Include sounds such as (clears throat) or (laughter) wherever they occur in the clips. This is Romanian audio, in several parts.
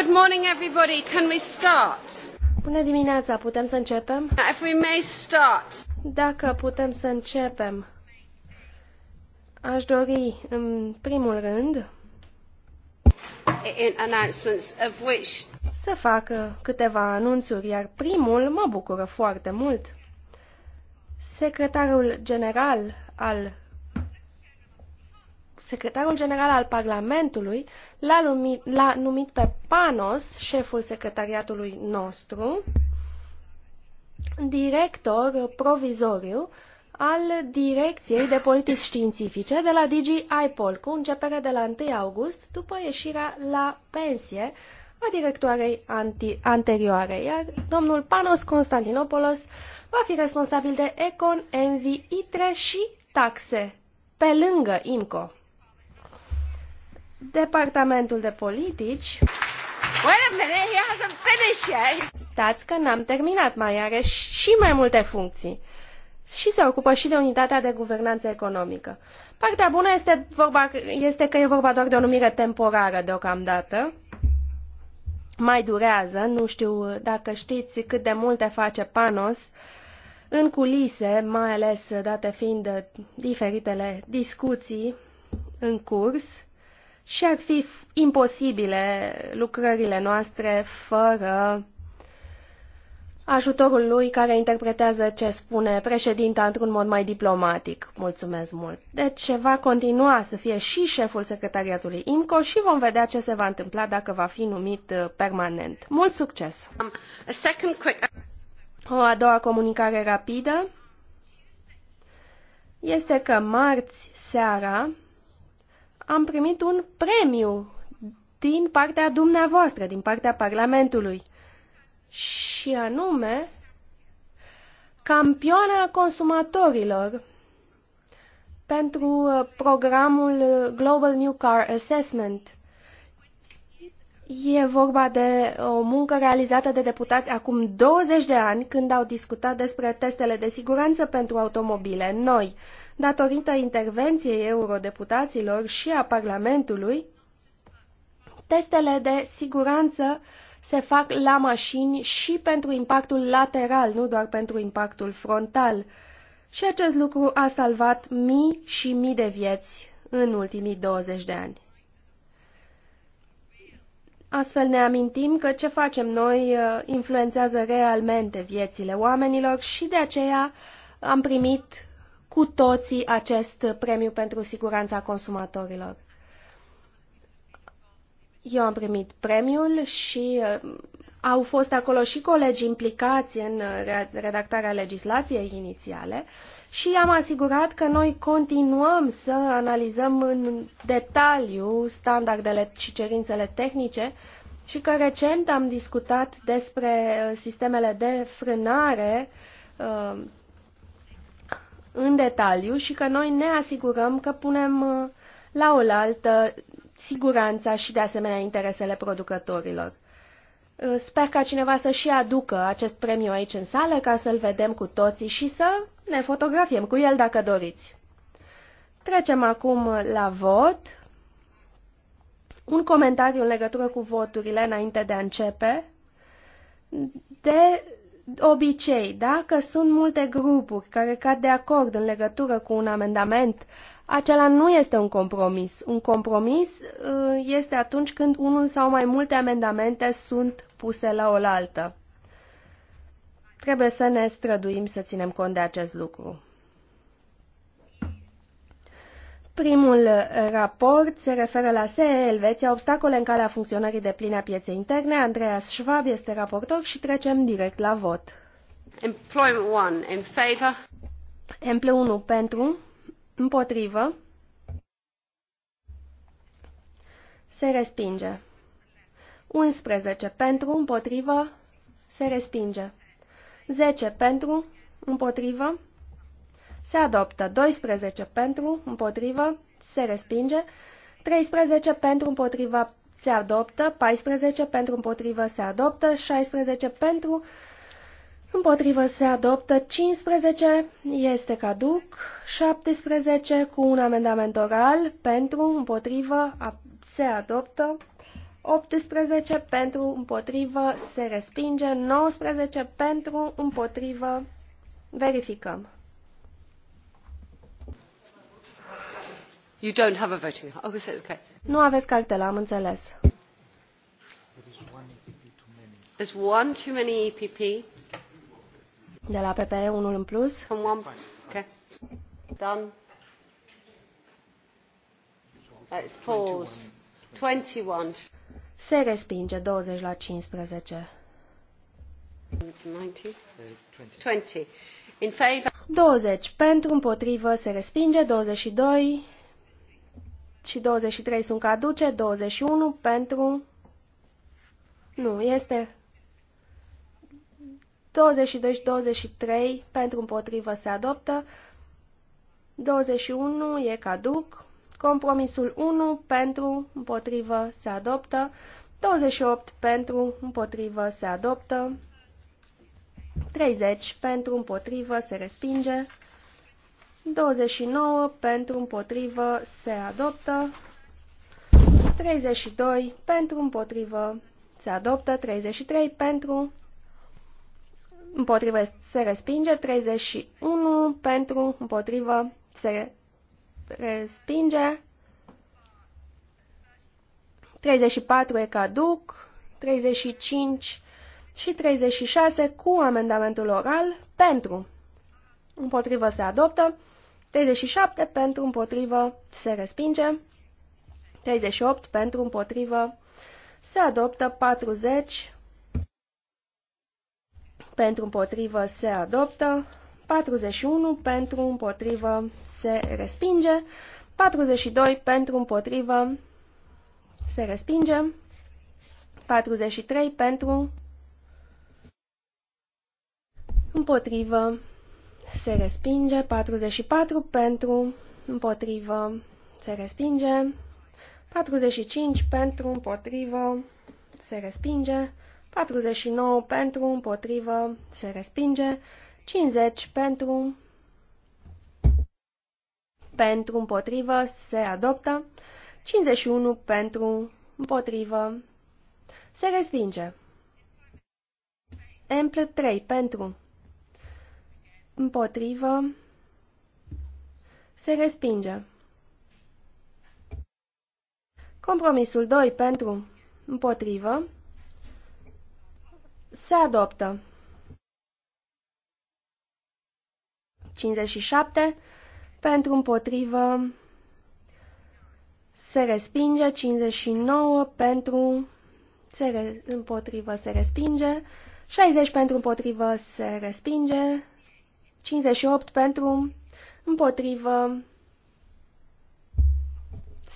Good morning everybody. Can we start? Bună dimineața, putem să începem? If we may start. Dacă putem să începem. Aș dori în primul rând in announcements of which să fac câteva anunțuri, iar primul mă bucură foarte mult. Secretarul general al secretarul general al Parlamentului l-a numit, numit pe Panos, șeful secretariatului nostru, director provizoriu al Direcției de Politici Științifice de la DG IPOL, cu începere de la 1 august, după ieșirea la pensie a directoarei anterioare, iar domnul Panos Constantinopoulos va fi responsabil de Econ, Envi, ITRE și taxe, pe lângă IMCO. Departamentul de politici... Wait a minute, he hasn't finished yet. Stați că n-am terminat, mai are și mai multe funcții. Și se ocupă și de unitatea de guvernanță economică. Partea bună este, vorba, este că e vorba doar de o numire temporară deocamdată. Mai durează, nu știu dacă știți cât de multe face Panos în culise, mai ales date fiind diferitele discuții în curs și ar fi imposibile lucrările noastre fără ajutorul lui care interpretează ce spune președinta într-un mod mai diplomatic. Mulțumesc mult. Deci va continua să fie și șeful secretariatului IMCO și vom vedea ce se va întâmpla dacă va fi numit uh, permanent. Mult succes! Um, o a doua comunicare rapidă este că marți seara am primit un premiu din partea dumneavoastră, din partea Parlamentului. Și anume, campioana consumatorilor pentru uh, programul Global New Car Assessment. E vorba de o muncă realizată de deputați acum 20 de ani când au discutat despre testele de siguranță pentru automobile noi datorită intervenției eurodeputaților și a Parlamentului, testele de siguranță se fac la mașini și pentru impactul lateral, nu doar pentru impactul frontal. Și acest lucru a salvat mii și mii de vieți în ultimii 20 de ani. Astfel ne amintim că ce facem noi uh, influențează realmente viețile oamenilor și de aceea am primit cu toții acest premiu pentru siguranța consumatorilor. Eu am primit premiul și uh, au fost acolo și colegi implicați în uh, redactarea legislației inițiale și am asigurat că noi continuăm să analizăm în detaliu standardele și cerințele tehnice și că recent am discutat despre uh, sistemele de frânare în detaliu și că noi ne asigurăm că punem uh, la oaltă siguranța și de asemenea interesele producătorilor. Uh, sper ca cineva să și aducă acest premiu aici în sală ca să-l vedem cu toții și să ne fotografiem cu el dacă doriți. Trecem acum la vot. Un comentariu în legătură cu voturile înainte de a începe. De obicei, dacă sunt multe grupuri care cad de acord în legătură cu un amendament, acela nu este un compromis. Un compromis uh, este atunci când unul sau mai multe amendamente sunt puse la oaltă. Trebuie să ne străduim să ținem cont de acest lucru. Primul uh, raport se referă la SE Elveția, obstacole în calea funcționării de pline a pieței interne. Andreas Schwab este raportor și trecem direct la vot. Employment 1 in favor. Emple 1 pentru, împotrivă, se respinge. 11 pentru, împotrivă, se respinge. 10 pentru, împotrivă, se adoptă 12 pentru, împotrivă, se respinge. 13 pentru, împotrivă, se adoptă. 14 pentru, împotrivă, se adoptă. 16 pentru, împotrivă, se adoptă. 15 este caduc. 17 cu un amendament oral pentru, împotrivă, se adoptă. 18 pentru, împotrivă, se respinge. 19 pentru, împotrivă, verificăm. Nu aveți have a voting card. Oh, okay, so, Nu aveți cartela, am înțeles. one too many EPP. De la PPE, unul în plus. Okay. Done. Uh, it falls. 21. Se respinge 20 la 15. 90. 20. In favor. 20 pentru, împotrivă, se respinge, 22 și 23 sunt caduce, 21 pentru... Nu, este 22 și 23 pentru împotrivă se adoptă, 21 e caduc, compromisul 1 pentru împotrivă se adoptă, 28 pentru împotrivă se adoptă, 30 pentru împotrivă se respinge, 29 pentru împotrivă se adoptă. 32 pentru împotrivă se adoptă. 33 pentru împotrivă se respinge. 31 pentru împotrivă se respinge. 34 e caduc. 35 și 36 cu amendamentul oral pentru. Împotrivă se adoptă. 37 pentru împotrivă se respinge. 38 pentru împotrivă se adoptă. 40 pentru împotrivă se adoptă. 41 pentru împotrivă se respinge. 42 pentru împotrivă se respinge. 43 pentru împotrivă se respinge, 44 pentru, împotrivă, se respinge, 45 pentru, împotrivă, se respinge, 49 pentru, împotrivă, se respinge, 50 pentru, pentru, împotrivă, se adoptă, 51 pentru, împotrivă, se respinge. emple 3 pentru, împotrivă, se respinge. Compromisul 2 pentru, împotrivă, se adoptă. 57 pentru împotrivă se respinge, 59 pentru se re, împotrivă se respinge, 60 pentru împotrivă se respinge, 58 pentru, împotrivă,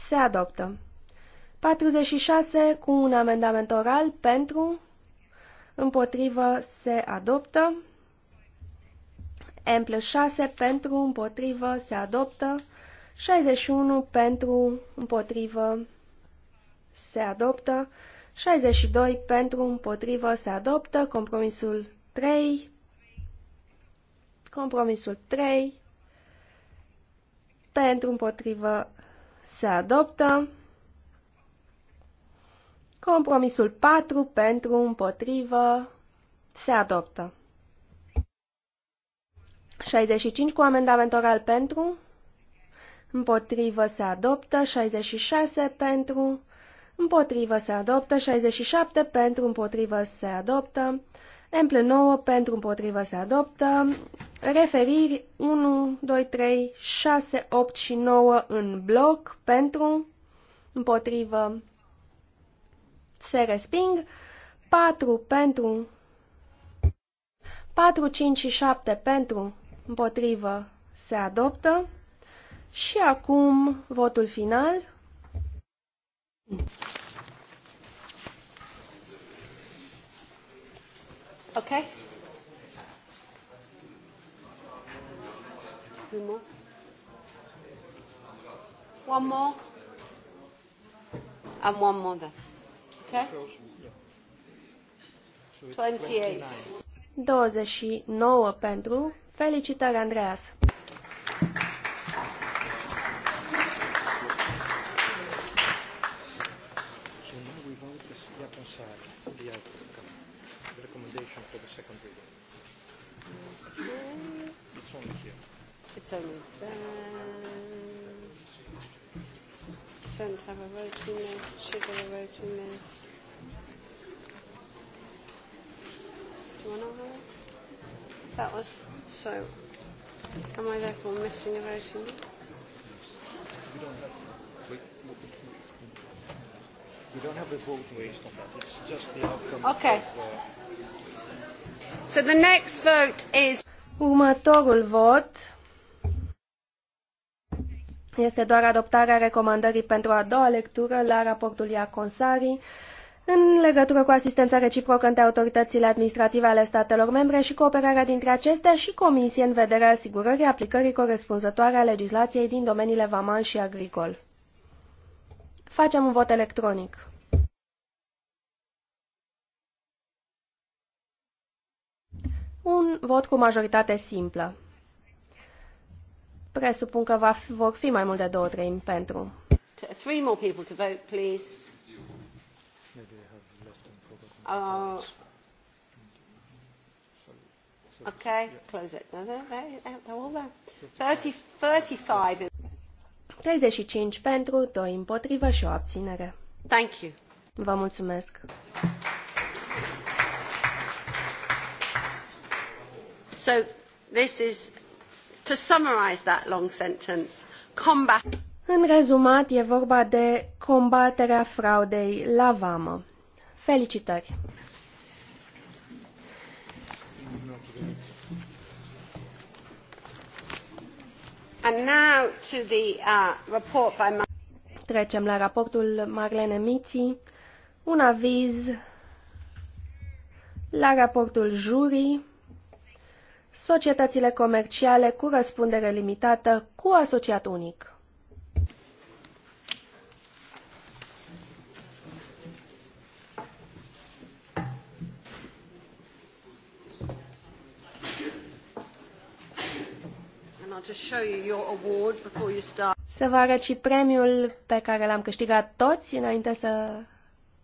se adoptă. 46 cu un amendament oral pentru, împotrivă, se adoptă. Emple 6 pentru, împotrivă, se adoptă. 61 pentru, împotrivă, se adoptă. 62 pentru, împotrivă, se adoptă. Compromisul 3 Compromisul 3. Pentru împotrivă se adoptă. Compromisul 4 pentru împotrivă se adoptă. 65 cu amendament oral pentru, împotrivă se adoptă, 66 pentru, împotrivă se adoptă, 67 pentru, împotrivă se adoptă, Emple 9 pentru împotrivă se adoptă. Referiri 1, 2, 3, 6, 8 și 9 în bloc pentru împotrivă se resping. 4 pentru 4, 5 și 7 pentru împotrivă se adoptă. Și acum votul final. Mm. Okay. Two more. One more. And one more then. Okay? 28. 29 pentru. Felicitări, Andreas. so move that. Don't have a voting list. a That was so. Am I therefore missing a voting We don't have. We, we don't have the voting list on that. It's just the outcome. Okay. Of, uh, so the next vote is. Următorul vot este doar adoptarea recomandării pentru a doua lectură la raportul Iaconsari în legătură cu asistența reciprocă între autoritățile administrative ale statelor membre și cooperarea dintre acestea și comisie în vederea asigurării aplicării corespunzătoare a legislației din domeniile vamal și agricol. Facem un vot electronic. Un vot cu majoritate simplă. Presupun că va fi, vor fi mai mult de două treimi pentru. Three more people to vote, please. Uh, okay, close it. No, no, they're all there. 30, 35. 35 pentru, 2 împotrivă și o abținere. Thank you. Vă mulțumesc. So, this is To summarize that long sentence, combat... În rezumat, e vorba de combaterea fraudei la vamă. Felicitări! And now to the, uh, report by Mar Trecem la raportul Marlene Miții, un aviz la raportul jurii, societățile comerciale cu răspundere limitată cu asociat unic. Să vă arăt și premiul pe care l-am câștigat toți înainte să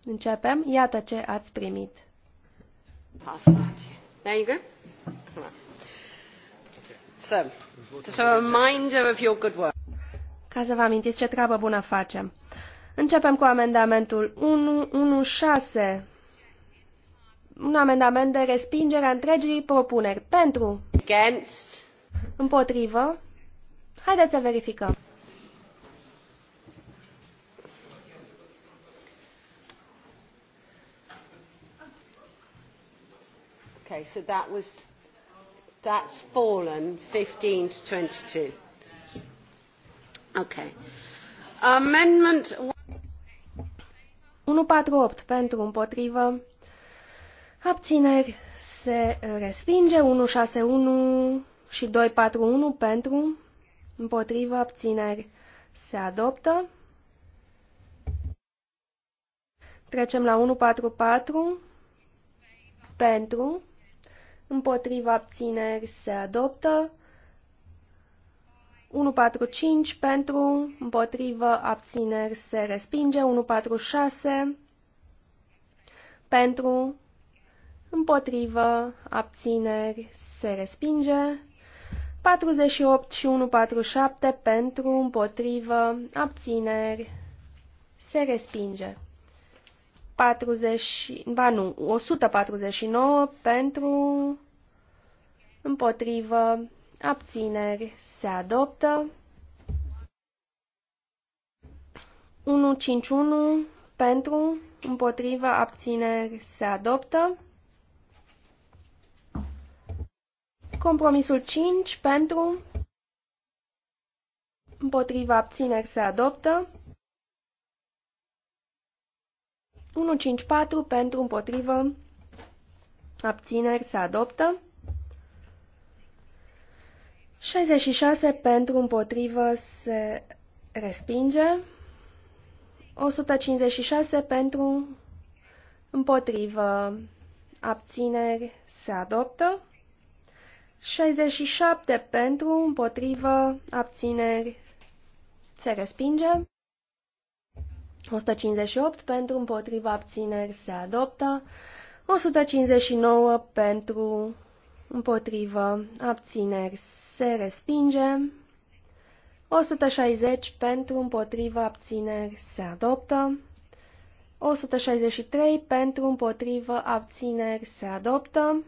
începem. Iată ce ați primit. There you go? Ca să vă amintiți ce treabă bună facem. Începem cu amendamentul 116. Un amendament de respingere a întregii propuneri. Pentru. Against. Împotrivă. Haideți să verificăm. Okay, so that was That's fallen 15 to 22. Okay. Amendment 148 pentru împotrivă. Abțineri se uh, respinge 161 și 241 pentru împotrivă abțineri se adoptă. Trecem la 144 pentru împotriva abțineri se adoptă. 145 pentru, împotrivă, abțineri se respinge, 146 pentru, împotrivă, abțineri se respinge, 48 și 147 pentru, împotrivă, abțineri se respinge. 40, ba nu, 149 pentru, împotrivă, abțineri, se adoptă. 151 pentru, împotrivă, abțineri, se adoptă. Compromisul 5 pentru, împotrivă, abțineri, se adoptă. 154 pentru împotrivă abțineri se adoptă. 66 pentru împotrivă se respinge. 156 pentru împotrivă abțineri se adoptă. 67 pentru împotrivă abțineri se respinge. 158 pentru împotriva abțineri se adoptă, 159 pentru împotrivă abțineri se respinge, 160 pentru împotriva abțineri se adoptă, 163 pentru împotrivă abțineri se adoptă,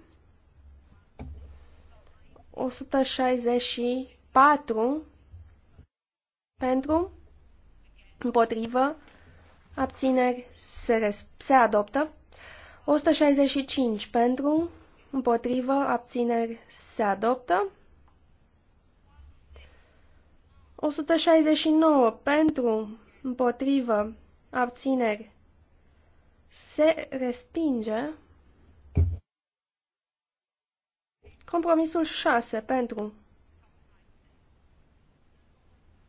164 pentru împotrivă abțineri, se, se adoptă. 165 pentru, împotrivă, abțineri, se adoptă. 169 pentru, împotrivă, abțineri, se respinge. Compromisul 6 pentru.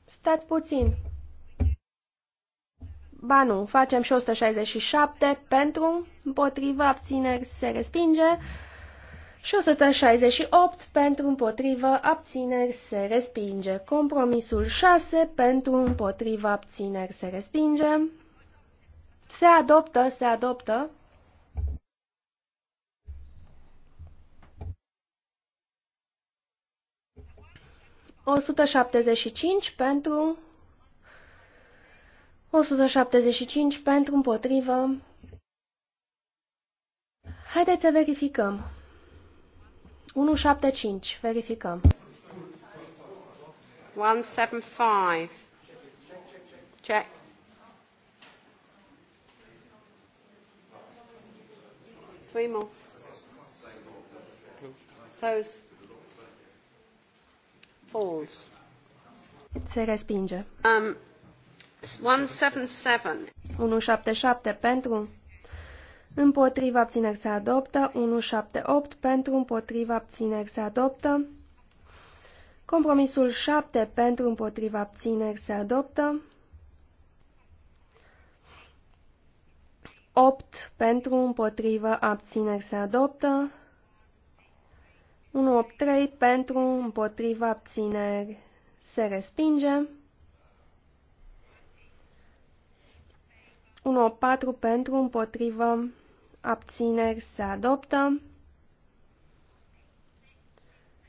Stați puțin. Ba nu, facem și 167 pentru, împotrivă, abțineri, se respinge. Și 168 pentru, împotrivă, abțineri, se respinge. Compromisul 6 pentru, împotrivă, abțineri, se respinge. Se adoptă, se adoptă. O 175 pentru, 175 pentru împotrivă. Haideți să verificăm. 175, verificăm. 175. Check. Three more. Close. Falls. Se respinge. Um, 177. pentru, împotriva abțineri se adoptă, 178 pentru, împotriva abțineri se adoptă, compromisul 7 pentru, împotriva abțineri se adoptă, 8 pentru, Împotriva abțineri se adoptă. 183 pentru, Împotriva abțineri se respinge. 1.4 pentru, împotrivă, abțineri se adoptă.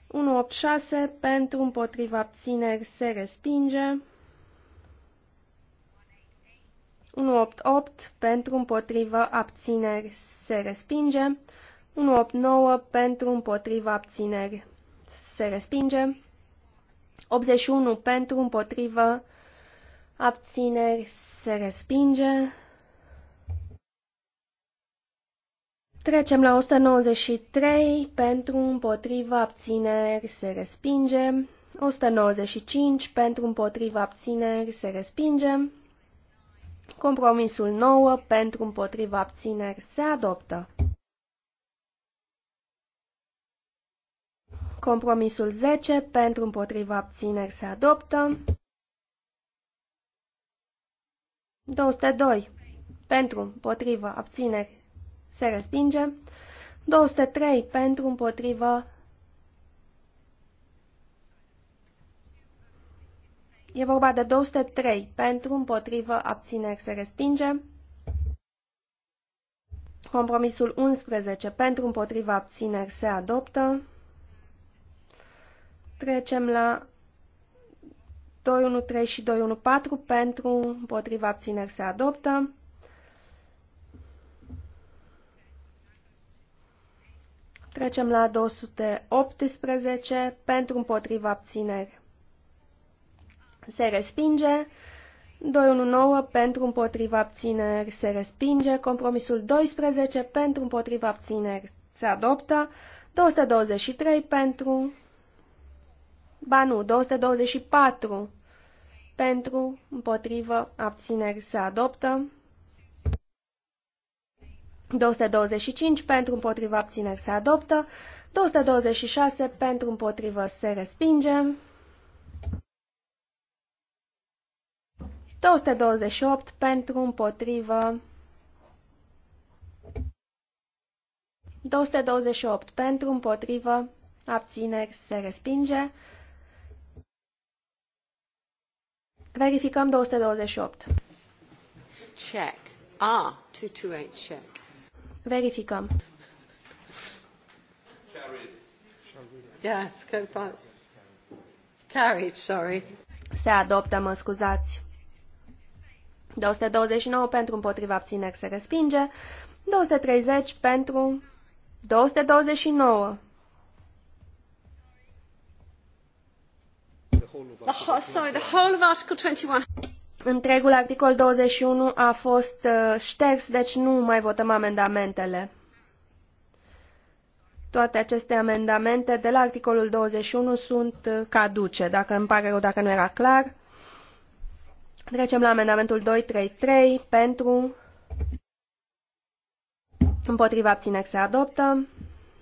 186 pentru împotriva abțineri se respinge. 188 pentru împotriva abțineri se respinge. 189 pentru împotriva abțineri se respinge. 81 pentru împotriva abțineri se respinge. Trecem la 193, pentru împotriva abțineri se respinge. 195, pentru împotriva abțineri se respinge. Compromisul 9, pentru împotriva abțineri se adoptă. Compromisul 10, pentru împotriva abțineri se adoptă. 202, pentru împotriva abțineri se respinge. 203 pentru împotrivă. E vorba de 203 pentru împotrivă abțineri se respinge. Compromisul 11 pentru împotrivă abțineri se adoptă. Trecem la 213 și 214 pentru împotriva abțineri se adoptă. Trecem la 218 pentru împotriva abțineri. Se respinge. 219 pentru împotriva abțineri se respinge. Compromisul 12 pentru împotriva abțineri se adoptă. 223 pentru... Ba nu, 224 pentru împotriva abțineri se adoptă. 225 pentru împotriva abțineri se adoptă, 226 pentru împotrivă se respinge, 228 pentru împotrivă, 228 pentru împotrivă, abțineri se respinge, verificăm 228. Check. Ah, 228 check. Verificăm. Carried, sorry. Se adoptă, mă scuzați. 229 pentru împotriva abțineri se respinge, 230 pentru 229. The whole, sorry, the whole of Article 21. Întregul articol 21 a fost uh, șters, deci nu mai votăm amendamentele. Toate aceste amendamente de la articolul 21 sunt uh, caduce, dacă îmi pare rău, dacă nu era clar. Trecem la amendamentul 233 pentru împotriva abțineri se adoptă.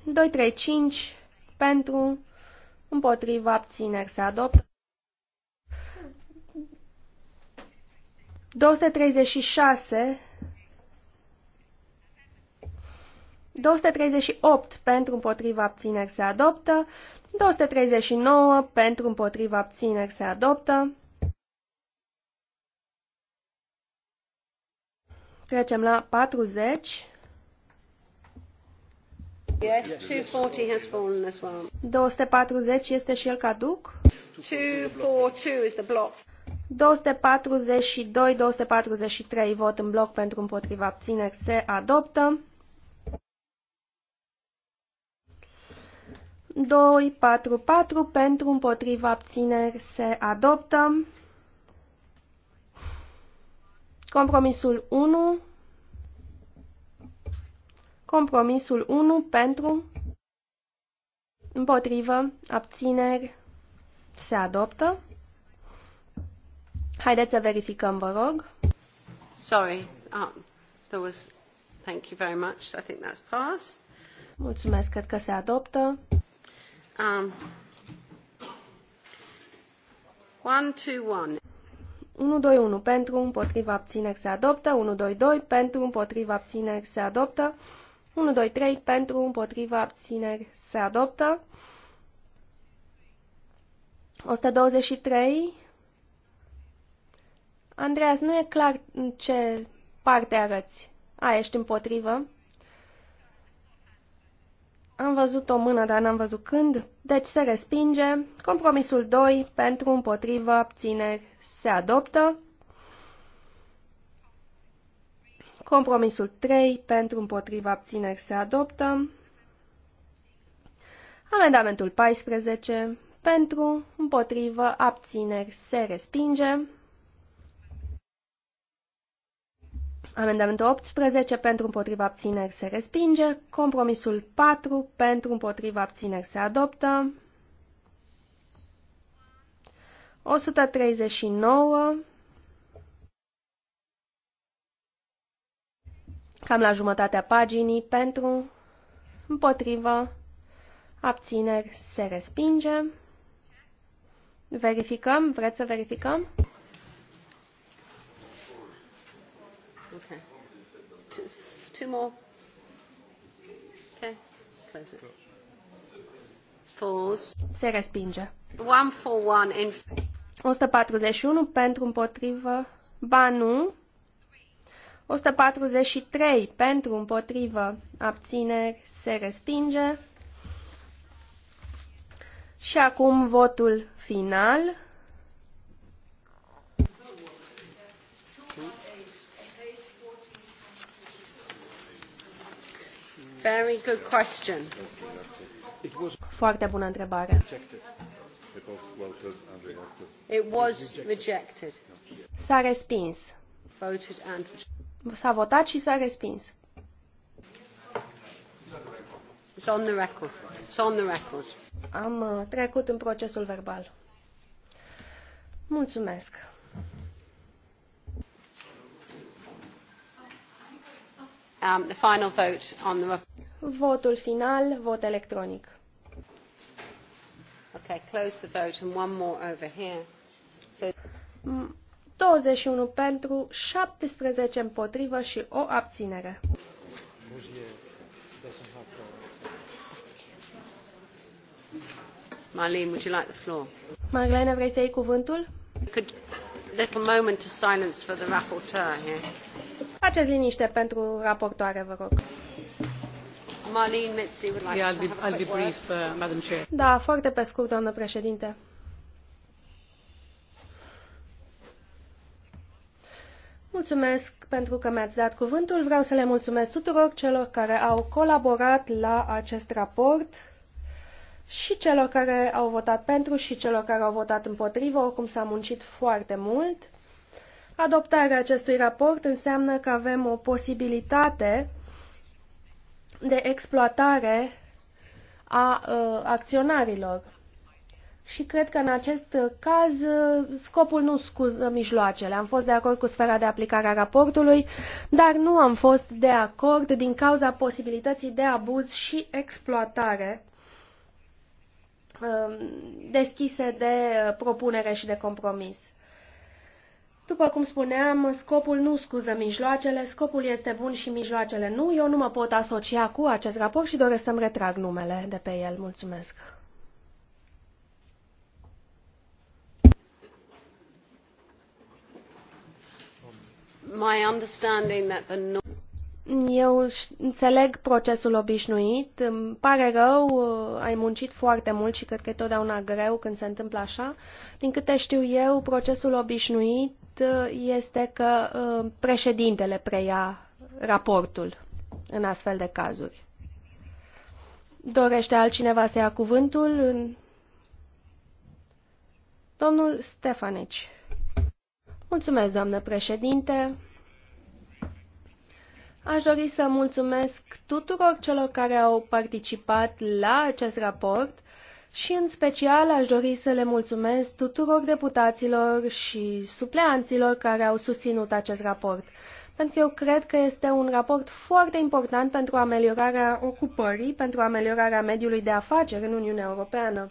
235 pentru împotriva abțineri se adoptă. 236 238 pentru împotriva abțineri se adoptă, 239 pentru împotriva abțineri se adoptă. Trecem la 40. Yes, 240 has fallen as well. 240 este și el caduc? 242 is the block. 242-243 vot în bloc pentru împotriva abțineri se adoptă. 244 pentru împotriva abțineri se adoptă. Compromisul 1. Compromisul 1 pentru împotrivă abțineri se adoptă. Haideți să verificăm, vă rog. Sorry, um, there was... Thank you very much. I think that's passed. Mulțumesc, cred că se adoptă. Um, one, two, one. 121 pentru, împotriva abțineri se adoptă, 1, 2, 2. pentru, împotriva abțineri se adoptă, 1, 2, 3. pentru, împotriva abțineri se adoptă, 123 Andreas, nu e clar în ce parte arăți. A, ești împotrivă? Am văzut o mână, dar n-am văzut când. Deci se respinge. Compromisul 2, pentru, împotrivă, abțineri, se adoptă. Compromisul 3, pentru, împotrivă, abțineri, se adoptă. Amendamentul 14, pentru, împotrivă, abțineri, se respinge. Amendamentul 18 pentru împotriva abțineri se respinge. Compromisul 4 pentru împotriva abțineri se adoptă. 139 cam la jumătatea paginii pentru împotriva abțineri se respinge. Verificăm, vreți să verificăm? two more? Okay. Close it. Falls. Se respinge. 141 in... 141 pentru împotrivă. Ba nu. 143 pentru împotrivă. Abțineri. Se respinge. Și acum votul final. Very good question. Foarte bună întrebare. It was rejected. S-a respins. S-a votat și s-a respins. It's on the record. It's on the record. Am uh, trecut în procesul verbal. Mulțumesc. Um, the final vote on the Votul final, vot electronic. Okay, close the vote and one more over here. So... 21 mm, pentru, 17 împotrivă și o abținere. Marlene, would you like the floor? Marlene, vrei să iei cuvântul? Could little moment of silence for the rapporteur here. Faceți liniște pentru raportoare, vă rog. Uh, da, foarte pe scurt, doamnă președinte. Mulțumesc pentru că mi-ați dat cuvântul. Vreau să le mulțumesc tuturor celor care au colaborat la acest raport și celor care au votat pentru și celor care au votat împotrivă, oricum s-a muncit foarte mult. Adoptarea acestui raport înseamnă că avem o posibilitate de exploatare a ă, acționarilor. Și cred că în acest caz ă, scopul nu scuză mijloacele. Am fost de acord cu sfera de aplicare a raportului, dar nu am fost de acord din cauza posibilității de abuz și exploatare ă, deschise de propunere și de compromis. După cum spuneam, scopul nu scuză mijloacele, scopul este bun și mijloacele nu. Eu nu mă pot asocia cu acest raport și doresc să-mi retrag numele de pe el. Mulțumesc. My understanding that the... Eu înțeleg procesul obișnuit. Îmi pare rău, uh, ai muncit foarte mult și cred că e totdeauna greu când se întâmplă așa. Din câte știu eu, procesul obișnuit Uh, este că uh, președintele preia raportul în astfel de cazuri. Dorește altcineva să ia cuvântul? Domnul Stefaneci. Mulțumesc, doamnă președinte. Aș dori să mulțumesc tuturor celor care au participat la acest raport și în special aș dori să le mulțumesc tuturor deputaților și supleanților care au susținut acest raport, pentru că eu cred că este un raport foarte important pentru ameliorarea ocupării, pentru ameliorarea mediului de afaceri în Uniunea Europeană.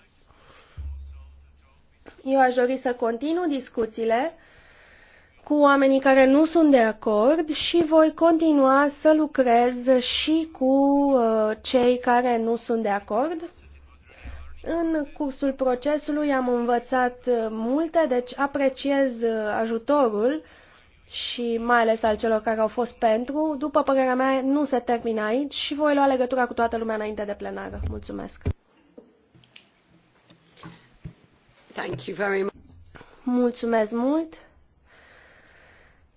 Eu aș dori să continu discuțiile cu oamenii care nu sunt de acord și voi continua să lucrez și cu uh, cei care nu sunt de acord în cursul procesului am învățat uh, multe, deci apreciez uh, ajutorul și mai ales al celor care au fost pentru. După părerea mea, nu se termină aici și voi lua legătura cu toată lumea înainte de plenară. Mulțumesc! Thank you very much. Mulțumesc mult!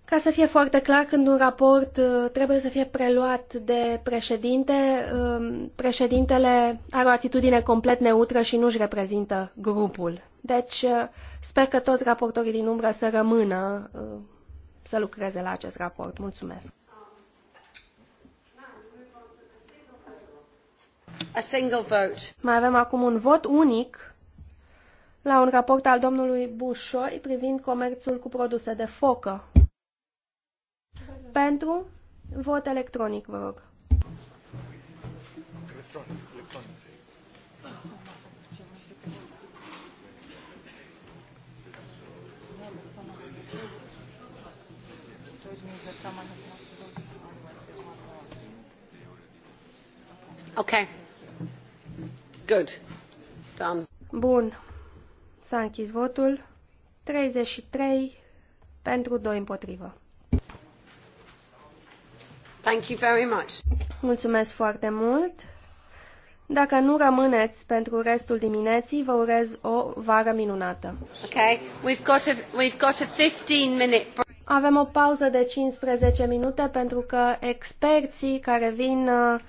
Ca să fie foarte clar, când un raport uh, trebuie să fie preluat de președinte, um, președintele are o atitudine complet neutră și nu-și reprezintă grupul. Deci uh, sper că toți raportorii din umbră să rămână uh, să lucreze la acest raport. Mulțumesc! A single vote. Mai avem acum un vot unic la un raport al domnului Bușoi privind comerțul cu produse de focă. Pentru vot electronic, vă rog. Ok. Good. Done. Bun. S-a închis votul. 33 pentru 2 împotrivă. Thank you very much. Mulțumesc foarte mult. Dacă nu rămâneți pentru restul dimineții, vă urez o vară minunată. Okay. We've got a, we've got a 15 minute break. Avem o pauză de 15 minute pentru că experții care vin uh,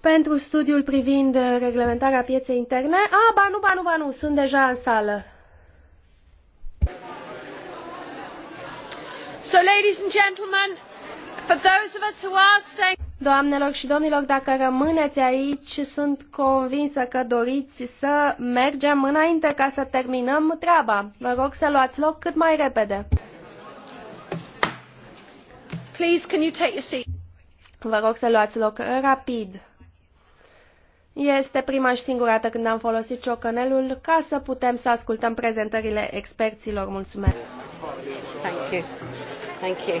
pentru studiul privind uh, reglementarea pieței interne... A, ba nu, ba nu, ba nu, sunt deja în sală. So, ladies and gentlemen, Doamnelor și domnilor, dacă rămâneți aici, sunt convinsă că doriți să mergem înainte ca să terminăm treaba. Vă rog să luați loc cât mai repede. Please, can you take your seat? Vă rog să luați loc rapid. Este prima și singura dată când am folosit ciocănelul ca să putem să ascultăm prezentările experților. Mulțumesc! Thank you. Thank you.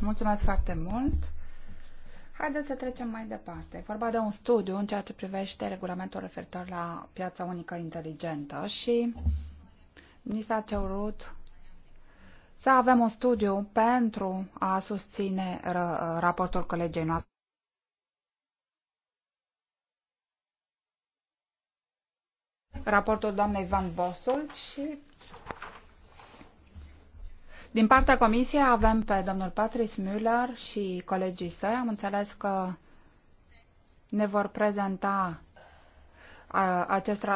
Mulțumesc foarte mult. Haideți să trecem mai departe. E vorba de un studiu în ceea ce privește regulamentul referitor la piața unică inteligentă și ni s-a cerut să avem un studiu pentru a susține raportul colegei noastre. Raportul doamnei Van Bossel și din partea comisiei avem pe domnul Patrice Müller și colegii săi. Am înțeles că ne vor prezenta acest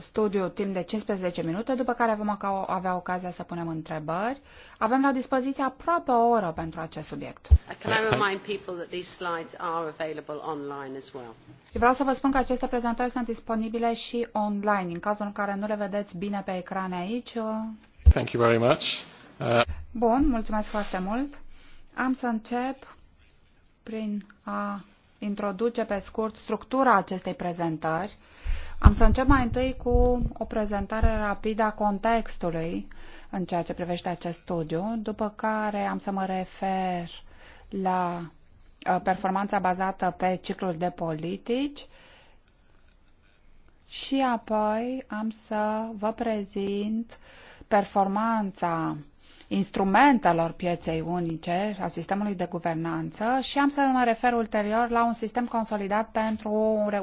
studiu timp de 15 minute, după care vom avea ocazia să punem întrebări. Avem la dispoziție aproape o oră pentru acest subiect. Vreau să vă spun că aceste prezentări sunt disponibile și online, în cazul în care nu le vedeți bine pe ecrane aici. Thank you very much. Bun, mulțumesc foarte mult. Am să încep prin a introduce pe scurt structura acestei prezentări. Am să încep mai întâi cu o prezentare rapidă a contextului în ceea ce privește acest studiu, după care am să mă refer la uh, performanța bazată pe ciclul de politici și apoi am să vă prezint performanța instrumentelor pieței unice, a sistemului de guvernanță și am să mă refer ulterior la un sistem consolidat pentru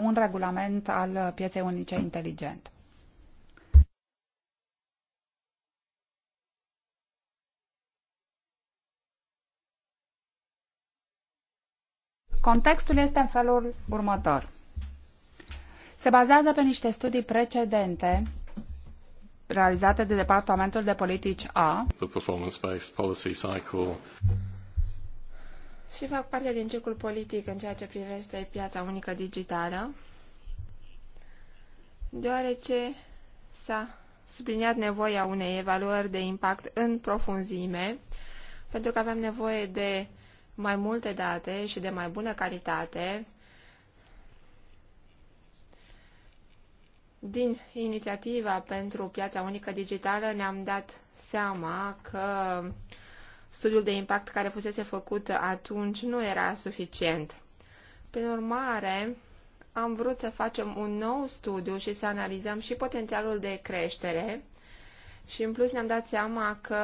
un regulament al pieței unice inteligent. Contextul este în felul următor. Se bazează pe niște studii precedente realizate de Departamentul de Politici A The performance-based policy cycle. și fac parte din ciclul politic în ceea ce privește piața unică digitală, deoarece s-a subliniat nevoia unei evaluări de impact în profunzime, pentru că avem nevoie de mai multe date și de mai bună calitate Din inițiativa pentru piața unică digitală ne-am dat seama că studiul de impact care fusese făcut atunci nu era suficient. Prin urmare, am vrut să facem un nou studiu și să analizăm și potențialul de creștere și în plus ne-am dat seama că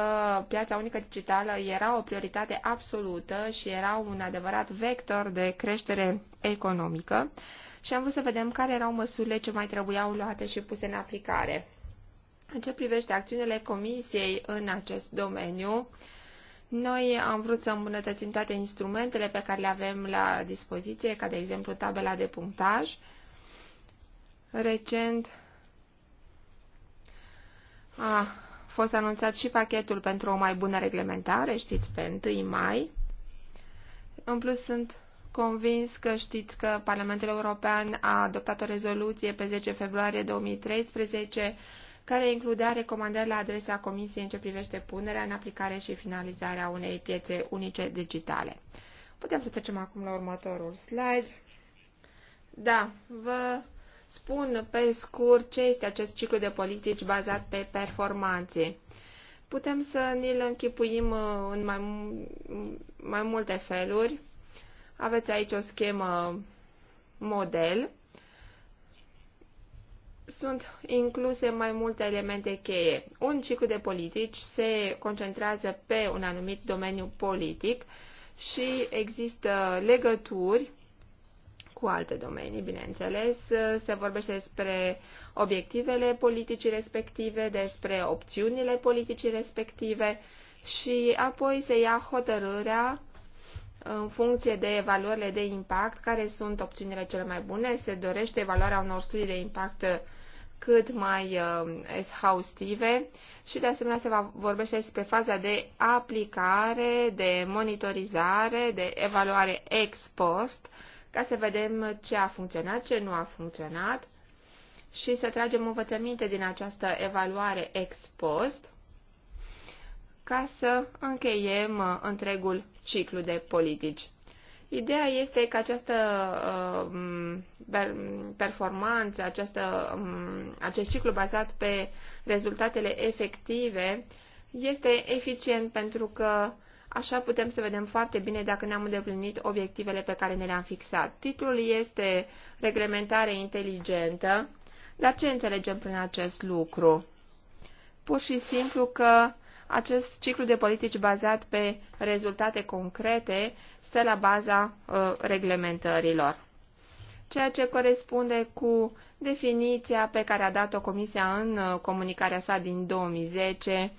piața unică digitală era o prioritate absolută și era un adevărat vector de creștere economică și am vrut să vedem care erau măsurile ce mai trebuiau luate și puse în aplicare. În ce privește acțiunile Comisiei în acest domeniu, noi am vrut să îmbunătățim toate instrumentele pe care le avem la dispoziție, ca de exemplu tabela de punctaj. Recent a fost anunțat și pachetul pentru o mai bună reglementare, știți, pe 1 mai. În plus sunt convins că știți că Parlamentul European a adoptat o rezoluție pe 10 februarie 2013 care includea recomandări la adresa Comisiei în ce privește punerea în aplicare și finalizarea unei piețe unice digitale. Putem să trecem acum la următorul slide. Da, vă spun pe scurt ce este acest ciclu de politici bazat pe performanțe. Putem să ne-l închipuim uh, în mai, mai multe feluri. Aveți aici o schemă model. Sunt incluse mai multe elemente cheie. Un ciclu de politici se concentrează pe un anumit domeniu politic și există legături cu alte domenii, bineînțeles. Se vorbește despre obiectivele politicii respective, despre opțiunile politicii respective și apoi se ia hotărârea în funcție de evaluările de impact, care sunt opțiunile cele mai bune. Se dorește evaluarea unor studii de impact cât mai uh, exhaustive și de asemenea se va vorbește despre faza de aplicare, de monitorizare, de evaluare ex post, ca să vedem ce a funcționat, ce nu a funcționat și să tragem învățăminte din această evaluare ex post ca să încheiem uh, întregul ciclu de politici. Ideea este că această uh, performanță, această, um, acest ciclu bazat pe rezultatele efective este eficient pentru că așa putem să vedem foarte bine dacă ne-am îndeplinit obiectivele pe care ne le-am fixat. Titlul este Reglementare inteligentă, dar ce înțelegem prin acest lucru? Pur și simplu că acest ciclu de politici bazat pe rezultate concrete stă la baza uh, reglementărilor, ceea ce corespunde cu definiția pe care a dat-o Comisia în uh, comunicarea sa din 2010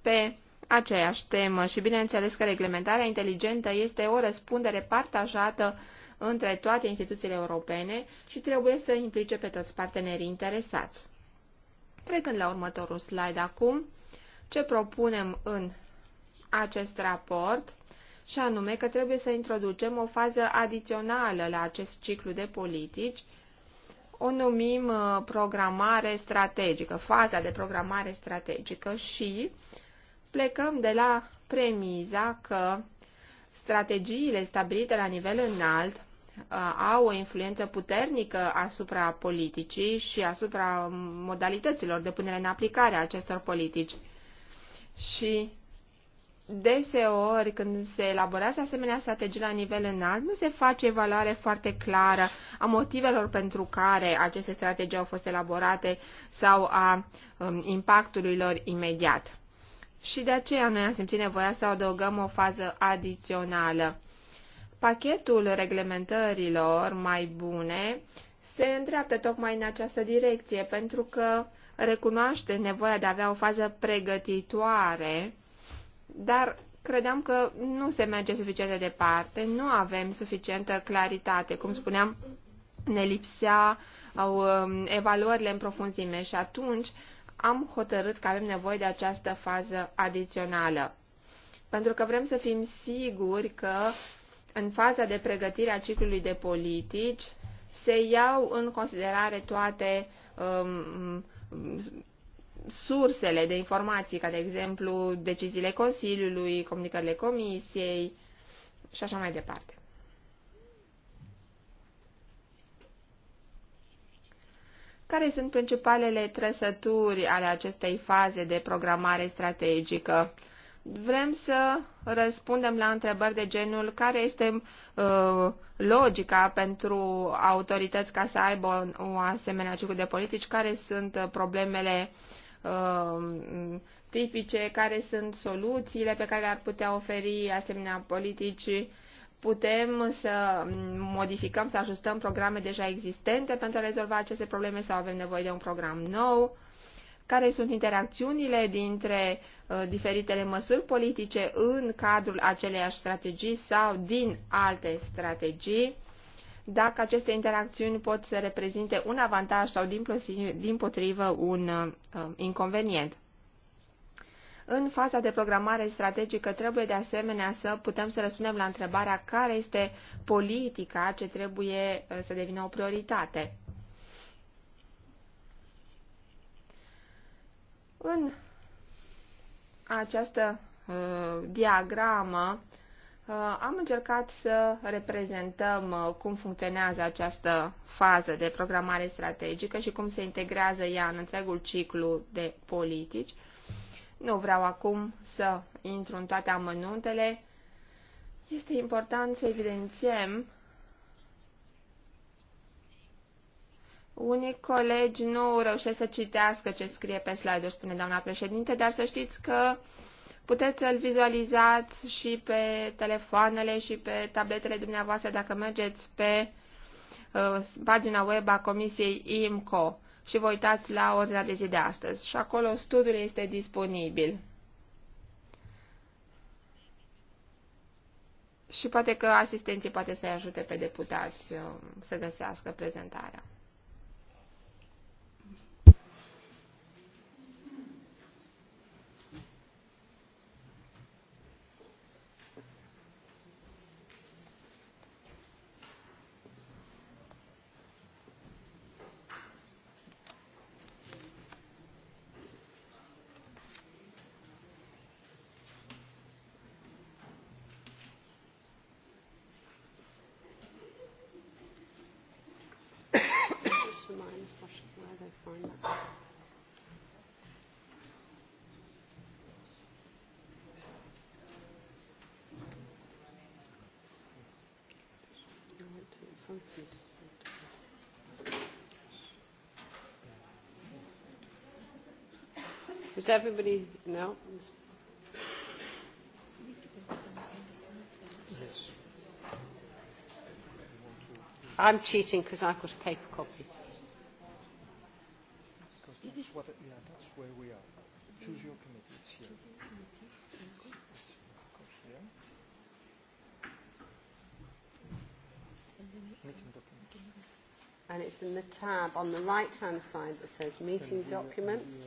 pe aceeași temă și bineînțeles că reglementarea inteligentă este o răspundere partajată între toate instituțiile europene și trebuie să implice pe toți partenerii interesați. Trecând la următorul slide acum, ce propunem în acest raport, și anume că trebuie să introducem o fază adițională la acest ciclu de politici, o numim uh, programare strategică, faza de programare strategică și plecăm de la premiza că strategiile stabilite la nivel înalt uh, au o influență puternică asupra politicii și asupra modalităților de punere în aplicare a acestor politici. Și deseori când se elaborează asemenea strategii la nivel înalt, nu se face evaluare foarte clară a motivelor pentru care aceste strategii au fost elaborate sau a um, impactului lor imediat. Și de aceea noi am simțit nevoia să adăugăm o fază adițională. Pachetul reglementărilor mai bune se îndreaptă tocmai în această direcție, pentru că recunoaște nevoia de a avea o fază pregătitoare, dar credeam că nu se merge suficient de departe, nu avem suficientă claritate. Cum spuneam, ne lipsea au, um, evaluările în profunzime și atunci am hotărât că avem nevoie de această fază adițională. Pentru că vrem să fim siguri că în faza de pregătire a ciclului de politici se iau în considerare toate um, sursele de informații, ca de exemplu deciziile Consiliului, comunicările Comisiei și așa mai departe. Care sunt principalele trăsături ale acestei faze de programare strategică? Vrem să răspundem la întrebări de genul care este uh, logica pentru autorități ca să aibă o, o asemenea ciclu de politici, care sunt problemele uh, tipice, care sunt soluțiile pe care le-ar putea oferi asemenea politici, putem să modificăm, să ajustăm programe deja existente pentru a rezolva aceste probleme sau avem nevoie de un program nou care sunt interacțiunile dintre uh, diferitele măsuri politice în cadrul aceleiași strategii sau din alte strategii, dacă aceste interacțiuni pot să reprezinte un avantaj sau din, plosiv, din potrivă un uh, inconvenient. În faza de programare strategică trebuie de asemenea să putem să răspundem la întrebarea care este politica ce trebuie uh, să devină o prioritate. În această uh, diagramă uh, am încercat să reprezentăm uh, cum funcționează această fază de programare strategică și cum se integrează ea în întregul ciclu de politici. Nu vreau acum să intru în toate amănuntele. Este important să evidențiem Unii colegi nu reușesc să citească ce scrie pe slide spune doamna președinte, dar să știți că puteți să-l vizualizați și pe telefoanele și pe tabletele dumneavoastră dacă mergeți pe uh, pagina web a Comisiei IMCO și vă uitați la ordinea de zi de astăzi. Și acolo studiul este disponibil. Și poate că asistenții poate să-i ajute pe deputați uh, să găsească prezentarea. Is everybody no? Yes. I'm cheating because I've got a paper copy. Because that's what, yeah, that's where we are. Choose your committee. It's here. And it's in the tab on the right hand side that says meeting documents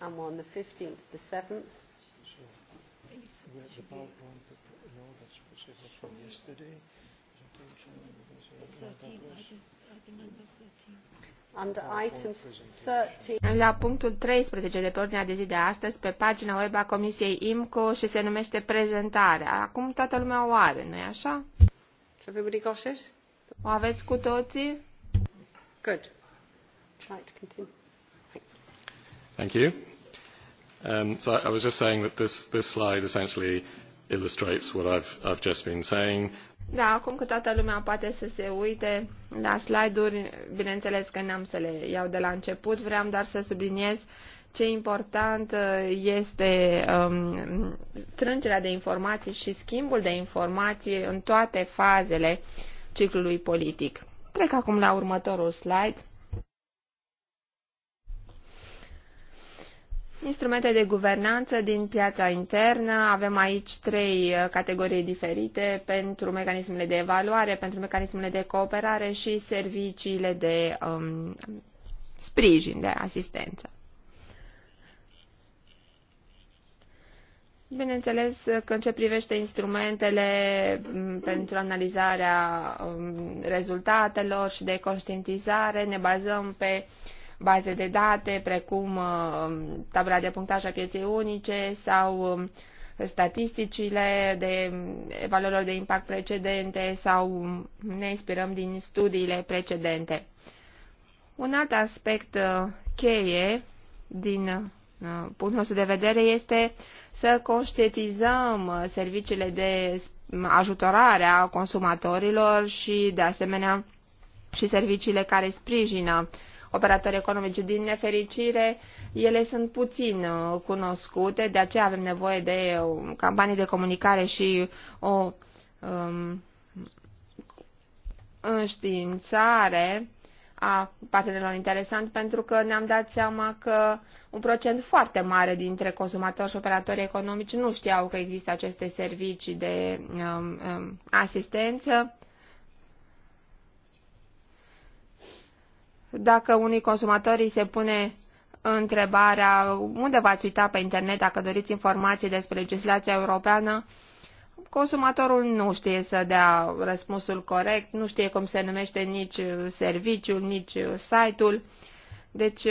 and on the 15th, the 7th. So, the PowerPoint, no, that's possible from yesterday. La punctul 13 de pe ordinea de zi de astăzi, pe pagina web a Comisiei IMCO și se numește prezentarea. Acum toată lumea o are, nu-i așa? O aveți cu toții? Good. I'd to continue. Thank you. Um, so I was just saying that this, this slide essentially illustrates what I've, I've just been saying. Da, acum că toată lumea poate să se uite la slide-uri, bineînțeles că n-am să le iau de la început, vreau doar să subliniez ce important uh, este um, strângerea de informații și schimbul de informații în toate fazele ciclului politic. Trec acum la următorul slide. Instrumente de guvernanță din piața internă. Avem aici trei uh, categorii diferite pentru mecanismele de evaluare, pentru mecanismele de cooperare și serviciile de um, sprijin, de asistență. Bineînțeles că în ce privește instrumentele mm, pentru analizarea um, rezultatelor și de conștientizare, ne bazăm pe uh, baze de date precum uh, tabela de punctaj a pieței unice sau um, statisticile de valorilor de impact precedente sau um, ne inspirăm din studiile precedente. Un alt aspect uh, cheie din uh, punctul nostru de vedere este să conștientizăm serviciile de um, ajutorare a consumatorilor și, de asemenea, și serviciile care sprijină operatori economici. Din nefericire, ele sunt puțin uh, cunoscute, de aceea avem nevoie de um, campanii de comunicare și o um, înștiințare a partenerilor interesant pentru că ne-am dat seama că un procent foarte mare dintre consumatori și operatori economici nu știau că există aceste servicii de um, um, asistență dacă unui consumator îi se pune întrebarea unde v-ați uita pe internet dacă doriți informații despre legislația europeană, consumatorul nu știe să dea răspunsul corect, nu știe cum se numește nici serviciul, nici site-ul. Deci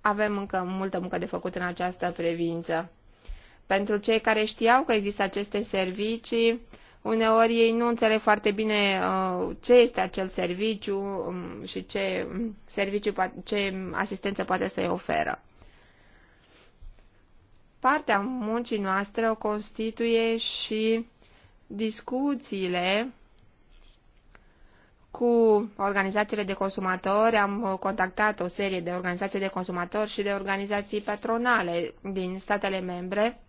avem încă multă muncă de făcut în această privință. Pentru cei care știau că există aceste servicii, Uneori ei nu înțeleg foarte bine uh, ce este acel serviciu um, și ce, serviciu, ce asistență poate să-i oferă. Partea muncii noastre o constituie și discuțiile cu organizațiile de consumatori, am contactat o serie de organizații de consumatori și de organizații patronale din statele membre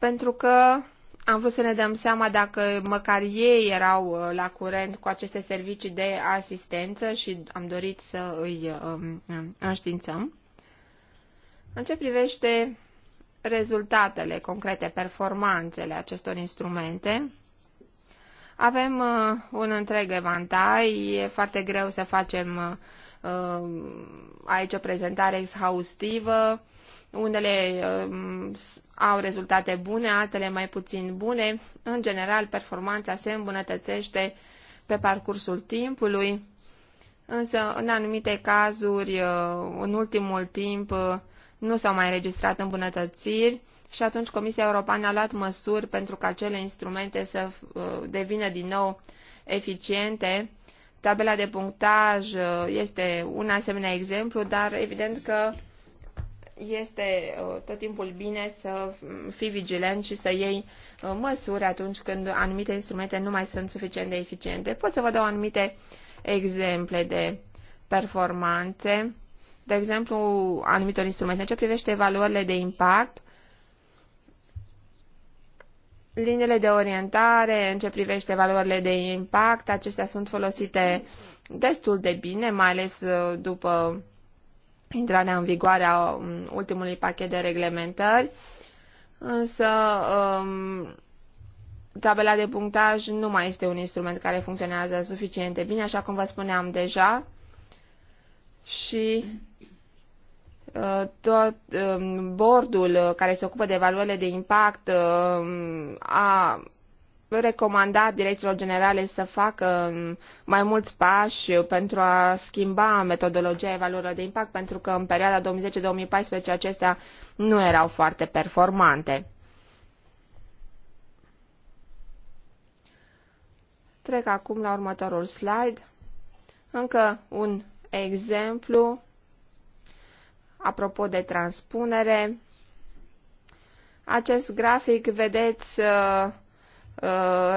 pentru că am vrut să ne dăm seama dacă măcar ei erau uh, la curent cu aceste servicii de asistență și am dorit să îi um, um, înștiințăm. În ce privește rezultatele concrete, performanțele acestor instrumente, avem uh, un întreg evantai, e foarte greu să facem uh, um, aici o prezentare exhaustivă, unele uh, au rezultate bune, altele mai puțin bune. În general, performanța se îmbunătățește pe parcursul timpului, însă în anumite cazuri, uh, în ultimul timp, uh, nu s-au mai înregistrat îmbunătățiri și atunci Comisia Europeană a luat măsuri pentru ca acele instrumente să uh, devină din nou eficiente. Tabela de punctaj este un asemenea exemplu, dar evident că este uh, tot timpul bine să fii vigilent și să iei uh, măsuri atunci când anumite instrumente nu mai sunt suficient de eficiente. Pot să vă dau anumite exemple de performanțe, de exemplu, anumitor instrumente. În ce privește evaluările de impact, liniile de orientare în ce privește valorile de impact, acestea sunt folosite destul de bine, mai ales uh, după intrarea în vigoare a um, ultimului pachet de reglementări, însă um, tabela de punctaj nu mai este un instrument care funcționează suficient de bine, așa cum vă spuneam deja, și uh, tot um, bordul care se ocupă de evaluările de impact um, a recomanda direcțiilor generale să facă um, mai mulți pași pentru a schimba metodologia evaluării de impact, pentru că în perioada 2010-2014 acestea nu erau foarte performante. Trec acum la următorul slide. Încă un exemplu apropo de transpunere. Acest grafic, vedeți, uh, Uh,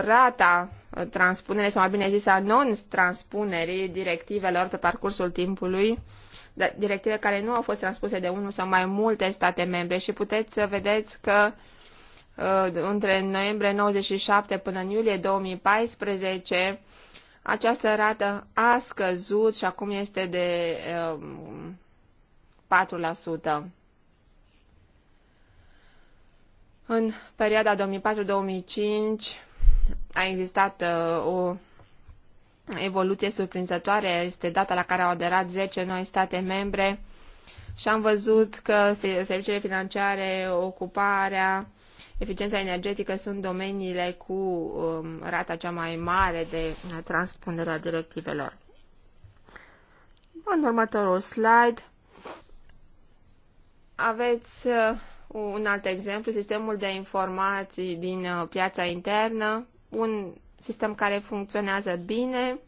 rata transpunerii, sau mai bine zis a non-transpunerii directivelor pe parcursul timpului, da, directive care nu au fost transpuse de unul sau mai multe state membre și puteți să vedeți că uh, între noiembrie 97 până în iulie 2014 această rată a scăzut și acum este de 4%. Uh, în perioada 2004-2005 a existat uh, o evoluție surprinzătoare, este data la care au aderat 10 noi state membre și am văzut că serviciile financiare, ocuparea, eficiența energetică sunt domeniile cu um, rata cea mai mare de transpunere a directivelor. În următorul slide aveți uh, un alt exemplu, sistemul de informații din uh, piața internă, un sistem care funcționează bine,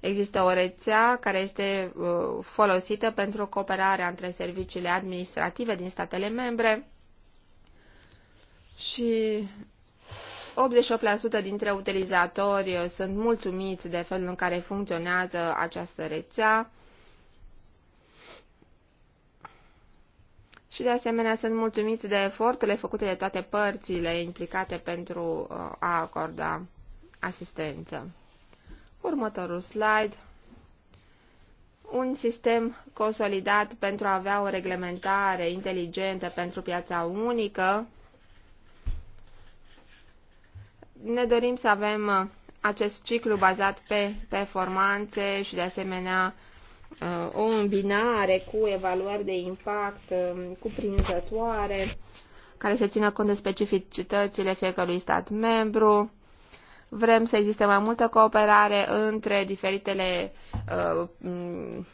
Există o rețea care este uh, folosită pentru cooperarea între serviciile administrative din statele membre și 88% dintre utilizatori uh, sunt mulțumiți de felul în care funcționează această rețea. și de asemenea sunt mulțumiți de eforturile făcute de toate părțile implicate pentru uh, a acorda asistență. Următorul slide. Un sistem consolidat pentru a avea o reglementare inteligentă pentru piața unică. Ne dorim să avem uh, acest ciclu bazat pe performanțe și de asemenea Uh, o îmbinare cu evaluări de impact um, cuprinzătoare, care să țină cont de specificitățile fiecărui stat membru. Vrem să existe mai multă cooperare între diferitele uh, mm,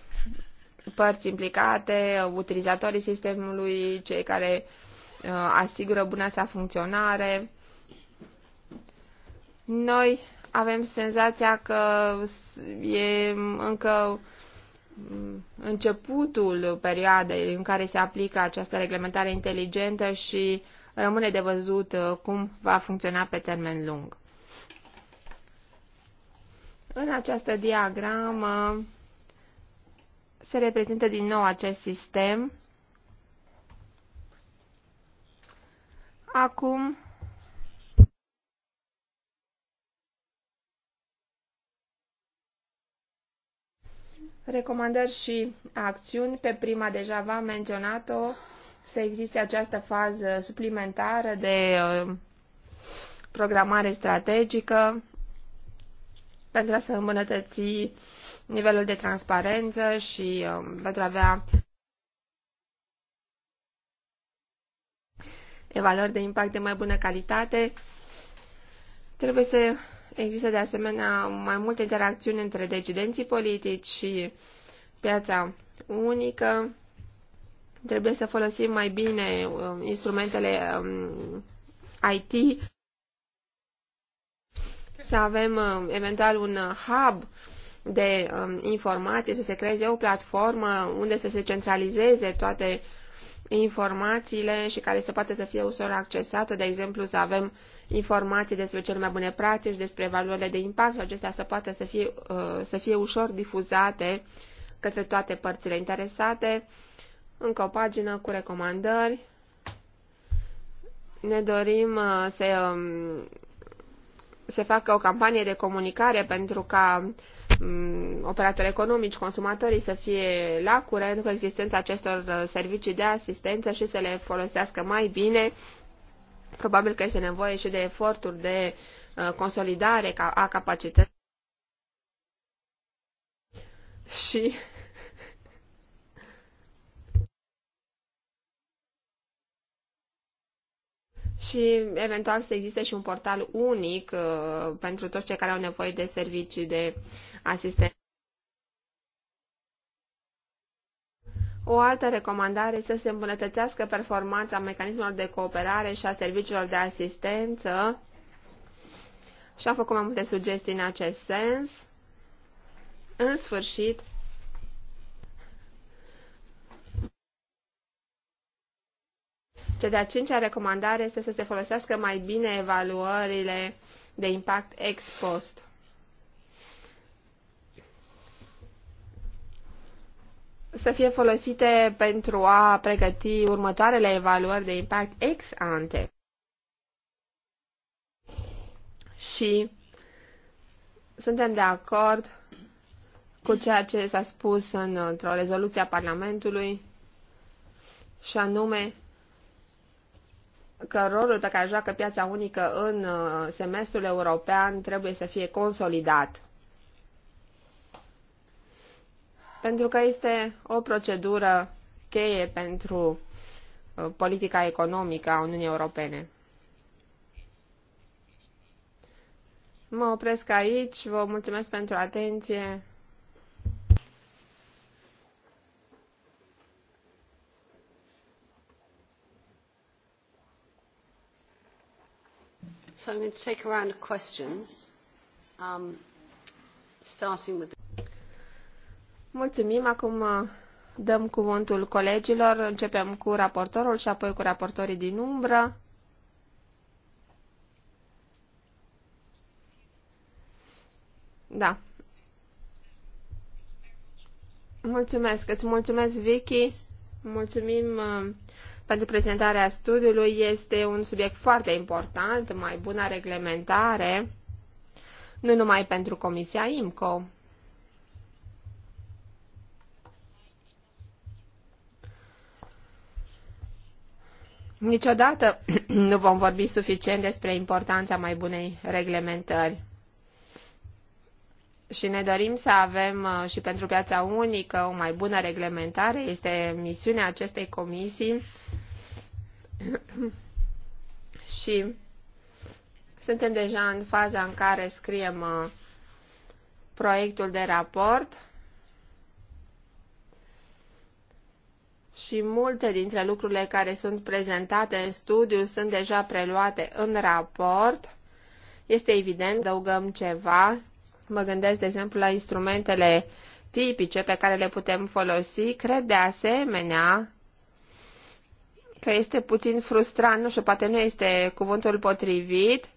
părți implicate, utilizatorii sistemului, cei care uh, asigură buna sa funcționare. Noi avem senzația că e încă uh, începutul perioadei în care se aplică această reglementare inteligentă și rămâne de văzut uh, cum va funcționa pe termen lung. În această diagramă se reprezintă din nou acest sistem. Acum Recomandări și acțiuni, pe prima deja v-am menționat-o, să existe această fază suplimentară de uh, programare strategică pentru a se îmbunătăți nivelul de transparență și um, pentru a avea evaluări de impact de mai bună calitate. Trebuie să Există de asemenea mai multe interacțiuni între decidenții politici și piața unică. Trebuie să folosim mai bine um, instrumentele um, IT, să avem um, eventual un hub de informații, să se creeze o platformă unde să se centralizeze toate informațiile și care să poată să fie ușor accesată, de exemplu să avem uh, informații despre cele mai bune practici, despre valorile de impact și acestea să poată să fie, uh, să fie ușor difuzate către toate părțile interesate. Încă o pagină cu recomandări. Ne dorim uh, să um, se facă o campanie de comunicare pentru ca um, operatori economici, consumatorii să fie la curent cu existența acestor uh, servicii de asistență și să le folosească mai bine Probabil că este nevoie și de eforturi de uh, consolidare a capacității. Și (laughs) și eventual să existe și un portal unic uh, pentru toți cei care au nevoie de servicii de asistență. O altă recomandare este să se îmbunătățească performanța mecanismelor de cooperare și a serviciilor de asistență și a făcut mai multe sugestii în acest sens. În sfârșit, Cea de-a cincea recomandare este să se folosească mai bine evaluările de impact ex post. să fie folosite pentru a pregăti următoarele evaluări de impact ex ante. Și suntem de acord cu ceea ce s-a spus în, într-o rezoluție a Parlamentului și anume că rolul pe care joacă piața unică în uh, semestrul european trebuie să fie consolidat. pentru că este o procedură cheie pentru uh, politica economică a Uniunii Europene. Mă opresc aici, vă mulțumesc pentru atenție. So I'm going to take a round of questions, um, starting with the Mulțumim. Acum uh, dăm cuvântul colegilor. Începem cu raportorul și apoi cu raportorii din umbră. Da. Mulțumesc. Îți mulțumesc, Vicky. Mulțumim uh, pentru prezentarea studiului. Este un subiect foarte important, mai bună reglementare, nu numai pentru Comisia IMCO, Niciodată (clears throat) nu vom vorbi suficient despre importanța mai bunei reglementări. Și ne dorim să avem uh, și pentru piața unică o mai bună reglementare. Este misiunea acestei comisii (clears throat) și suntem deja în faza în care scriem uh, proiectul de raport și multe dintre lucrurile care sunt prezentate în studiu sunt deja preluate în raport. Este evident, adăugăm ceva. Mă gândesc, de exemplu, la instrumentele tipice pe care le putem folosi. Cred de asemenea că este puțin frustrant, nu știu, poate nu este cuvântul potrivit.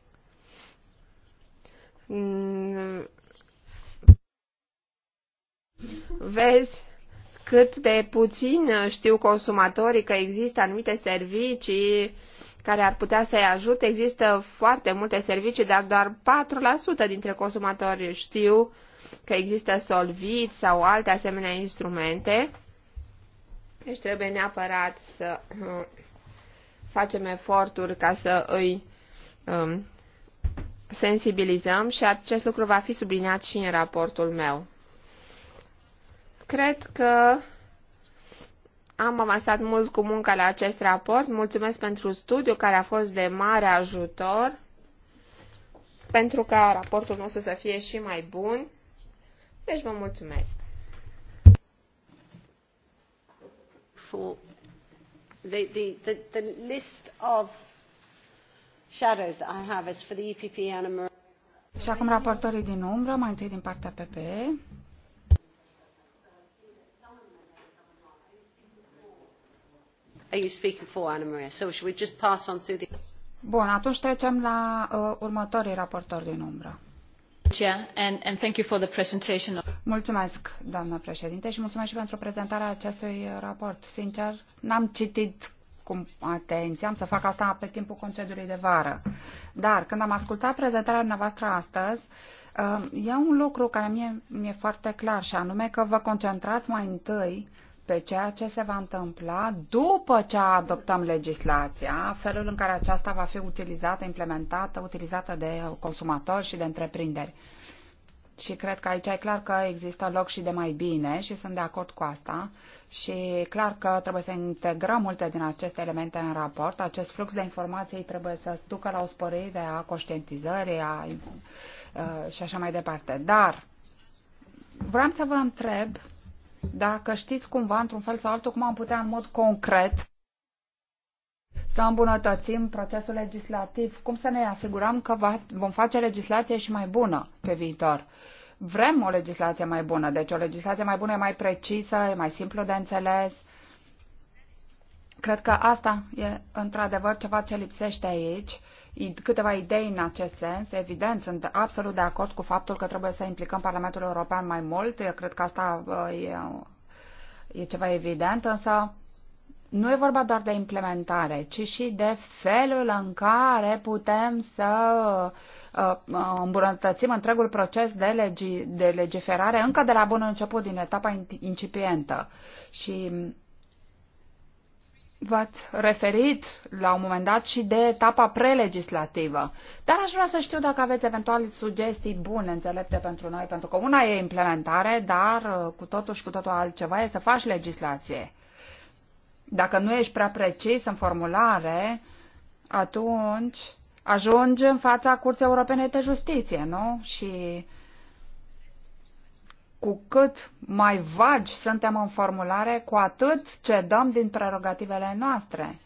Vezi cât de puțin știu consumatorii că există anumite servicii care ar putea să-i ajute. Există foarte multe servicii, dar doar 4% dintre consumatori știu că există solvit sau alte asemenea instrumente. Deci trebuie neapărat să uh, facem eforturi ca să îi um, sensibilizăm și acest lucru va fi subliniat și în raportul meu. Cred că am avansat mult cu munca la acest raport. Mulțumesc pentru studiu care a fost de mare ajutor pentru ca raportul nostru să fie și mai bun. Deci vă mulțumesc. For the, the, the, the list of shadows that I have is for the EPP and America. Și acum raportorii din umbră, mai întâi din partea PPE. Are you speaking for Anna Maria? So should we just pass on through the... Bun, atunci trecem la uh, următorii raportori din umbră. Mulțumesc, doamnă președinte, și mulțumesc și pentru prezentarea acestui raport. Sincer, n-am citit cu atenție, am să fac asta pe timpul concediului de vară. Dar când am ascultat prezentarea noastră astăzi, uh, e un lucru care mie mi-e foarte clar și anume că vă concentrați mai întâi pe ceea ce se va întâmpla după ce adoptăm legislația, felul în care aceasta va fi utilizată, implementată, utilizată de consumatori și de întreprinderi. Și cred că aici e clar că există loc și de mai bine și sunt de acord cu asta. Și e clar că trebuie să integrăm multe din aceste elemente în raport. Acest flux de informații trebuie să ducă la o sporire a conștientizării a, uh, și așa mai departe. Dar vreau să vă întreb dacă știți cumva, într-un fel sau altul, cum am putea în mod concret să îmbunătățim procesul legislativ, cum să ne asigurăm că va, vom face legislație și mai bună pe viitor. Vrem o legislație mai bună, deci o legislație mai bună e mai precisă, e mai simplu de înțeles. Cred că asta e într-adevăr ceva ce lipsește aici câteva idei în acest sens. Evident, sunt absolut de acord cu faptul că trebuie să implicăm Parlamentul European mai mult. Eu cred că asta uh, e, e ceva evident, însă nu e vorba doar de implementare, ci și de felul în care putem să uh, uh, îmbunătățim întregul proces de, legi, de legiferare încă de la bun început, din etapa incipientă. Și V-ați referit la un moment dat și de etapa prelegislativă, dar aș vrea să știu dacă aveți eventual sugestii bune, înțelepte pentru noi, pentru că una e implementare, dar uh, cu totul și cu totul altceva e să faci legislație. Dacă nu ești prea precis în formulare, atunci ajungi în fața Curții Europene de Justiție, nu? Și cu cât mai vagi suntem în formulare, cu atât cedăm din prerogativele noastre.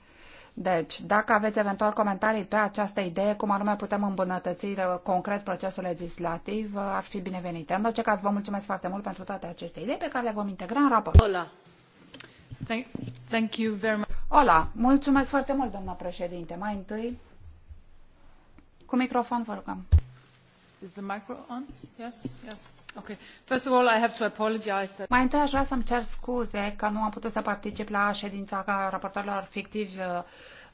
Deci, dacă aveți eventual comentarii pe această idee, cum anume putem îmbunătăți uh, concret procesul legislativ, uh, ar fi binevenite. În orice caz, vă mulțumesc foarte mult pentru toate aceste idei pe care le vom integra în raport. Hola. Thank, thank you very much. Hola, mulțumesc foarte mult, doamna președinte. Mai întâi, cu microfon, vă rugăm mai întâi aș vrea să mi cer scuze că nu am putut să particip la ședința raportorilor fictivi uh,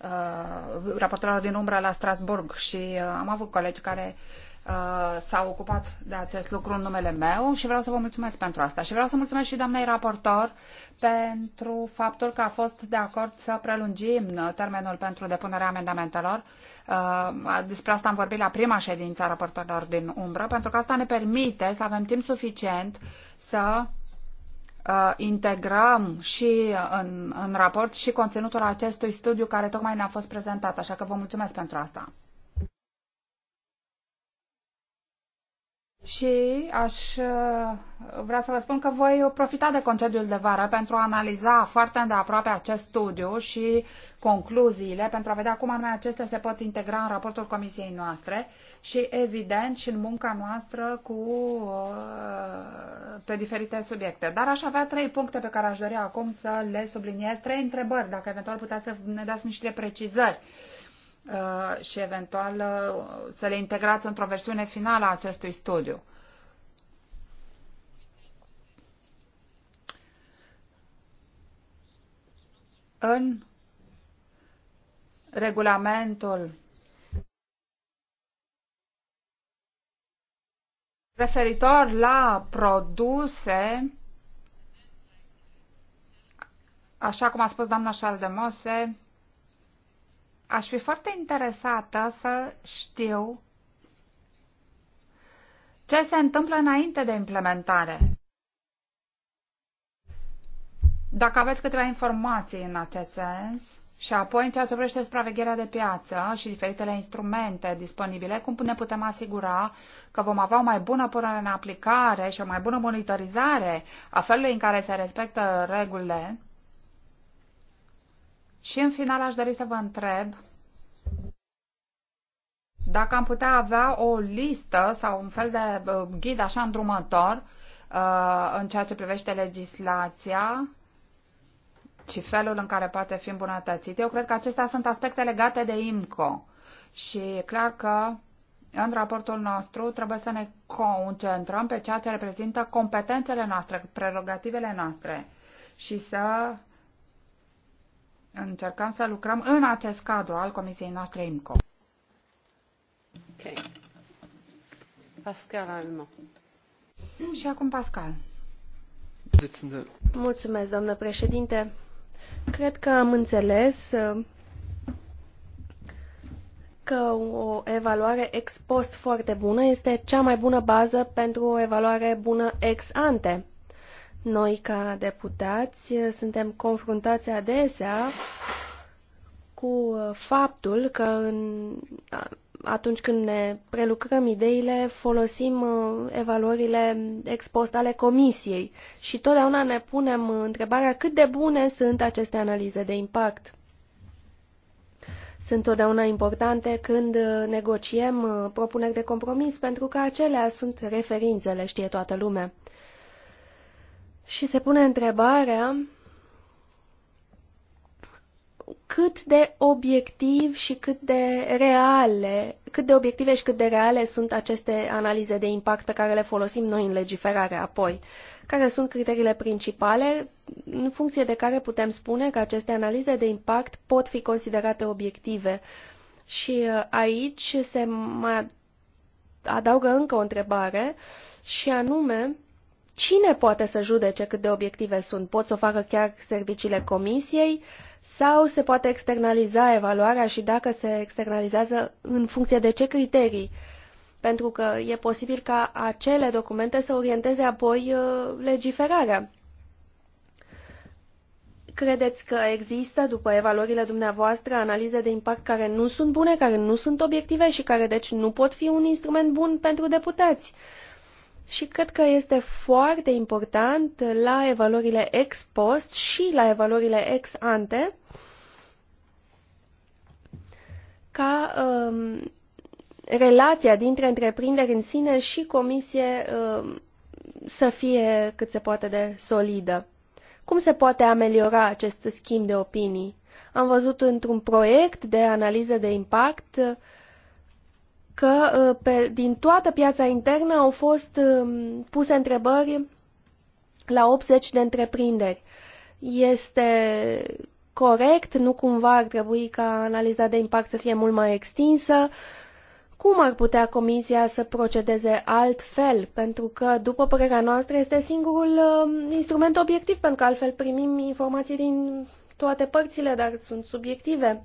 uh, raportorilor din umbră la Strasburg și uh, am avut colegi care uh, Uh, s-a ocupat de acest lucru în numele meu și vreau să vă mulțumesc pentru asta. Și vreau să mulțumesc și doamnei raportor pentru faptul că a fost de acord să prelungim termenul pentru depunerea amendamentelor. Uh, despre asta am vorbit la prima ședință a raportorilor din umbră, pentru că asta ne permite să avem timp suficient să uh, integrăm și în, în raport și conținutul acestui studiu care tocmai ne-a fost prezentat, așa că vă mulțumesc pentru asta. și aș uh, vrea să vă spun că voi profita de concediul de vară pentru a analiza foarte îndeaproape acest studiu și concluziile, pentru a vedea cum anume acestea se pot integra în raportul comisiei noastre și, evident, și în munca noastră cu, uh, pe diferite subiecte. Dar aș avea trei puncte pe care aș dori acum să le subliniez, trei întrebări, dacă eventual puteți să ne dați niște precizări Uh, și eventual uh, să le integrați într-o versiune finală a acestui studiu. În regulamentul referitor la produse, așa cum a spus doamna Charles de Mose, aș fi foarte interesată să știu ce se întâmplă înainte de implementare. Dacă aveți câteva informații în acest sens și apoi în ceea ce privește supravegherea de piață și diferitele instrumente disponibile, cum ne putem asigura că vom avea o mai bună punere în aplicare și o mai bună monitorizare a felului în care se respectă regulile și în final aș dori să vă întreb dacă am putea avea o listă sau un fel de uh, ghid așa îndrumător uh, în ceea ce privește legislația și felul în care poate fi îmbunătățit. Eu cred că acestea sunt aspecte legate de IMCO și e clar că în raportul nostru trebuie să ne concentrăm pe ceea ce reprezintă competențele noastre, prerogativele noastre și să încercăm să lucrăm în acest cadru al Comisiei noastre IMCO. Ok. Pascal Almo. Și acum Pascal. Mulțumesc, doamnă președinte. Cred că am înțeles uh, că o evaluare ex post foarte bună este cea mai bună bază pentru o evaluare bună ex ante. Noi, ca deputați, suntem confruntați adesea cu faptul că în, atunci când ne prelucrăm ideile, folosim uh, evaluările ex post ale comisiei și totdeauna ne punem întrebarea cât de bune sunt aceste analize de impact. Sunt totdeauna importante când negociem uh, propuneri de compromis, pentru că acelea sunt referințele, știe toată lumea. Și se pune întrebarea cât de obiectiv și cât de reale, cât de obiective și cât de reale sunt aceste analize de impact pe care le folosim noi în legiferare apoi, care sunt criteriile principale în funcție de care putem spune că aceste analize de impact pot fi considerate obiective. Și uh, aici se mai adaugă încă o întrebare și anume Cine poate să judece cât de obiective sunt? Pot să o facă chiar serviciile comisiei sau se poate externaliza evaluarea și dacă se externalizează în funcție de ce criterii? Pentru că e posibil ca acele documente să orienteze apoi uh, legiferarea. Credeți că există, după evaluările dumneavoastră, analize de impact care nu sunt bune, care nu sunt obiective și care deci nu pot fi un instrument bun pentru deputați? și cred că este foarte important la evaluările ex post și la evaluările ex ante ca um, relația dintre întreprinderi în sine și comisie um, să fie cât se poate de solidă. Cum se poate ameliora acest schimb de opinii? Am văzut într-un proiect de analiză de impact uh, că uh, pe, din toată piața internă au fost um, puse întrebări la 80 de întreprinderi. Este corect, nu cumva ar trebui ca analiza de impact să fie mult mai extinsă. Cum ar putea Comisia să procedeze altfel? Pentru că, după părerea noastră, este singurul uh, instrument obiectiv, pentru că altfel primim informații din toate părțile, dar sunt subiective.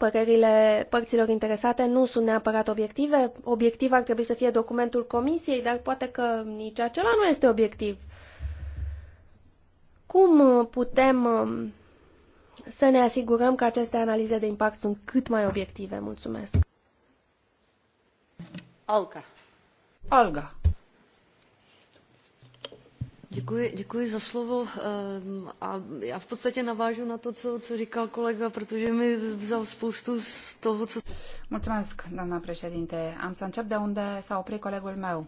Părerile părților interesate nu sunt neapărat obiective. Obiectiv ar trebui să fie documentul comisiei, dar poate că nici acela nu este obiectiv. Cum putem um, să ne asigurăm că aceste analize de impact sunt cât mai obiective? Mulțumesc. Olga. Olga. Děkuji, děkuji za slovo ehm, a já v podstatě navážu na to, co, co říkal kolega, protože mi vzal spoustu z toho, co... Mulțumesc, doamna președinte. Am să încep de unde s-a oprit colegul meu,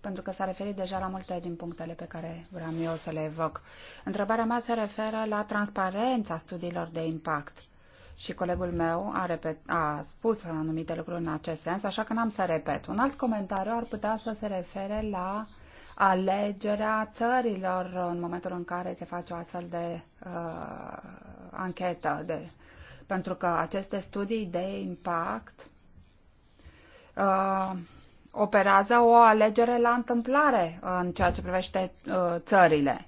pentru că s-a referit deja la multe din punctele pe care vreau eu să le evoc. Întrebarea mea se referă la transparența studiilor de impact și colegul meu a, repet, a spus anumite lucruri în acest sens, așa că n-am să repet. Un alt comentariu ar putea să se refere la uh, alegerea țărilor în momentul în care se face o astfel de uh, anchetă. De, pentru că aceste studii de impact uh, operează o alegere la întâmplare în ceea ce privește uh, țările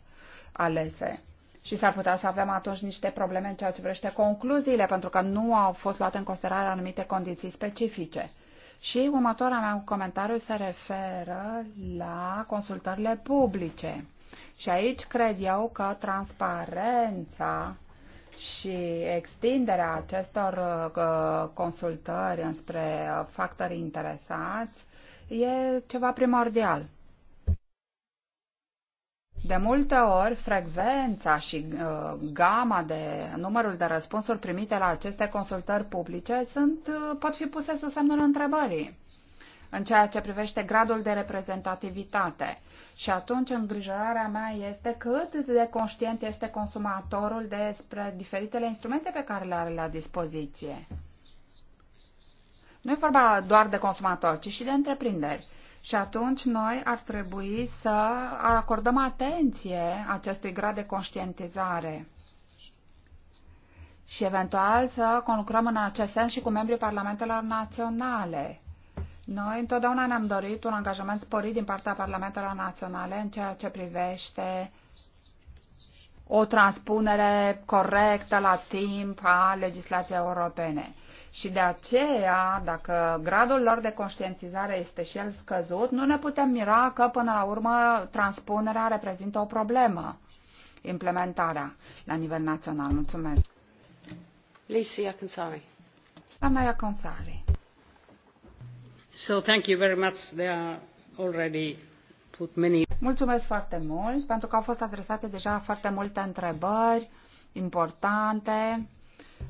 alese. Și s-ar putea să avem atunci niște probleme în ceea ce privește concluziile, pentru că nu au fost luate în considerare anumite condiții specifice. Și următoarea mea comentariu se referă la consultările publice. Și aici cred eu că transparența și extinderea acestor uh, consultări înspre uh, factorii interesați e ceva primordial. De multe ori, frecvența și uh, gama de numărul de răspunsuri primite la aceste consultări publice sunt, uh, pot fi puse sub semnul întrebării în ceea ce privește gradul de reprezentativitate. Și atunci îngrijorarea mea este cât de conștient este consumatorul despre diferitele instrumente pe care le are la dispoziție. Nu e vorba doar de consumatori, ci și de întreprinderi. Și atunci noi ar trebui să acordăm atenție acestui grad de conștientizare și eventual să conlucrăm în acest sens și cu membrii parlamentelor naționale. Noi întotdeauna ne-am dorit un angajament sporit din partea parlamentelor naționale în ceea ce privește o transpunere corectă la timp a legislației europene. Și de aceea, dacă gradul lor de conștientizare este și el scăzut, nu ne putem mira că, până la urmă, transpunerea reprezintă o problemă, implementarea la nivel național. Mulțumesc. Lisa Iaconsari. Doamna Iaconsari. So, thank you very much. They are already put many... Mulțumesc foarte mult pentru că au fost adresate deja foarte multe întrebări importante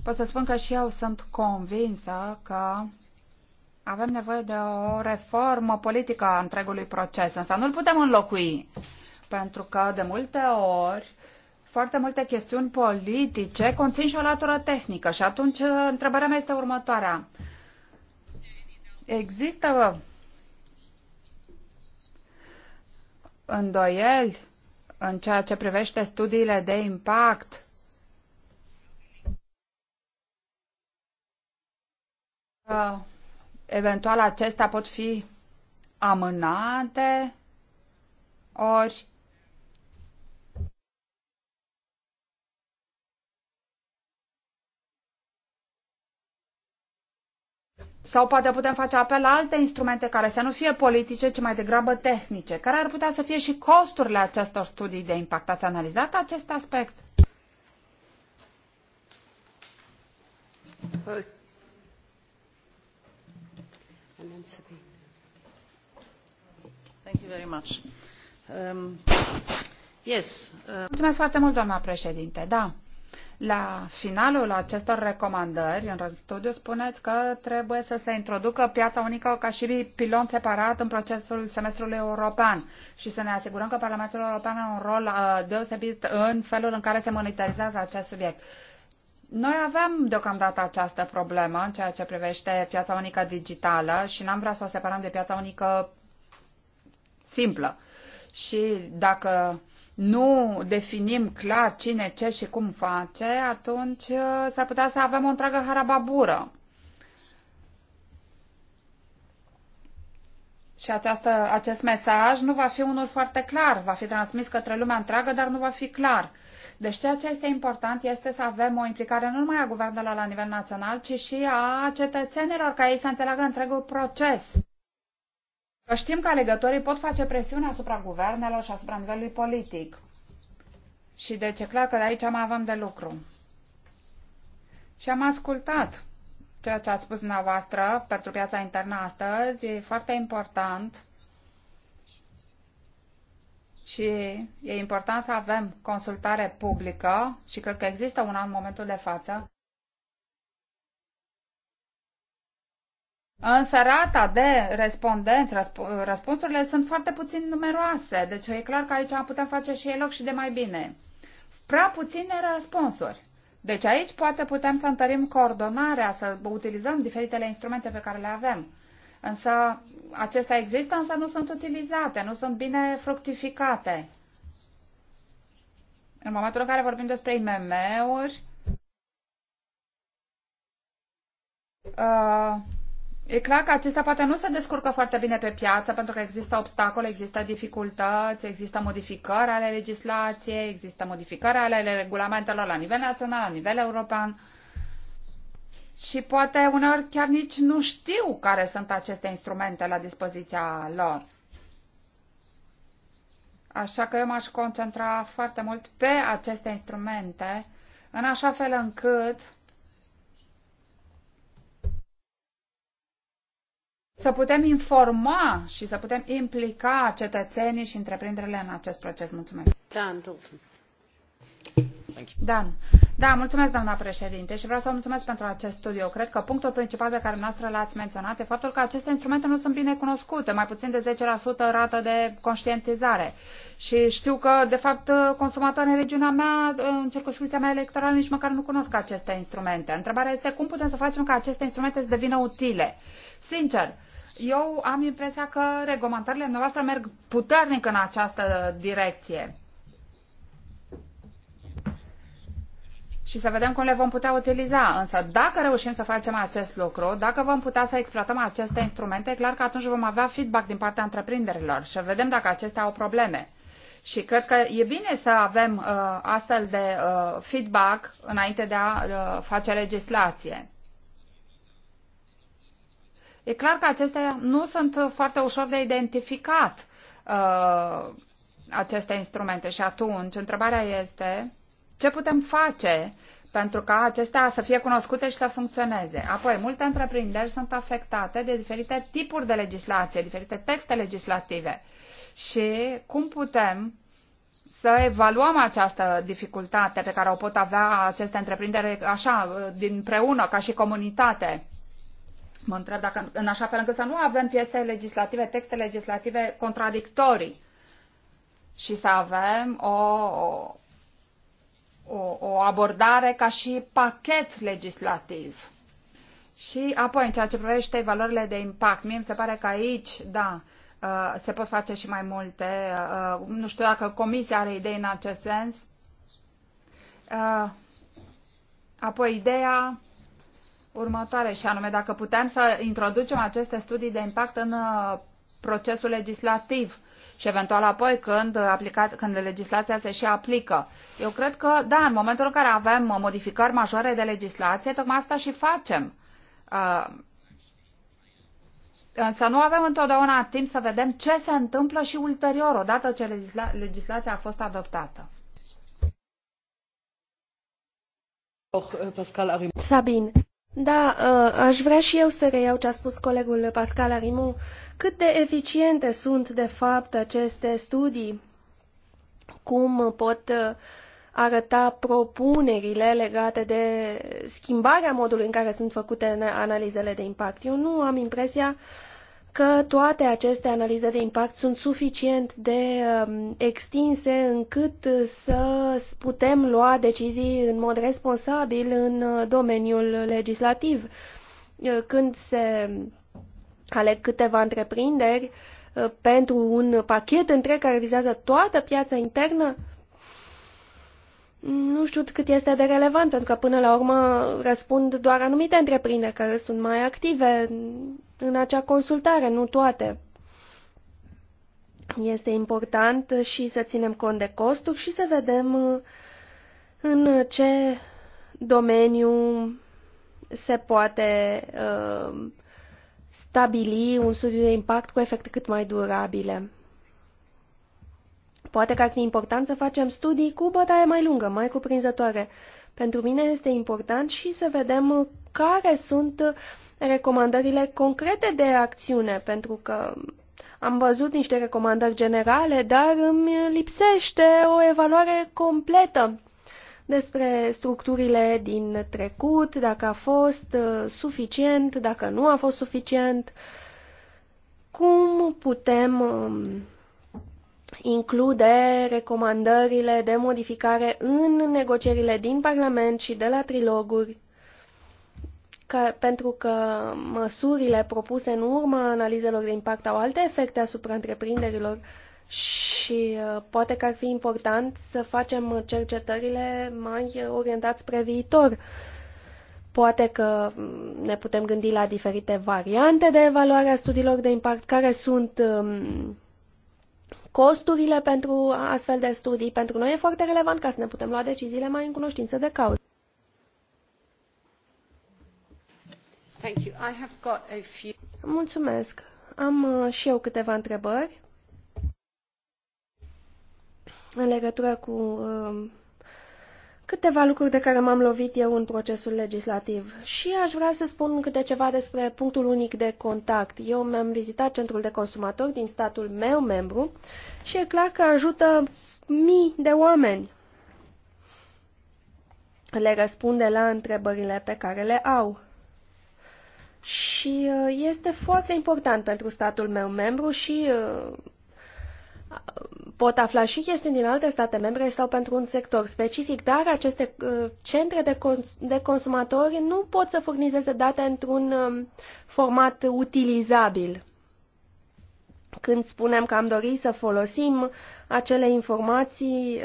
Pot să spun că și eu sunt convinsă că avem nevoie de o reformă politică a întregului proces, însă nu-l putem înlocui, pentru că de multe ori foarte multe chestiuni politice conțin și o latură tehnică și atunci întrebarea mea este următoarea. Există îndoieli în ceea ce privește studiile de impact că eventual acestea pot fi amânate ori Sau poate putem face apel la alte instrumente care să nu fie politice, ci mai degrabă tehnice. Care ar putea să fie și costurile acestor studii de impact? Ați analizat acest aspect? and then Sabine. Thank you very much. Um, yes. Uh... Mulțumesc foarte mult, doamna președinte. Da. La finalul acestor recomandări, în studiu, spuneți că trebuie să se introducă piața unică ca și pilon separat în procesul semestrului european și să ne asigurăm că Parlamentul European are un rol uh, deosebit în felul în care se monitorizează acest subiect. Noi avem deocamdată această problemă în ceea ce privește piața unică digitală și n-am vrea să o separăm de piața unică simplă. Și dacă nu definim clar cine, ce și cum face, atunci uh, s-ar putea să avem o întreagă harababură. Și această, acest mesaj nu va fi unul foarte clar, va fi transmis către lumea întreagă, dar nu va fi clar. Deci ceea ce este important este să avem o implicare nu numai a guvernelor la nivel național, ci și a cetățenilor, ca ei să înțeleagă întregul proces. Că știm că alegătorii pot face presiune asupra guvernelor și asupra nivelului politic. Și deci e clar că de aici mai avem de lucru. Și am ascultat ceea ce ați spus dumneavoastră pentru piața internă astăzi. E foarte important și e important să avem consultare publică și cred că există una în momentul de față. Însă rata de respondenți, răsp răspunsurile sunt foarte puțin numeroase, deci e clar că aici am putem face și loc și de mai bine. Prea puține răspunsuri. Deci aici poate putem să întărim coordonarea, să utilizăm diferitele instrumente pe care le avem. Însă acestea există, însă nu sunt utilizate, nu sunt bine fructificate. În momentul în care vorbim despre IMM-uri, uh, E clar că acestea poate nu se descurcă foarte bine pe piață, pentru că există obstacole, există dificultăți, există modificări ale legislației, există modificări ale regulamentelor la nivel național, la nivel european și poate uneori chiar nici nu știu care sunt aceste instrumente la dispoziția lor. Așa că eu m-aș concentra foarte mult pe aceste instrumente, în așa fel încât să putem informa și să putem implica cetățenii și întreprinderile în acest proces. Mulțumesc. Dan Dalton. Dan. Da, mulțumesc, doamna președinte, și vreau să vă mulțumesc pentru acest studiu. Cred că punctul principal pe care noastră l-ați menționat e faptul că aceste instrumente nu sunt bine cunoscute, mai puțin de 10% rată de conștientizare. Și știu că, de fapt, consumatorii în regiunea mea, în circunscripția mea electorală, nici măcar nu cunosc aceste instrumente. Întrebarea este cum putem să facem ca aceste instrumente să devină utile. Sincer, eu am impresia că recomandările noastre merg puternic în această direcție. și să vedem cum le vom putea utiliza. Însă dacă reușim să facem acest lucru, dacă vom putea să exploatăm aceste instrumente, e clar că atunci vom avea feedback din partea întreprinderilor și vedem dacă acestea au probleme. Și cred că e bine să avem uh, astfel de uh, feedback înainte de a uh, face legislație. E clar că acestea nu sunt foarte ușor de identificat, uh, aceste instrumente. Și atunci, întrebarea este ce putem face pentru ca acestea să fie cunoscute și să funcționeze. Apoi, multe întreprinderi sunt afectate de diferite tipuri de legislație, diferite texte legislative. Și cum putem să evaluăm această dificultate pe care o pot avea aceste întreprinderi așa, din preună, ca și comunitate? Mă întreb dacă în așa fel încât să nu avem piese legislative, texte legislative contradictorii și să avem o, o, o abordare ca și pachet legislativ. Și apoi, în ceea ce privește valorile de impact, mie mi se pare că aici, da, uh, se pot face și mai multe. Uh, nu știu dacă Comisia are idei în acest sens. Uh, apoi, ideea următoare, și anume dacă putem să introducem aceste studii de impact în procesul legislativ și eventual apoi când, aplicat, când legislația se și aplică. Eu cred că, da, în momentul în care avem modificări majore de legislație, tocmai asta și facem. Uh, însă nu avem întotdeauna timp să vedem ce se întâmplă și ulterior, odată ce legisla- legislația a fost adoptată. Uh, Sabine. Da, uh, aș vrea și eu să reiau ce a spus colegul Pascal Arimu. Cât de eficiente sunt, de fapt, aceste studii? Cum pot uh, arăta propunerile legate de schimbarea modului în care sunt făcute analizele de impact? Eu nu am impresia uh, că toate aceste analize de impact sunt suficient de um, extinse încât să putem lua decizii în mod responsabil în uh, domeniul legislativ. Uh, când se aleg câteva întreprinderi uh, pentru un pachet întreg care vizează toată piața internă, nu știu cât este de relevant, pentru că până la urmă răspund doar anumite întreprinderi care sunt mai active în acea consultare, nu toate. Este important și să ținem cont de costuri și să vedem uh, în ce domeniu se poate uh, stabili un studiu de impact cu efecte cât mai durabile. Poate că ar fi important să facem studii cu bătaie mai lungă, mai cuprinzătoare. Pentru mine este important și să vedem care sunt recomandările concrete de acțiune, pentru că am văzut niște recomandări generale, dar îmi lipsește o evaluare completă despre structurile din trecut, dacă a fost uh, suficient, dacă nu a fost suficient, cum putem um, include recomandările de modificare în negocierile din Parlament și de la triloguri că, pentru că măsurile propuse în urma analizelor de impact au alte efecte asupra întreprinderilor și uh, poate că ar fi important să facem cercetările mai orientate spre viitor. Poate că mm, ne putem gândi la diferite variante de evaluare a studiilor de impact, care sunt um, costurile pentru astfel de studii. Pentru noi e foarte relevant ca să ne putem lua deciziile mai în cunoștință de cauză. Thank you. I have got a few... Mulțumesc. Am uh, și eu câteva întrebări în legătură cu uh, câteva lucruri de care m-am lovit eu în procesul legislativ. Și aș vrea să spun câte ceva despre punctul unic de contact. Eu mi-am vizitat centrul de consumatori din statul meu membru și e clar că ajută mii de oameni. Le răspunde la întrebările pe care le au și uh, este foarte important pentru statul meu membru și uh, pot afla și chestiuni din alte state membre sau pentru un sector specific, dar aceste uh, centre de, cons- de consumatori nu pot să furnizeze date într-un um, format utilizabil. Când spunem că am dorit să folosim acele informații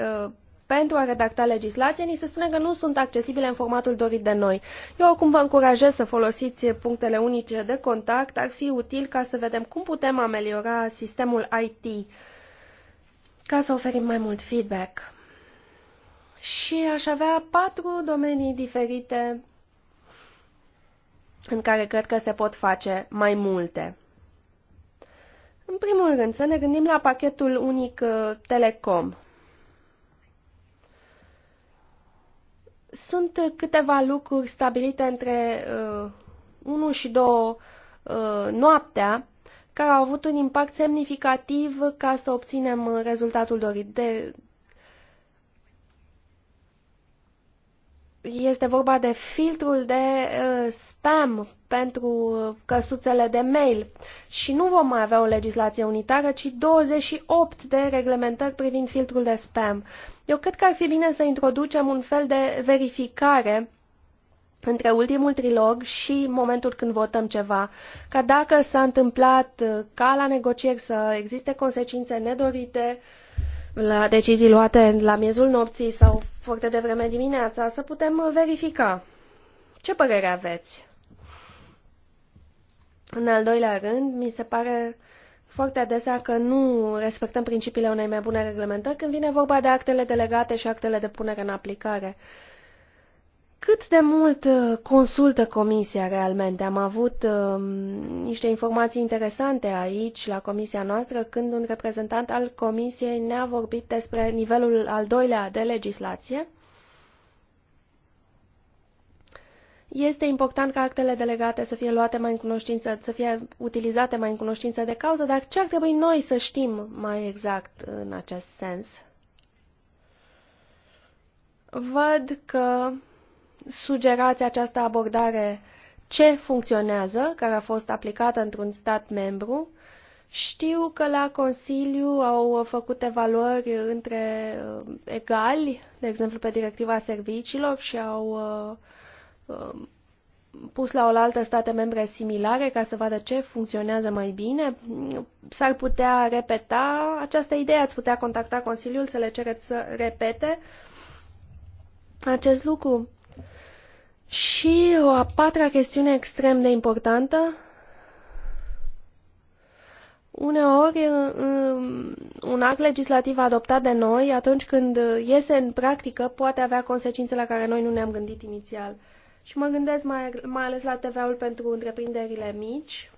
pentru a redacta legislație, ni se spune că nu sunt accesibile în formatul dorit de noi. Eu acum vă încurajez să folosiți punctele unice de contact, ar fi util ca să vedem cum putem ameliora sistemul IT ca să oferim mai mult feedback. Și aș avea patru domenii diferite în care cred că se pot face mai multe. În primul rând, să ne gândim la pachetul unic uh, telecom. Sunt câteva lucruri stabilite între uh, 1 și 2 uh, noaptea care au avut un impact semnificativ ca să obținem uh, rezultatul dorit. De, este vorba de filtrul de uh, spam pentru uh, căsuțele de mail și nu vom mai avea o legislație unitară, ci 28 de reglementări privind filtrul de spam. Eu cred că ar fi bine să introducem un fel de verificare între ultimul trilog și momentul când votăm ceva, ca dacă s-a întâmplat uh, ca la negocieri să existe consecințe nedorite uh, la decizii luate la miezul nopții sau foarte devreme dimineața, să putem verifica. Ce părere aveți? În al doilea rând, mi se pare foarte adesea că nu respectăm principiile unei mai bune reglementări când vine vorba de actele delegate și actele de punere în aplicare. Uh, cât de mult uh, consultă comisia realmente? Am avut um, niște informații interesante aici, la comisia noastră, când un reprezentant al comisiei ne-a vorbit despre nivelul al doilea de legislație. Este important ca actele delegate să fie luate mai în cunoștință, să fie utilizate mai în cunoștință de cauză, dar ce ar trebui noi să știm mai exact în acest sens? Văd că sugerați această abordare ce funcționează, care a fost aplicată într-un stat membru. Știu că la Consiliu au făcut evaluări între uh, egali, de exemplu pe directiva serviciilor și au uh, um, pus la oaltă state membre similare ca să vadă ce funcționează mai bine. S-ar putea repeta această idee, ați putea contacta Consiliul să le cereți să repete acest lucru. Și o a patra chestiune extrem de importantă. Uneori, un act legislativ adoptat de noi, atunci când iese în practică, poate avea consecințe la care noi nu ne-am gândit inițial. Și mă gândesc mai, mai ales la TVA-ul pentru întreprinderile mici.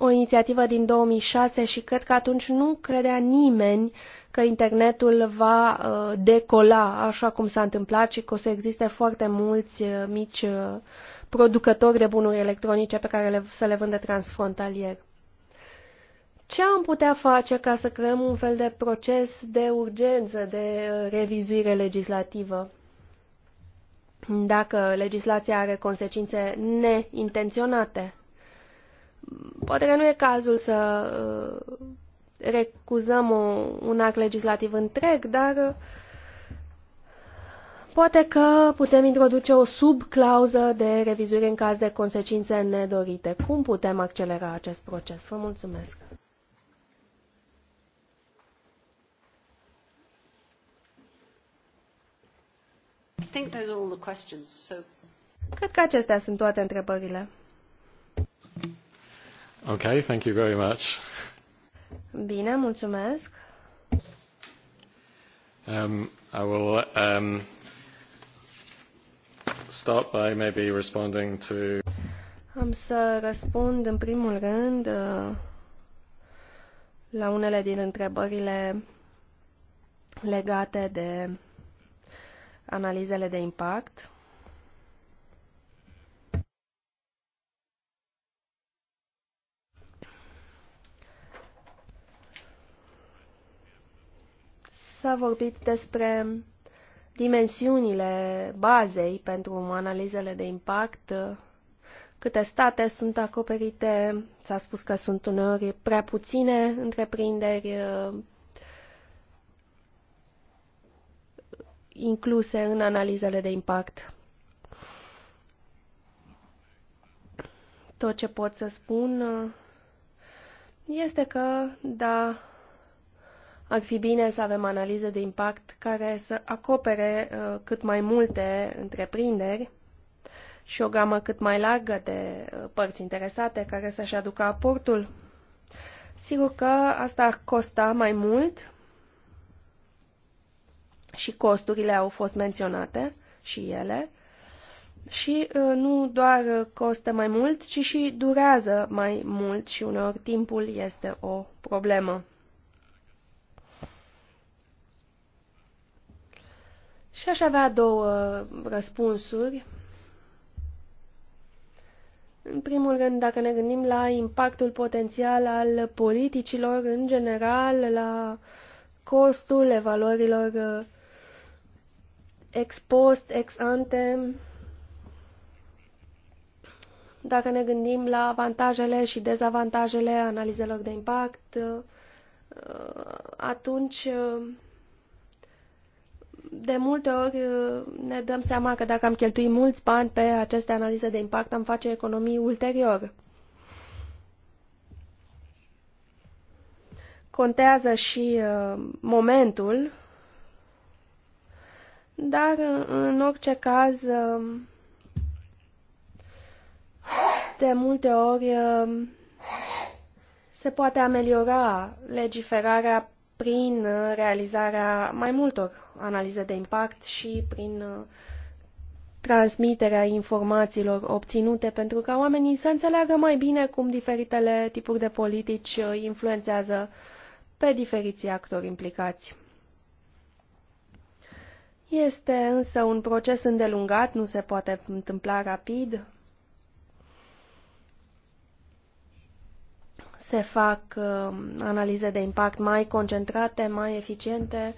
O inițiativă din 2006 și cred că atunci nu credea nimeni uh, că internetul va uh, decola așa cum s-a întâmplat și că o să existe foarte mulți uh, mici uh, producători de bunuri electronice pe care le, să le vândă transfrontalier. Ce am putea face ca să creăm un fel de proces de urgență, de revizuire legislativă? Dacă legislația are consecințe neintenționate, poate că nu e cazul să recuzăm o, un act legislativ întreg, dar uh, poate că putem introduce o subclauză de revizuire în caz de consecințe nedorite. Cum putem accelera acest proces? Vă mulțumesc! Cred că acestea sunt toate întrebările. Okay, thank you very much. Bine, mulțumesc. Um, I will um, start by maybe responding to am să răspund în primul rând uh, la unele din întrebările legate de analizele de impact. s-a vorbit despre dimensiunile bazei pentru analizele de impact, câte state sunt acoperite, s-a spus că sunt uneori prea puține întreprinderi uh, incluse în analizele de impact. Tot ce pot să spun uh, este că, da, ar fi bine să avem analize de impact care să acopere uh, cât mai multe întreprinderi și o gamă cât mai largă de uh, părți interesate care să-și aducă aportul. Sigur că asta ar costa mai mult și costurile au fost menționate și ele și uh, nu doar costă mai mult, ci și durează mai mult și uneori timpul este o problemă. Și aș avea două răspunsuri. În primul rând, dacă ne gândim la impactul potențial al politicilor în general, la costul evaluărilor uh, ex post, ex ante, dacă ne gândim la avantajele și dezavantajele analizelor de impact, uh, atunci uh, de multe ori uh, ne dăm seama că dacă am cheltuit mulți bani pe aceste analize de impact, am face economii ulterior. Contează și uh, momentul, dar uh, în orice caz, uh, de multe ori uh, se poate ameliora legiferarea prin uh, realizarea mai multor analize de impact și prin uh, transmiterea informațiilor obținute pentru ca oamenii să înțeleagă mai bine cum diferitele tipuri de politici uh, influențează pe diferiții actori implicați. Este însă un proces îndelungat, nu se poate întâmpla rapid se fac uh, analize de impact mai concentrate, mai eficiente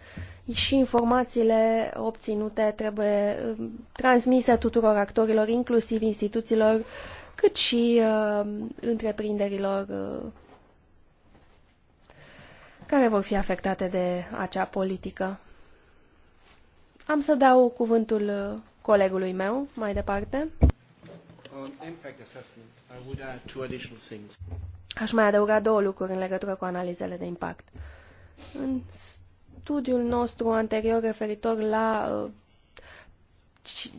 și informațiile obținute trebuie uh, transmise tuturor actorilor, inclusiv instituțiilor, cât și uh, întreprinderilor care vor fi afectate de acea politică. Am să dau cuvântul colegului meu mai departe. Aș mai adăuga două lucruri în legătură cu analizele de impact. În studiul nostru anterior referitor la uh,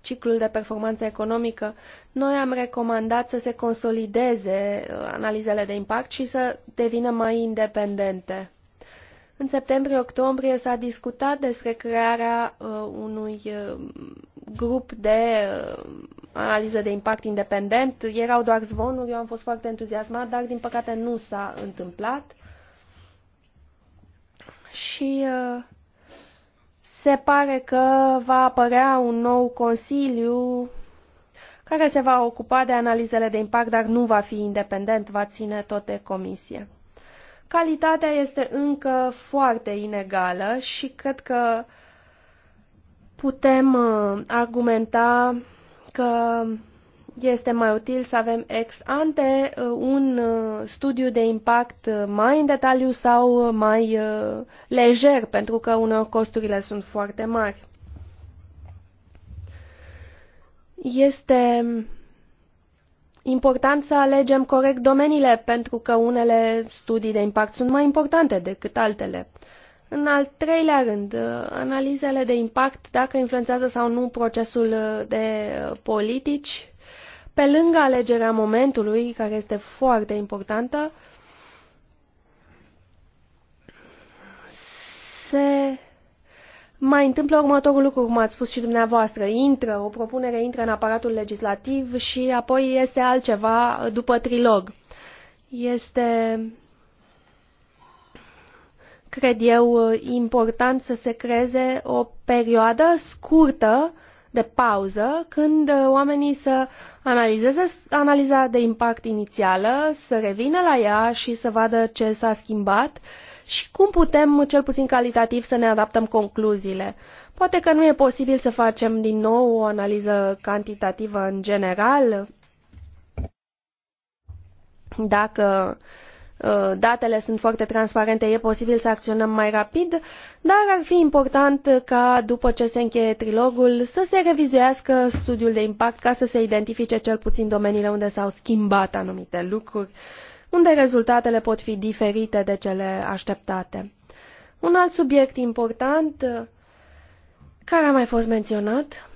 ciclul de performanță economică, noi am recomandat să se consolideze uh, analizele de impact și să devină mai independente. În septembrie-octombrie s-a discutat despre crearea uh, unui uh, grup de uh, analiză de impact independent. Erau doar zvonuri, eu am fost foarte entuziasmat, dar din păcate nu s-a întâmplat. Și uh, se pare că va apărea un nou consiliu care se va ocupa de analizele de impact, dar nu va fi independent, va ține tot de comisie. Calitatea este încă foarte inegală și cred că putem uh, argumenta că este mai util să avem ex ante uh, un uh, studiu de impact mai în detaliu sau mai uh, lejer, pentru că uneori costurile sunt foarte mari. Este important să alegem corect domeniile, pentru că unele studii de impact sunt mai importante decât altele. Uh, în al treilea rând, uh, analizele de impact, dacă influențează sau nu procesul uh, de uh, politici, pe lângă alegerea momentului, care este foarte importantă, se mai întâmplă următorul lucru, cum ați spus și dumneavoastră. Intră, o propunere intră în aparatul legislativ și apoi iese altceva după trilog. Este cred eu, uh, important să se creeze o perioadă scurtă de pauză când uh, oamenii să analizeze analiza de impact inițială, să revină la ea și să vadă ce s-a schimbat și cum putem, cel puțin calitativ, să ne adaptăm concluziile. Poate că nu e posibil să facem din nou o analiză cantitativă în general, dacă uh, Uh, datele sunt foarte transparente, e posibil să acționăm mai rapid, dar ar fi important ca după ce se încheie trilogul să se revizuiască studiul de impact ca să se identifice cel puțin domeniile unde s-au schimbat anumite lucruri, unde rezultatele pot fi diferite de cele așteptate. Un alt subiect important uh, care a mai fost menționat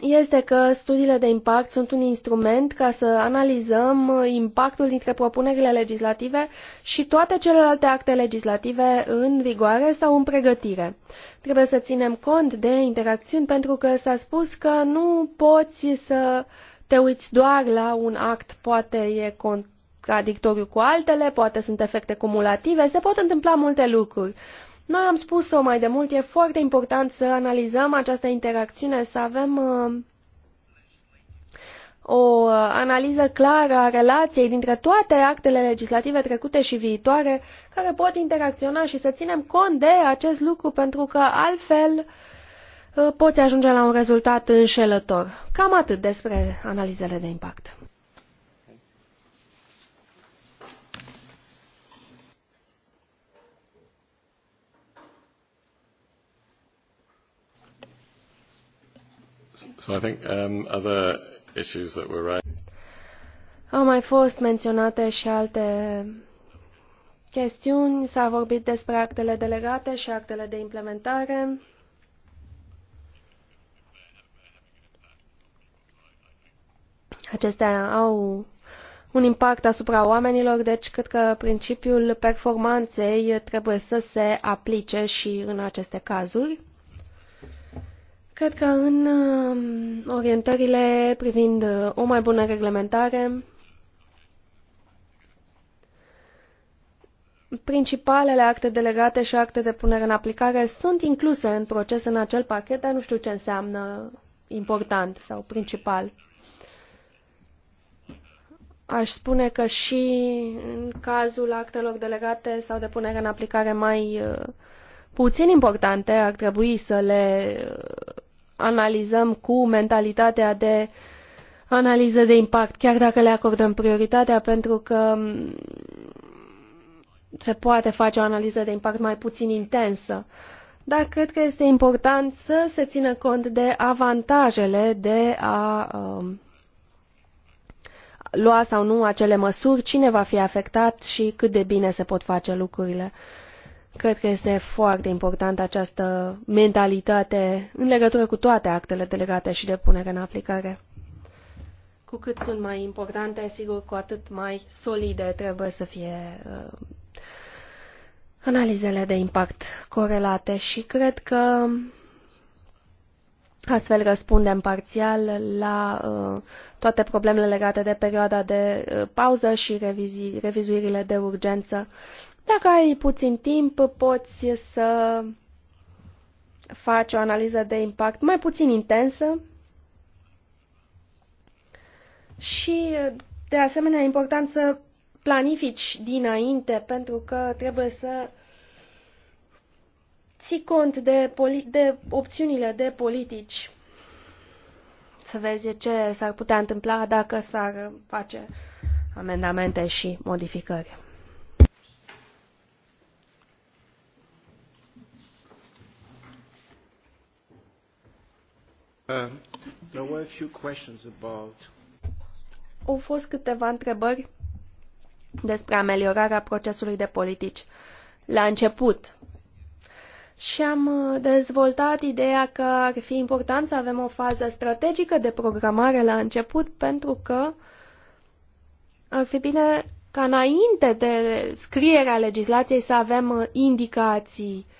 este că studiile de impact sunt un instrument ca să analizăm impactul dintre propunerile legislative și toate celelalte acte legislative în vigoare sau în pregătire. Trebuie să ținem cont de interacțiuni pentru că s-a spus că nu poți să te uiți doar la un act, poate e contradictoriu cu altele, poate sunt efecte cumulative, se pot întâmpla multe lucruri. Noi am spus-o mai de mult, e foarte important să analizăm această interacțiune, să avem uh, o analiză clară a relației dintre toate actele legislative trecute și viitoare care pot interacționa și să ținem cont de acest lucru pentru că altfel uh, poți ajunge la un rezultat înșelător. Cam atât despre analizele de impact. So I think um, other issues that were raised. Au mai fost menționate și alte chestiuni. S-a vorbit despre actele delegate și actele de implementare. Acestea au un impact asupra oamenilor, deci cred că principiul performanței trebuie să se aplice și în aceste cazuri. Cred că în um, orientările privind uh, o mai bună reglementare, principalele acte delegate și acte de punere în aplicare sunt incluse în proces în acel pachet, dar nu știu ce înseamnă important sau principal. Aș spune că și în cazul actelor delegate sau de punere în aplicare mai uh, puțin importante ar trebui să le uh, analizăm cu mentalitatea de analiză de impact, chiar dacă le acordăm prioritatea, pentru că mm, se poate face o analiză de impact mai puțin intensă. Dar cred că este important să se țină cont de avantajele de a um, lua sau nu acele măsuri, cine va fi afectat și cât de bine se pot face lucrurile. Uh, Cred că este foarte importantă această mentalitate în legătură cu toate actele delegate și de punere în aplicare. Cu cât sunt mai importante, sigur, cu atât mai solide trebuie să fie uh, analizele de impact corelate și cred că astfel răspundem parțial la uh, toate problemele legate de perioada de uh, pauză și revizi, revizuirile de urgență uh, dacă ai puțin timp, poți să faci o analiză de impact mai puțin intensă și, de asemenea, e important să planifici dinainte, pentru că trebuie să ții cont de, de opțiunile de politici. Să vezi ce s-ar putea întâmpla dacă s-ar face amendamente și modificări. Uh, there were a few questions about... Au fost câteva întrebări despre ameliorarea procesului de politici la început. Și am uh, dezvoltat ideea că ar fi important să avem o fază strategică de programare la început, pentru că ar fi bine ca înainte de scrierea legislației să avem uh, indicații uh,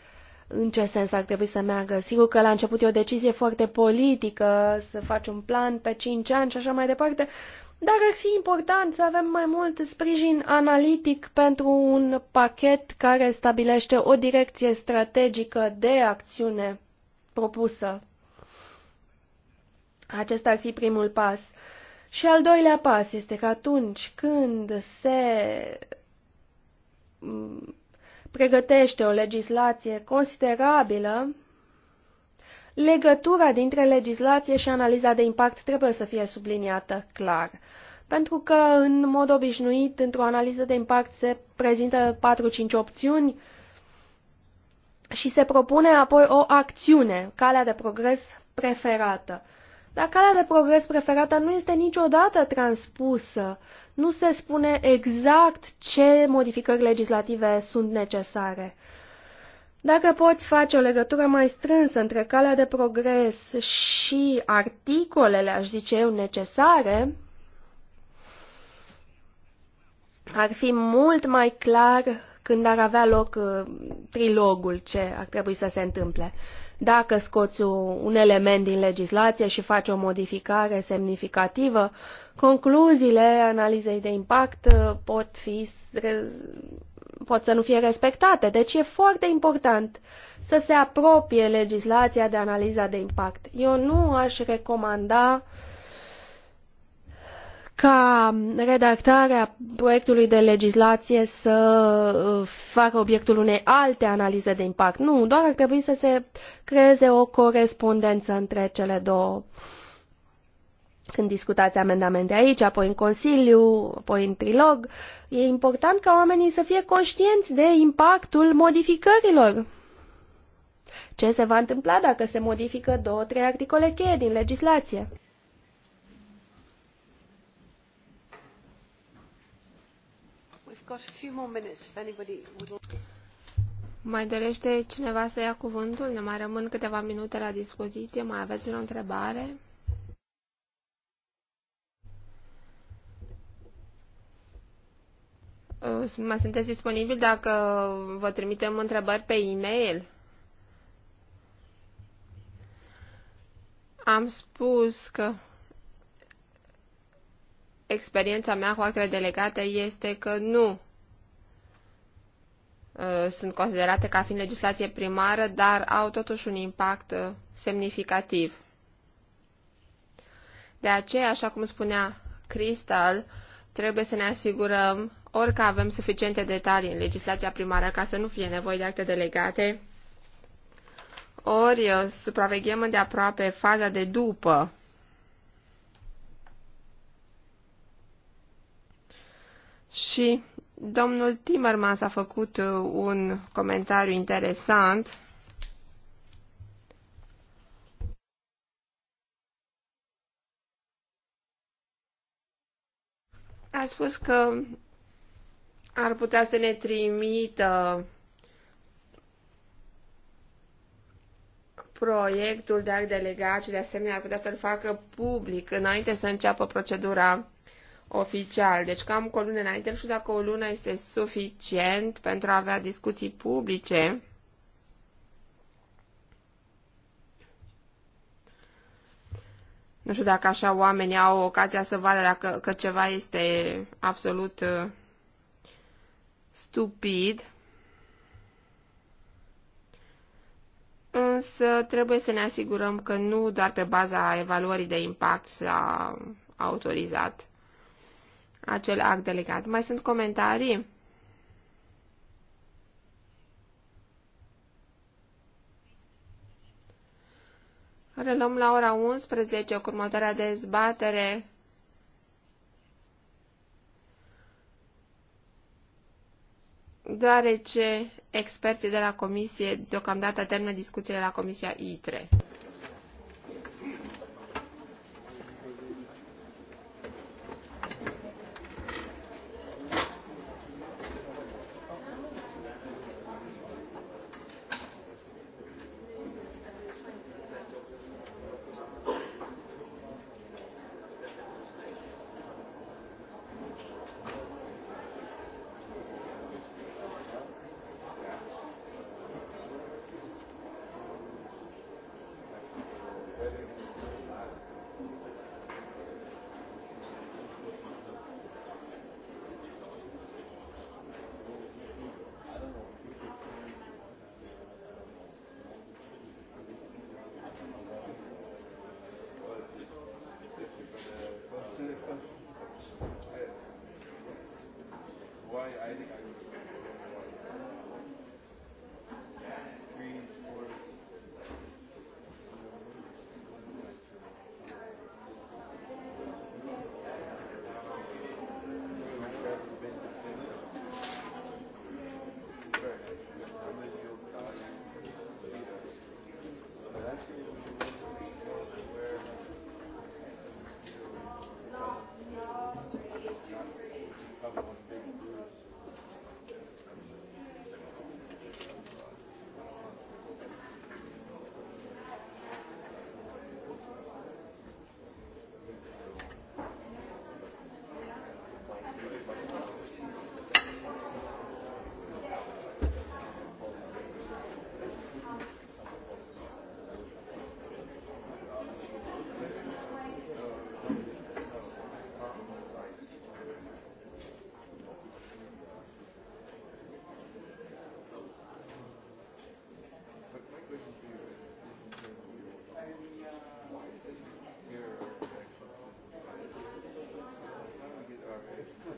în ce sens ar trebui să meargă. Sigur că la început e o decizie foarte politică, să faci un plan pe 5 ani și așa mai departe, dar ar fi important să avem mai mult sprijin analitic pentru un pachet care stabilește o direcție strategică de acțiune propusă. Acesta ar fi primul pas. Și al doilea pas este că atunci când se pregătește o legislație considerabilă, legătura dintre legislație și analiza de impact trebuie să fie subliniată clar. Pentru că, în mod obișnuit, într-o analiză de impact se prezintă 4-5 opțiuni și se propune apoi o acțiune, calea de progres preferată. Dar calea de progres preferată nu este niciodată transpusă. Nu se spune exact ce modificări legislative sunt necesare. Dacă poți face o legătură mai strânsă între calea de progres și articolele, aș zice eu, necesare, ar fi mult mai clar când ar avea loc uh, trilogul ce ar trebui să se întâmple. Dacă scoți un element din legislație și faci o modificare semnificativă, concluziile analizei de impact uh, pot, fi, pot să nu fie respectate. Deci e foarte important să se apropie legislația de analiza de impact. Eu nu aș recomanda uh, ca redactarea proiectului de legislație să uh, facă obiectul unei alte analize de impact. Nu, doar ar trebui să se creeze o corespondență între cele două. Când discutați amendamente aici, apoi în Consiliu, apoi în trilog, e important ca oamenii să fie conștienți de impactul modificărilor. Ce se va întâmpla dacă se modifică două, trei articole cheie din legislație? Mai dorește cineva să ia cuvântul? Ne mai rămân câteva minute la dispoziție. Mai aveți o întrebare? Mai sunteți disponibil dacă vă trimitem întrebări pe e-mail? Am spus că experiența mea cu actele delegate este că nu uh, sunt considerate ca fiind legislație primară, dar au totuși un impact uh, semnificativ. De aceea, așa cum spunea Cristal, trebuie să ne asigurăm ori că avem suficiente detalii în legislația primară ca să nu fie nevoie de acte delegate, ori uh, supraveghem îndeaproape faza de după Și domnul Timmermans a făcut uh, un comentariu interesant. A spus că ar putea să ne trimită proiectul de act delegat și de asemenea ar putea să-l facă public înainte să înceapă procedura oficial. Deci cam cu o lună înainte, nu știu dacă o lună este suficient pentru a avea discuții publice. Nu știu dacă așa oamenii au ocazia să vadă dacă, că ceva este absolut uh, stupid. Însă trebuie să ne asigurăm că nu doar pe baza evaluării de impact s-a autorizat acel act delegat. Mai sunt comentarii? Reluăm la ora 11 cu următoarea dezbatere. deoarece experții de la comisie deocamdată termină discuțiile la comisia ITRE.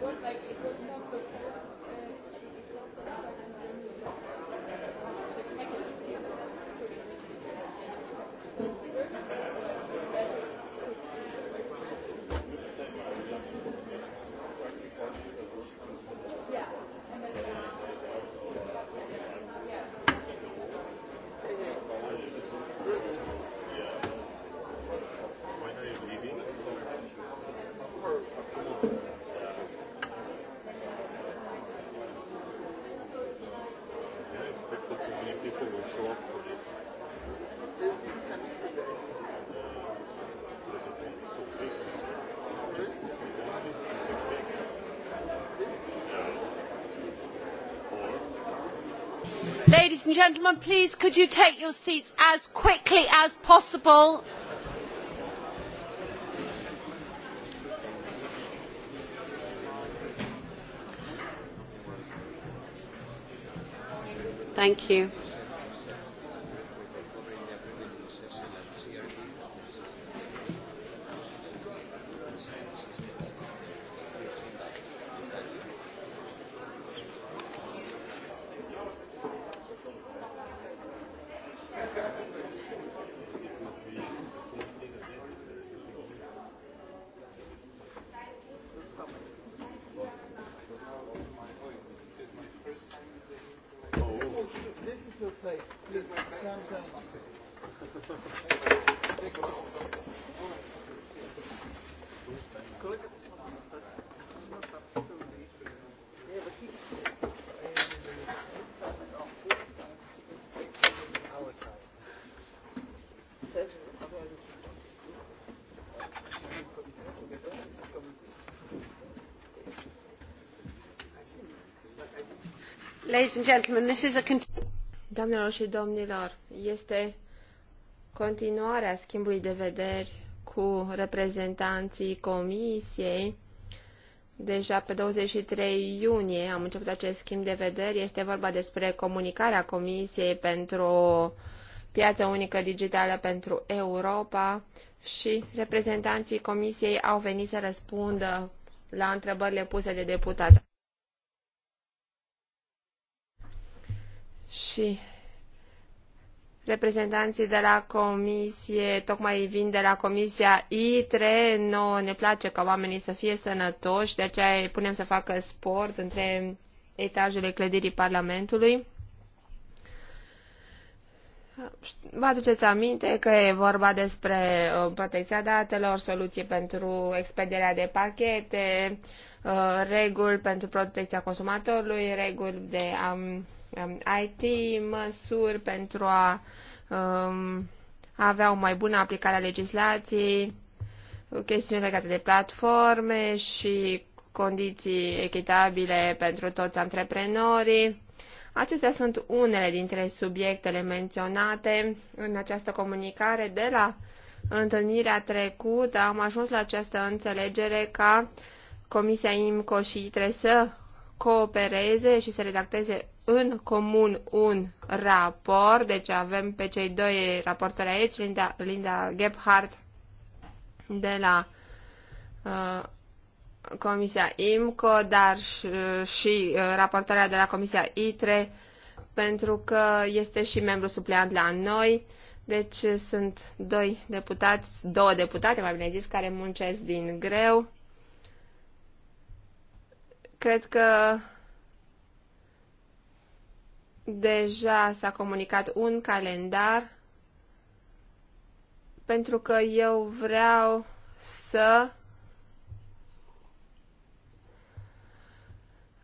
work like and gentlemen please could you take your seats as quickly as possible? thank you. Doamnelor și domnilor, este continuarea schimbului de vederi cu reprezentanții Comisiei. Deja pe 23 iunie am început acest schimb de vederi. Este vorba despre comunicarea Comisiei pentru piața unică digitală pentru Europa și reprezentanții Comisiei au venit să răspundă la întrebările puse de deputați. și reprezentanții de la comisie tocmai vin de la comisia ITRE. Nouă ne place ca oamenii să fie sănătoși, de aceea îi punem să facă sport între etajele clădirii Parlamentului. Vă aduceți aminte că e vorba despre uh, protecția datelor, soluții pentru expederea de pachete, uh, reguli pentru protecția consumatorului, reguli de um, Um, IT, măsuri pentru a um, avea o mai bună aplicare a legislației, chestiuni legate de platforme și condiții echitabile pentru toți antreprenorii. Acestea sunt unele dintre subiectele menționate în această comunicare. De la întâlnirea trecută am ajuns la această înțelegere ca Comisia IMCO și trebuie să coopereze și să redacteze în comun un raport, deci avem pe cei doi raportori aici, Linda, Linda Gebhardt de la uh, Comisia IMCO, dar și, și uh, raportarea de la Comisia ITRE, pentru că este și membru supleant la noi, deci uh, sunt doi deputați, două deputate, mai bine zis, care muncesc din greu. Cred că Deja s-a comunicat un calendar pentru că eu vreau să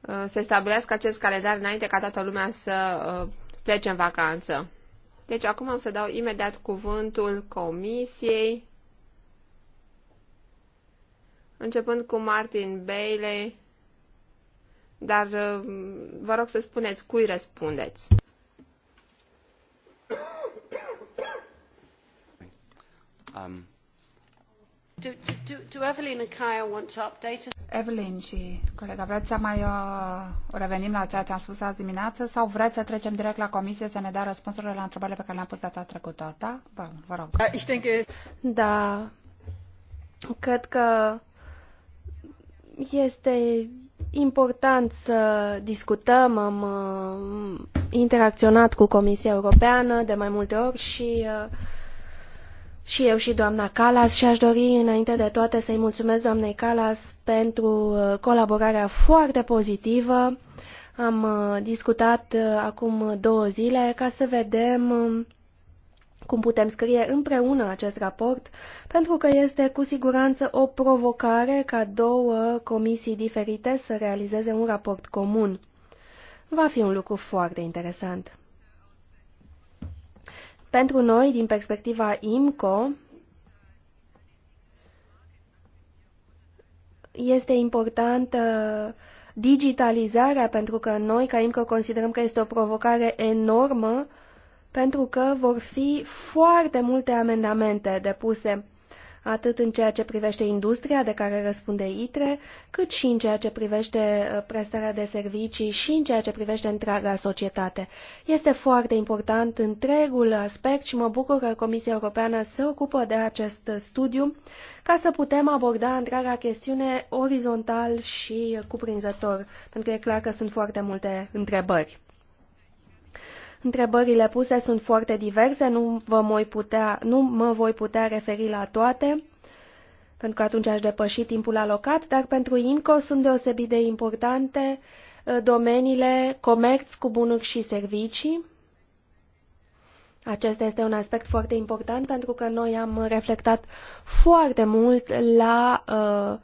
uh, se stabilească acest calendar înainte ca toată lumea să uh, plece în vacanță. Deci acum am să dau imediat cuvântul comisiei, începând cu Martin Bailey, dar uh, vă rog să spuneți cui răspundeți. Um. Do, do, do Evelyn and Kaya want to update us? Evelyn și colega, vreți să mai uh, revenim la ceea ce am spus azi dimineață sau vreți să trecem direct la comisie să ne dea răspunsurile la întrebările pe care le-am pus data trecută? Da? Bă, vă rog. Uh, Da. Cred că este important să discutăm. Am uh, interacționat cu Comisia Europeană de mai multe ori și uh, și eu și doamna Calas și aș dori înainte de toate să-i mulțumesc doamnei Calas pentru uh, colaborarea foarte pozitivă. Am uh, discutat uh, acum două zile ca să vedem um, cum putem scrie împreună acest raport, pentru că este cu siguranță o provocare ca două comisii diferite să realizeze un raport comun. Va fi un lucru foarte interesant. Pentru noi, din perspectiva IMCO, este importantă digitalizarea, pentru că noi, ca IMCO, considerăm că este o provocare enormă uh, pentru că vor fi foarte multe amendamente depuse, atât în ceea ce privește industria de care răspunde ITRE, cât și în ceea ce privește uh, prestarea de servicii și în ceea ce privește întreaga societate. Este foarte important întregul aspect și mă bucur că Comisia Europeană se ocupă de acest studiu ca să putem aborda întreaga chestiune orizontal și cuprinzător, pentru că e clar că sunt foarte multe întrebări. Întrebările puse sunt foarte diverse, nu, vă voi putea, nu mă voi putea referi la toate, pentru că atunci aș depăși timpul alocat, dar pentru INCO sunt deosebit de importante uh, domeniile comerț cu bunuri și servicii. Acesta este un aspect foarte important pentru că noi am reflectat foarte mult la uh,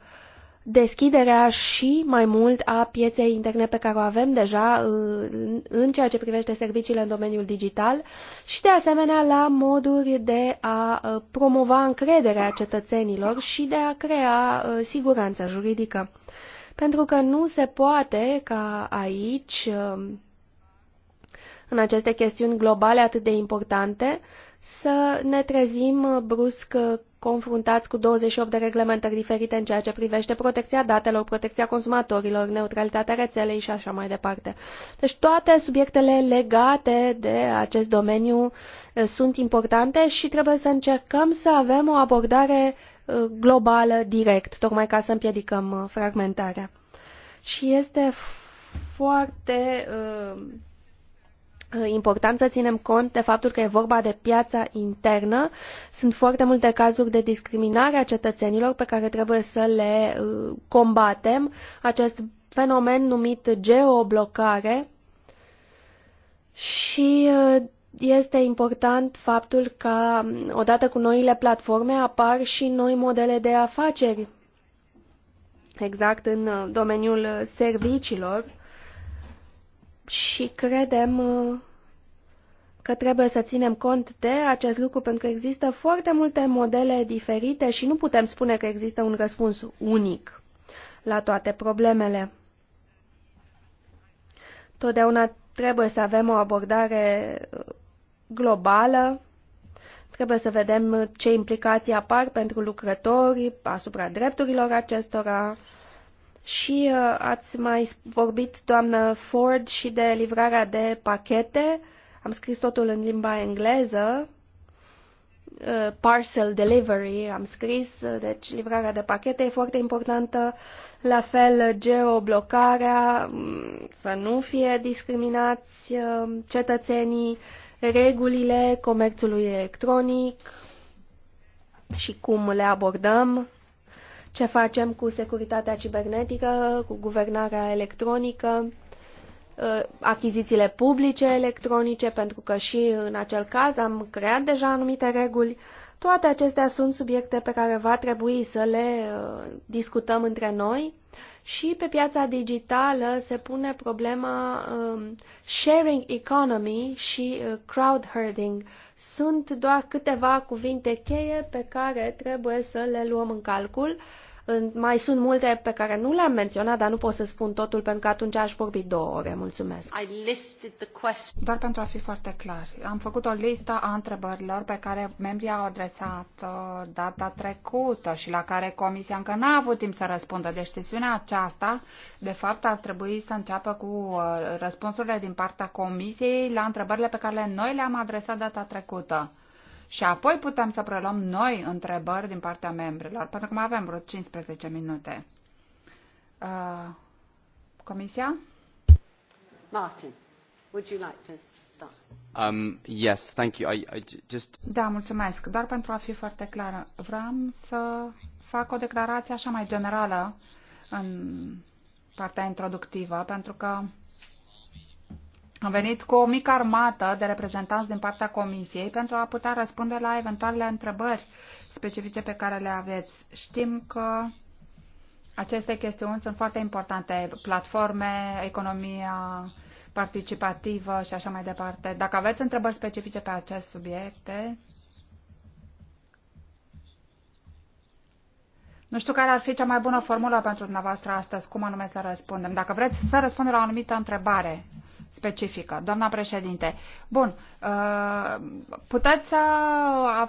deschiderea și mai mult a pieței interne pe care o avem deja uh, în ceea ce privește serviciile în domeniul digital și de asemenea la moduri de a uh, promova încrederea cetățenilor și de a crea uh, siguranță juridică. Pentru că nu se poate ca aici, um, în aceste chestiuni globale atât de importante, să ne trezim brusc confruntați cu 28 de reglementări diferite în ceea ce privește protecția datelor, protecția consumatorilor, neutralitatea rețelei și așa mai departe. Deci toate subiectele legate de acest domeniu eh, sunt importante și trebuie să încercăm să avem o abordare eh, globală, direct, tocmai ca să împiedicăm eh, fragmentarea. Și este foarte uh, Uh, important să ținem cont de faptul că e vorba de piața internă. Sunt foarte multe cazuri de discriminare a cetățenilor pe care trebuie să le uh, combatem. Acest fenomen numit geoblocare și uh, este important faptul că mm, odată cu noile platforme apar și noi modele de afaceri, exact în domeniul serviciilor și credem uh, că trebuie să ținem cont de acest lucru pentru că există foarte multe modele diferite și nu putem spune că există un răspuns unic la toate problemele. Totdeauna trebuie să avem o abordare uh, globală, trebuie să vedem ce implicații apar pentru lucrători asupra drepturilor acestora, și uh, ați mai vorbit, doamnă Ford, și de livrarea de pachete. Am scris totul în limba engleză. Uh, parcel delivery am scris, deci livrarea de pachete e foarte importantă. La fel, geoblocarea, mm, să nu fie discriminați uh, cetățenii, regulile comerțului electronic și cum le abordăm ce facem cu securitatea cibernetică, cu guvernarea electronică, uh, achizițiile publice electronice, pentru că și în acel caz am creat deja anumite reguli. Toate acestea sunt subiecte pe care va trebui să le uh, discutăm între noi și pe piața digitală se pune problema um, sharing economy și uh, crowd herding. Sunt doar câteva cuvinte cheie pe care trebuie să le luăm în calcul mai sunt multe pe care nu le-am menționat, dar nu pot să spun totul pentru că atunci aș vorbi două ore. Mulțumesc. Doar pentru a fi foarte clar, am făcut o listă a întrebărilor pe care membrii au adresat uh, data trecută și la care comisia încă n-a avut timp să răspundă. Deci sesiunea aceasta, de fapt, ar trebui să înceapă cu uh, răspunsurile din partea comisiei la întrebările pe care noi le-am adresat data trecută și apoi putem să preluăm noi întrebări din partea membrilor, pentru că mai avem vreo 15 minute. Uh, comisia? Martin, would you like to start? Um, yes, thank you. I, I just... Da, mulțumesc. Doar pentru a fi foarte clară, vreau să fac o declarație așa mai generală în partea introductivă, pentru că am venit cu o mică armată de reprezentanți din partea Comisiei pentru a putea răspunde la eventualele întrebări specifice pe care le aveți. Știm că aceste chestiuni sunt foarte importante, platforme, economia participativă și așa mai departe. Dacă aveți întrebări specifice pe acest subiecte, Nu știu care ar fi cea mai bună formulă pentru dumneavoastră astăzi, cum anume să răspundem. Dacă vreți să răspundem la o anumită întrebare, specifică. Doamna președinte, bun, uh, puteți să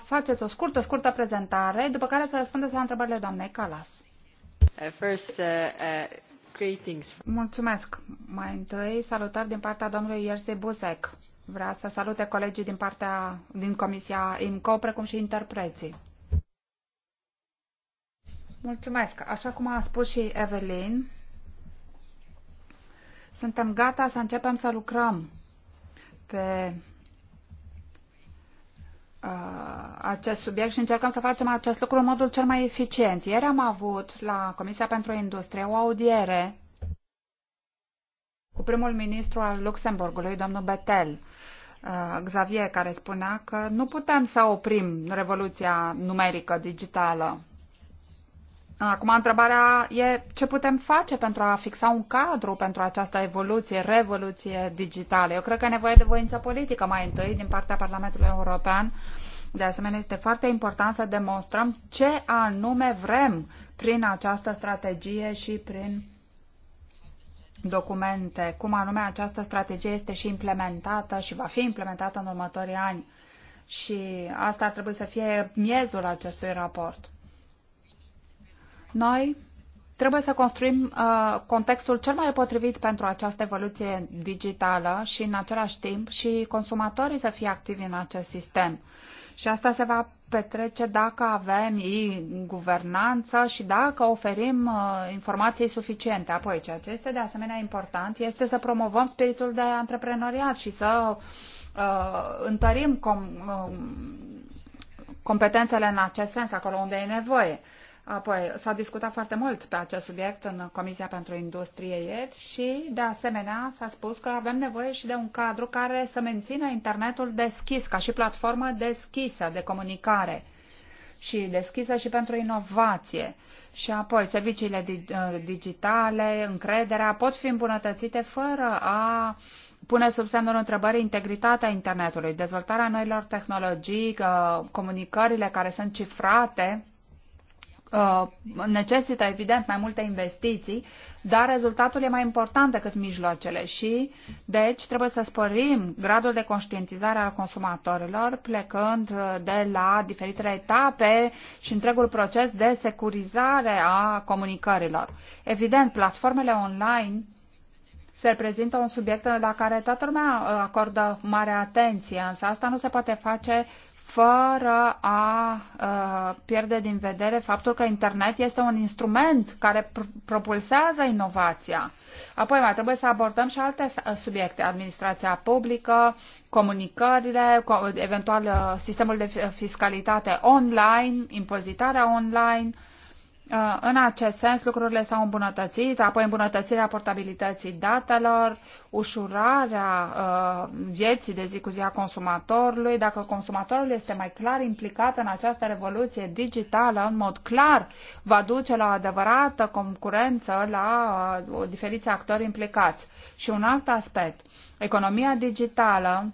faceți o scurtă, scurtă prezentare, după care să răspundeți la întrebările doamnei Calas. Uh, first, uh, uh, greetings. Mulțumesc. Mai întâi, salutări din partea domnului Ierse Buzek. Vreau să salute colegii din partea din Comisia IMCO, precum și interpreții. Mulțumesc. Așa cum a spus și Evelyn, suntem gata să începem să lucrăm pe uh, acest subiect și încercăm să facem acest lucru în modul cel mai eficient. Ieri am avut la Comisia pentru Industrie o audiere cu primul ministru al Luxemburgului, domnul Betel, uh, Xavier, care spunea că nu putem să oprim revoluția numerică digitală. Acum, întrebarea e ce putem face pentru a fixa un cadru pentru această evoluție, revoluție digitală. Eu cred că e nevoie de voință politică mai întâi din partea Parlamentului European. De asemenea, este foarte important să demonstrăm ce anume vrem prin această strategie și prin documente, cum anume această strategie este și implementată și va fi implementată în următorii ani. Și asta ar trebui să fie miezul acestui raport. Noi trebuie să construim uh, contextul cel mai potrivit pentru această evoluție digitală și în același timp și consumatorii să fie activi în acest sistem. Și asta se va petrece dacă avem guvernanță și dacă oferim uh, informații suficiente. Apoi, ceea ce este de asemenea important este să promovăm spiritul de antreprenoriat și să uh, întărim com, uh, competențele în acest sens acolo unde e nevoie. Uh, Apoi, s-a discutat foarte mult pe acest subiect în Comisia pentru Industrie ieri și, de asemenea, s-a spus că avem nevoie și de un cadru care să mențină internetul deschis, ca și platformă deschisă de comunicare și deschisă și pentru inovație. Și apoi, serviciile uh, digitale, încrederea pot fi îmbunătățite fără a pune sub semnul întrebării integritatea internetului, dezvoltarea noilor tehnologii, uh, comunicările care sunt cifrate, Uh, necesită evident mai multe investiții, dar rezultatul e mai important decât mijloacele și deci trebuie să sporim gradul de conștientizare al consumatorilor plecând uh, de la diferitele etape și întregul proces de securizare a comunicărilor. Evident, platformele online se reprezintă un subiect la care toată lumea uh, acordă mare atenție, însă asta nu se poate face fără a uh, pierde din vedere faptul că internet este un instrument care pr- propulsează inovația. Apoi mai trebuie să abordăm și alte uh, subiecte, administrația publică, comunicările, co- eventual uh, sistemul de fiscalitate online, impozitarea online, uh, Uh, în acest sens, lucrurile s-au îmbunătățit, apoi îmbunătățirea portabilității datelor, ușurarea uh, vieții de zi cu zi a consumatorului. Dacă consumatorul este mai clar implicat în această revoluție digitală, în mod clar, va duce la o adevărată concurență la uh, diferiți actori implicați. Și un alt aspect, economia digitală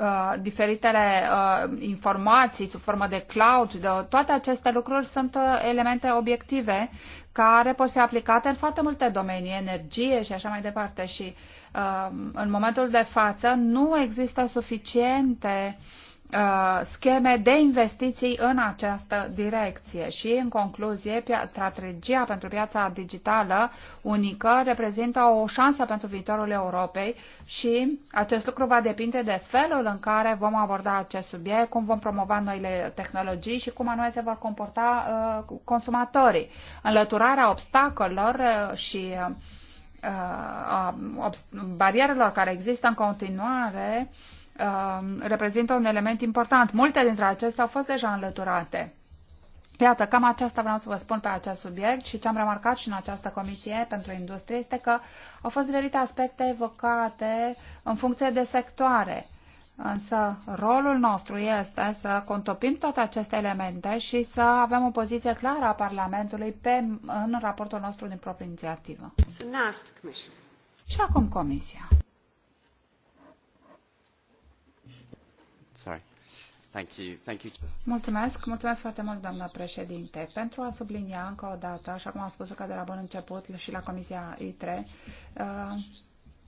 Uh, diferitele uh, informații sub formă de cloud, de, toate aceste lucruri sunt uh, elemente obiective care pot fi aplicate în foarte multe domenii, energie și așa mai departe. Și uh, în momentul de față nu există suficiente uh, Uh, scheme de investiții în această direcție. Și, în concluzie, strategia pentru piața digitală unică reprezintă o șansă pentru viitorul Europei și acest lucru va depinde de felul în care vom aborda acest subiect, cum vom promova noile tehnologii și cum anume se vor comporta uh, consumatorii. Înlăturarea obstacolelor uh, și barierelor care există în continuare uh, Um, reprezintă un element important. Multe dintre acestea au fost deja înlăturate. Iată, cam aceasta vreau să vă spun pe acest subiect și ce am remarcat și în această comisie pentru industrie este că au fost diferite aspecte evocate în funcție de sectoare. Însă rolul nostru este să contopim toate aceste elemente și să avem o poziție clară a Parlamentului pe, în raportul nostru din proprie inițiativă. Și acum Comisia. Sorry. Thank you. Thank you. Mulțumesc, mulțumesc foarte mult, doamnă președinte. Pentru a sublinia încă o dată, așa cum am spus că de la bun început și la Comisia ITRE, uh,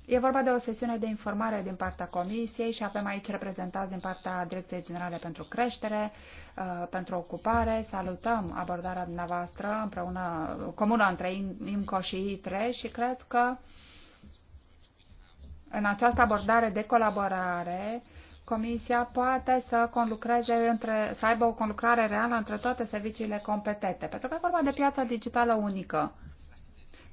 E vorba de o sesiune de informare din partea Comisiei și avem aici reprezentați din partea Direcției Generale pentru Creștere, uh, pentru Ocupare. Salutăm abordarea dumneavoastră împreună, comună între IMCO și ITRE și cred că în această abordare de colaborare Comisia poate să conlucreze între, să aibă o conlucrare reală între toate serviciile competente, pentru că e vorba de piața digitală unică,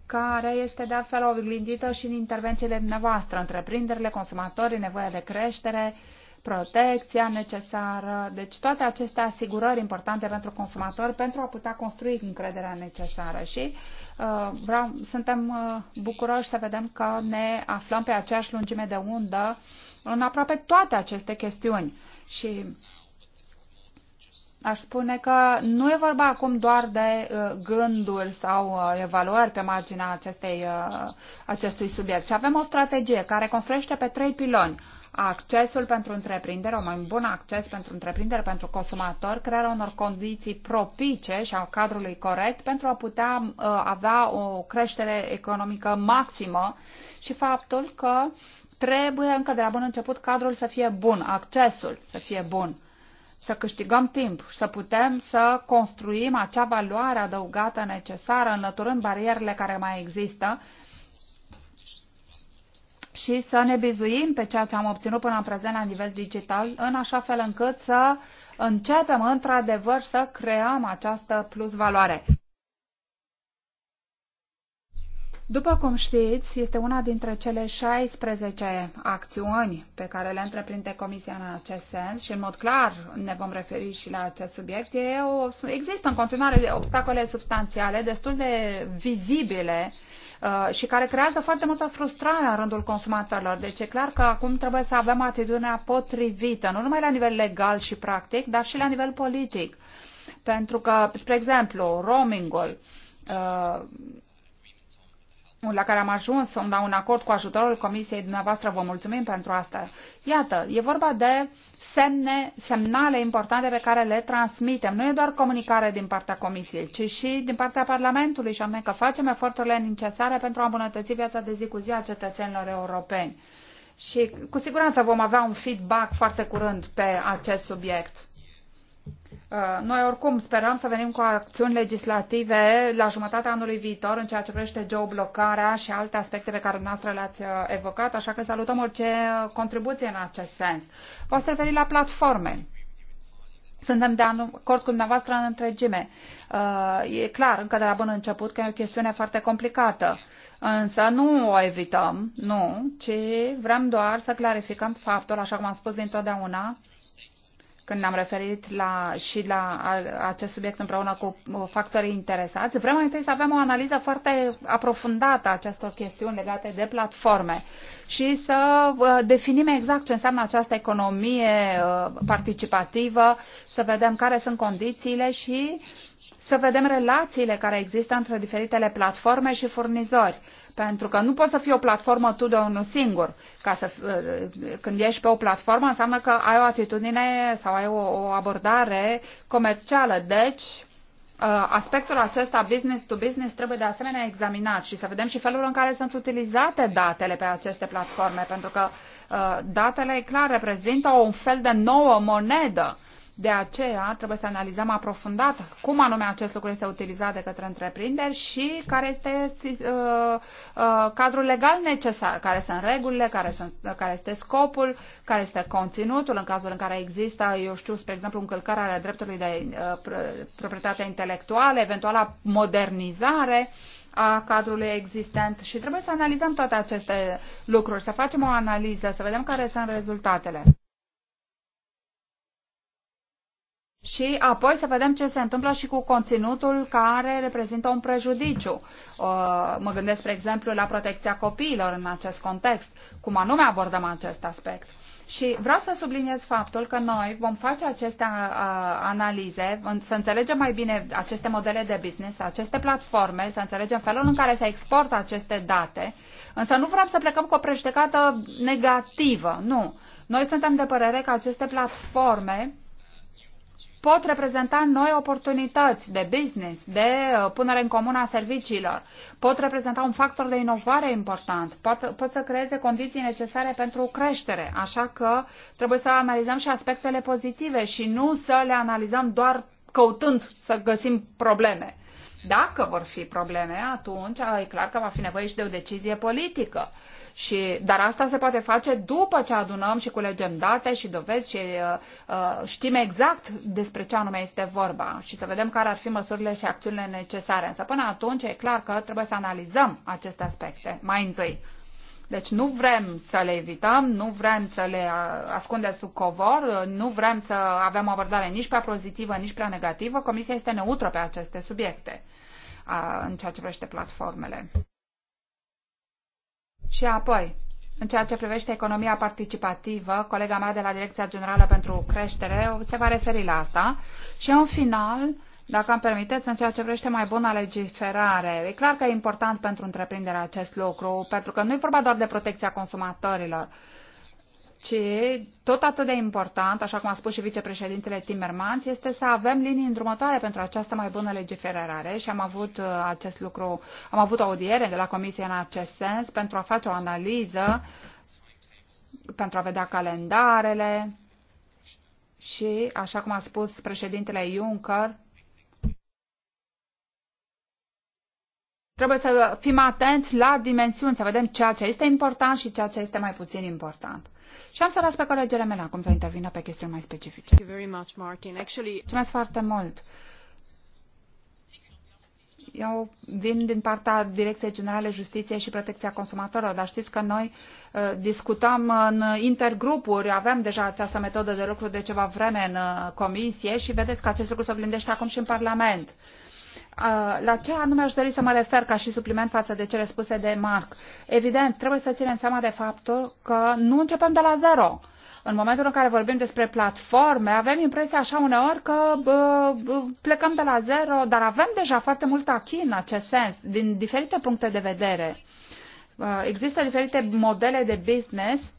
care este de altfel oglindită și în intervențiile dumneavoastră, întreprinderile, consumatorii, nevoia de creștere, protecția necesară, deci toate aceste asigurări importante pentru consumatori pentru a putea construi încrederea necesară și uh, vreau, suntem uh, bucuroși să vedem că ne aflăm pe aceeași lungime de undă uh, în aproape toate aceste chestiuni. Și aș spune că nu e vorba acum doar de uh, gânduri sau uh, evaluări pe marginea acestei, uh, acestui subiect, ci avem o strategie care construiește pe trei piloni. Uh, accesul pentru întreprindere, o mai bun acces pentru întreprindere, pentru consumator, crearea unor condiții propice și a cadrului corect pentru a putea uh, avea o creștere economică maximă și faptul că trebuie încă de la bun început cadrul să fie bun, accesul să fie bun să câștigăm timp, să putem să construim acea valoare adăugată necesară, înlăturând barierele care mai există și să ne bizuim pe ceea ce am obținut până în prezent la nivel digital, în așa fel încât să începem într-adevăr să creăm această plus valoare. După cum știți, este una dintre cele 16 acțiuni pe care le întreprinde Comisia în acest sens și în mod clar ne vom referi și la acest subiect. există în continuare obstacole substanțiale destul de vizibile uh, Uh, și care creează foarte multă frustrare în rândul consumatorilor. Deci e clar că acum trebuie să avem atitudinea potrivită, nu numai la nivel legal și practic, dar și la nivel politic. Pentru că, spre exemplu, roamingul, uh, la care am ajuns la un acord cu ajutorul Comisiei dumneavoastră. Vă mulțumim pentru asta. Iată, e vorba de semne, semnale importante pe care le transmitem. Nu e doar comunicare din partea Comisiei, ci și din partea Parlamentului și anume că facem eforturile necesare pentru a îmbunătăți viața de zi cu zi a cetățenilor europeni. Și cu siguranță vom avea un feedback foarte curând pe acest subiect. Uh, noi oricum sperăm să venim cu acțiuni legislative la jumătatea anului viitor în ceea ce privește geoblocarea și alte aspecte pe care dumneavoastră le-ați uh, evocat, așa că salutăm orice uh, contribuție în acest sens. V-ați referit la platforme. Suntem de acord cu dumneavoastră în întregime. E clar, încă de la bun început, că e o chestiune foarte complicată. Însă nu o evităm, nu, ci vrem doar să clarificăm faptul, așa cum am spus dintotdeauna, când ne-am referit la, și la acest subiect împreună cu factorii interesați. Vrem mai întâi să avem o analiză foarte aprofundată a acestor chestiuni legate de platforme și să uh, definim exact ce înseamnă această economie uh, participativă, să vedem care sunt condițiile și să vedem relațiile care există între diferitele platforme și furnizori pentru că nu poți să fii o platformă tu de unul singur. Ca să, uh, când ești pe o platformă, înseamnă că ai o atitudine sau ai o, o abordare comercială. Deci, uh, aspectul acesta business to business trebuie de asemenea examinat și să vedem și felul în care sunt utilizate datele pe aceste platforme, pentru că uh, datele, clar, reprezintă un fel de nouă monedă de aceea trebuie să analizăm aprofundat cum anume acest lucru este utilizat de către întreprinderi și care este uh, uh, cadrul legal necesar, care sunt regulile, care, sunt, care este scopul, care este conținutul în cazul în care există, eu știu, spre exemplu, încălcarea ale dreptului de uh, proprietate intelectuală, eventuala modernizare a cadrului existent și trebuie să analizăm toate aceste lucruri, să facem o analiză, să vedem care sunt rezultatele. și apoi să vedem ce se întâmplă și cu conținutul care reprezintă un prejudiciu. Uh, mă gândesc, spre exemplu, la protecția copiilor în acest context, cum anume abordăm acest aspect. Și vreau să subliniez faptul că noi vom face aceste uh, analize, să înțelegem mai bine aceste modele de business, aceste platforme, să înțelegem felul în care se exportă aceste date, însă nu vrem să plecăm cu o prejudecată negativă, nu. Noi suntem de părere că aceste platforme pot reprezenta noi oportunități de business, de uh, punere în comun a serviciilor, pot reprezenta un factor de inovare important, pot, pot să creeze condiții necesare pentru creștere. Așa că trebuie să analizăm și aspectele pozitive și nu să le analizăm doar căutând să găsim probleme. Dacă vor fi probleme, atunci uh, e clar că va fi nevoie și de o decizie politică. Și, dar asta se poate face după ce adunăm și culegem date și dovezi și uh, uh, știm exact despre ce anume este vorba și să vedem care ar fi măsurile și acțiunile necesare. Însă până atunci e clar că trebuie să analizăm aceste aspecte mai întâi. Deci nu vrem să le evităm, nu vrem să le uh, ascundem sub covor, nu vrem să avem o abordare nici prea pozitivă, nici prea negativă. Comisia este neutră pe aceste subiecte uh, în ceea ce privește platformele. Și apoi, în ceea ce privește economia participativă, colega mea de la Direcția Generală pentru Creștere se va referi la asta. Și în final, dacă îmi permiteți, în ceea ce privește mai bună legiferare, e clar că e important pentru întreprinderea acest lucru, pentru că nu e vorba doar de protecția consumatorilor, ce tot atât de important, așa cum a spus și vicepreședintele Timmermans, este să avem linii îndrumătoare pentru această mai bună legiferare și am avut uh, acest lucru, am avut o audiere de la Comisie în acest sens pentru a face o analiză, pentru a vedea calendarele și, așa cum a spus președintele Juncker, trebuie să fim atenți la dimensiuni, să vedem ceea ce este important și ceea ce este mai puțin important. Și am să las pe colegele mele acum să intervină pe chestiuni mai specifice. Mulțumesc foarte mult. Eu vin din partea Direcției Generale Justiție și Protecția Consumatorilor, dar știți că noi uh, discutam în intergrupuri, aveam deja această metodă de lucru de ceva vreme în uh, comisie și vedeți că acest lucru se oglindește acum și în Parlament. La ce anume aș dori să mă refer ca și supliment față de cele spuse de Marc? Evident, trebuie să ținem seama de faptul că nu începem de la zero. În momentul în care vorbim despre platforme, avem impresia așa uneori că bă, bă, plecăm de la zero, dar avem deja foarte mult achin în acest sens, din diferite puncte de vedere. Există diferite modele de business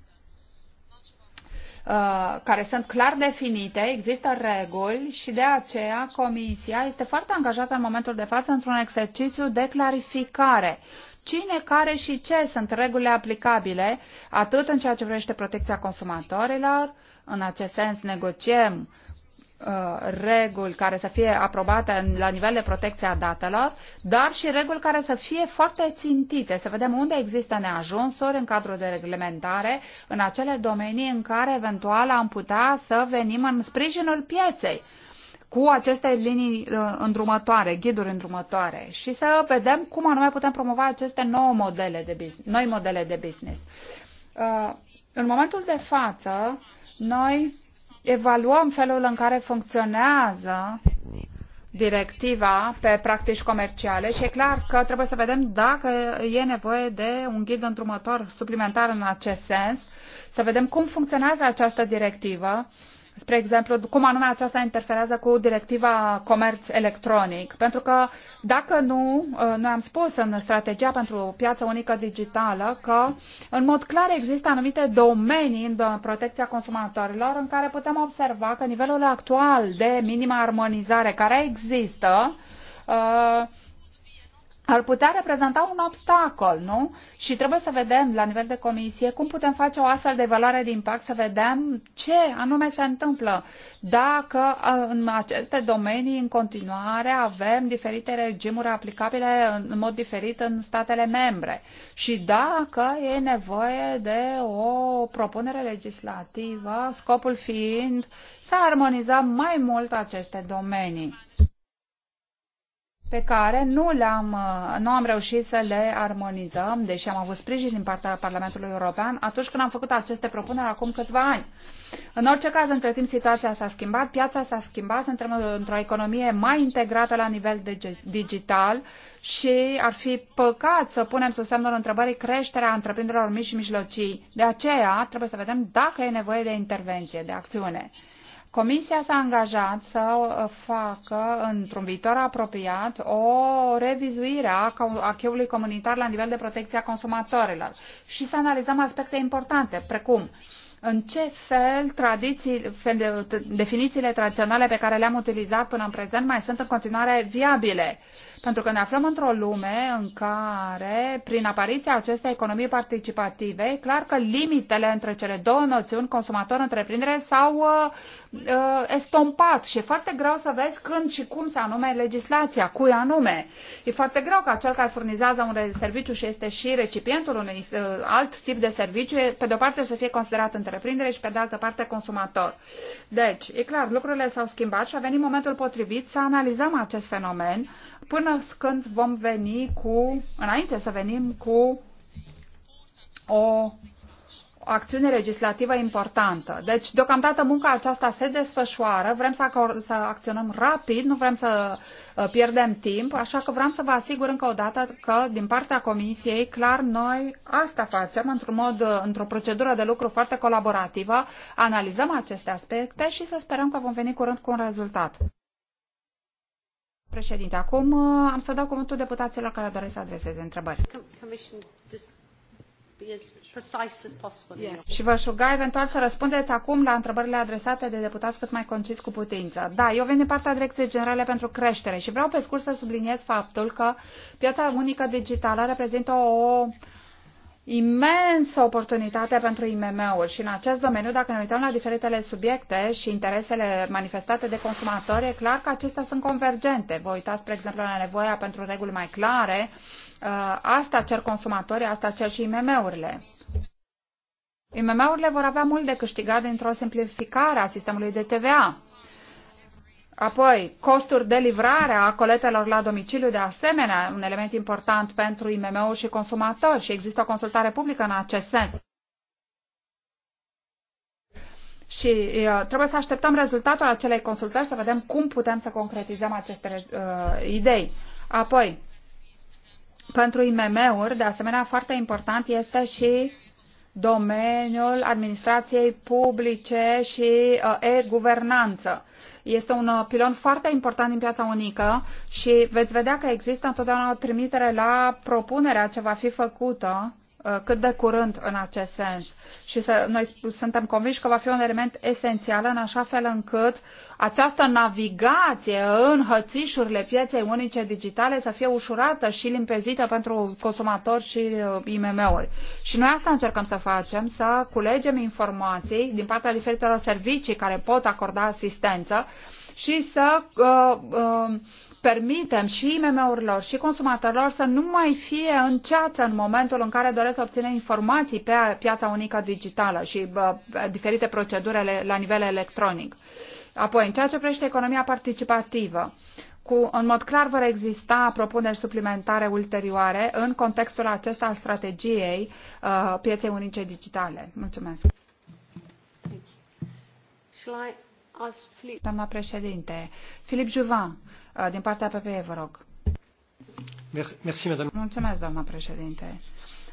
Uh, care sunt clar definite, există reguli și de aceea Comisia este foarte angajată în momentul de față într-un exercițiu de clarificare. Cine, care și ce sunt regulile aplicabile, atât în ceea ce privește protecția consumatorilor, în acest sens negociem Uh, reguli care să fie aprobate la nivel de protecție a datelor, dar și reguli care să fie foarte țintite, să vedem unde există neajunsuri în cadrul de reglementare, în acele domenii în care eventual am putea să venim în sprijinul pieței cu aceste linii uh, îndrumătoare, ghiduri îndrumătoare și să vedem cum anume putem promova aceste nouă modele de business, noi modele de business. Uh, în momentul de față, noi evaluăm felul în care funcționează directiva pe practici comerciale și e clar că trebuie să vedem dacă e nevoie de un ghid îndrumător suplimentar în acest sens, să vedem cum funcționează această directivă spre exemplu, cum anume aceasta interferează cu directiva comerț electronic. Pentru că dacă nu, uh, noi am spus în strategia pentru piața unică digitală că în mod clar există anumite domenii în protecția consumatorilor în care putem observa că nivelul actual de minimă armonizare care există uh, ar putea reprezenta un obstacol, nu? Și trebuie să vedem la nivel de comisie cum putem face o astfel de evaluare de impact, să vedem ce anume se întâmplă, dacă în aceste domenii în continuare avem diferite regimuri aplicabile în mod diferit în statele membre și dacă e nevoie de o propunere legislativă, scopul fiind să armonizăm mai mult aceste domenii pe care nu, le-am, uh, nu am reușit să le armonizăm, deși am avut sprijin din partea Parlamentului European atunci când am făcut aceste propuneri acum câțiva ani. În orice caz, între timp, situația s-a schimbat, piața s-a schimbat, suntem într-o economie mai integrată la nivel digital și ar fi păcat să punem sub semnul întrebării creșterea întreprinderilor mici și mijlocii. De aceea, trebuie să vedem dacă e nevoie de intervenție, de acțiune. Comisia s-a angajat să uh, facă într-un viitor apropiat o revizuire a acheului comunitar la nivel de protecție a consumatorilor și să analizăm aspecte importante, precum în ce fel tradiții, definițiile tradiționale pe care le-am utilizat până în prezent mai sunt în continuare viabile pentru că ne aflăm într-o lume în care, prin apariția acestei economii participative, e clar că limitele între cele două noțiuni, consumator-întreprindere, s-au uh, uh estompat și e foarte greu să vezi când și cum se anume legislația, cui anume. E foarte greu ca cel care furnizează un serviciu și este și recipientul unui uh, alt tip de serviciu, pe de o parte să fie considerat întreprindere și pe de altă parte consumator. Deci, e clar, lucrurile s-au schimbat și a venit momentul potrivit să analizăm acest fenomen până până când vom veni cu, înainte să venim cu o acțiune legislativă importantă. Deci, deocamdată, munca aceasta se desfășoară, vrem să, să acționăm rapid, nu vrem să uh, pierdem timp, așa că vreau să vă asigur încă o dată că, din partea Comisiei, clar, noi asta facem într-un mod, uh, într-o procedură de lucru foarte colaborativă, analizăm aceste aspecte și să sperăm că vom veni curând cu un rezultat. Președinte, acum uh, am să dau cuvântul deputaților care doresc să adreseze întrebări. Și vă aș ruga eventual să răspundeți acum la întrebările adresate de deputați cât mai concis cu putință. Da, eu vin din partea Direcției Generale pentru Creștere și vreau pe scurt să subliniez faptul că piața unică digitală reprezintă o imensă oportunitate pentru IMM-uri și în acest domeniu, dacă ne uităm la diferitele subiecte și interesele manifestate de consumatori, e clar că acestea sunt convergente. Vă uitați, spre exemplu, la nevoia pentru reguli mai clare. Uh, asta cer consumatorii, asta cer și IMM-urile. IMM-urile vor avea mult de câștigat dintr-o simplificare a sistemului de TVA Apoi, costuri de livrare a coletelor la domiciliu, de asemenea, un element important pentru IMM-uri și consumatori și există o consultare publică în acest sens. Și uh, trebuie să așteptăm rezultatul acelei consultări să vedem cum putem să concretizăm aceste uh, idei. Apoi, pentru IMM-uri, de asemenea, foarte important este și domeniul administrației publice și uh, e-guvernanță este un uh, pilon foarte important din piața unică și veți vedea că există întotdeauna o trimitere la propunerea ce va fi făcută Uh, cât de curând în acest sens. Și să, noi suntem convinși că va fi un element esențial în așa fel încât această navigație în hățișurile pieței unice digitale să fie ușurată și limpezită pentru consumatori și uh, IMM-uri. Și noi asta încercăm să facem, să culegem informații din partea diferitelor servicii care pot acorda asistență și să uh, uh, permitem și IMM-urilor și consumatorilor să nu mai fie în ceață în momentul în care doresc să obține informații pe piața unică digitală și diferite proceduri la nivel electronic. Apoi, în ceea ce privește economia participativă, cu, în mod clar vor exista propuneri suplimentare ulterioare în contextul acesta al strategiei uh, pieței unice digitale. Mulțumesc. Doamna președinte, Filip Juvan, Uh, din partea PPE, vă rog. Mulțumesc, doamna președinte.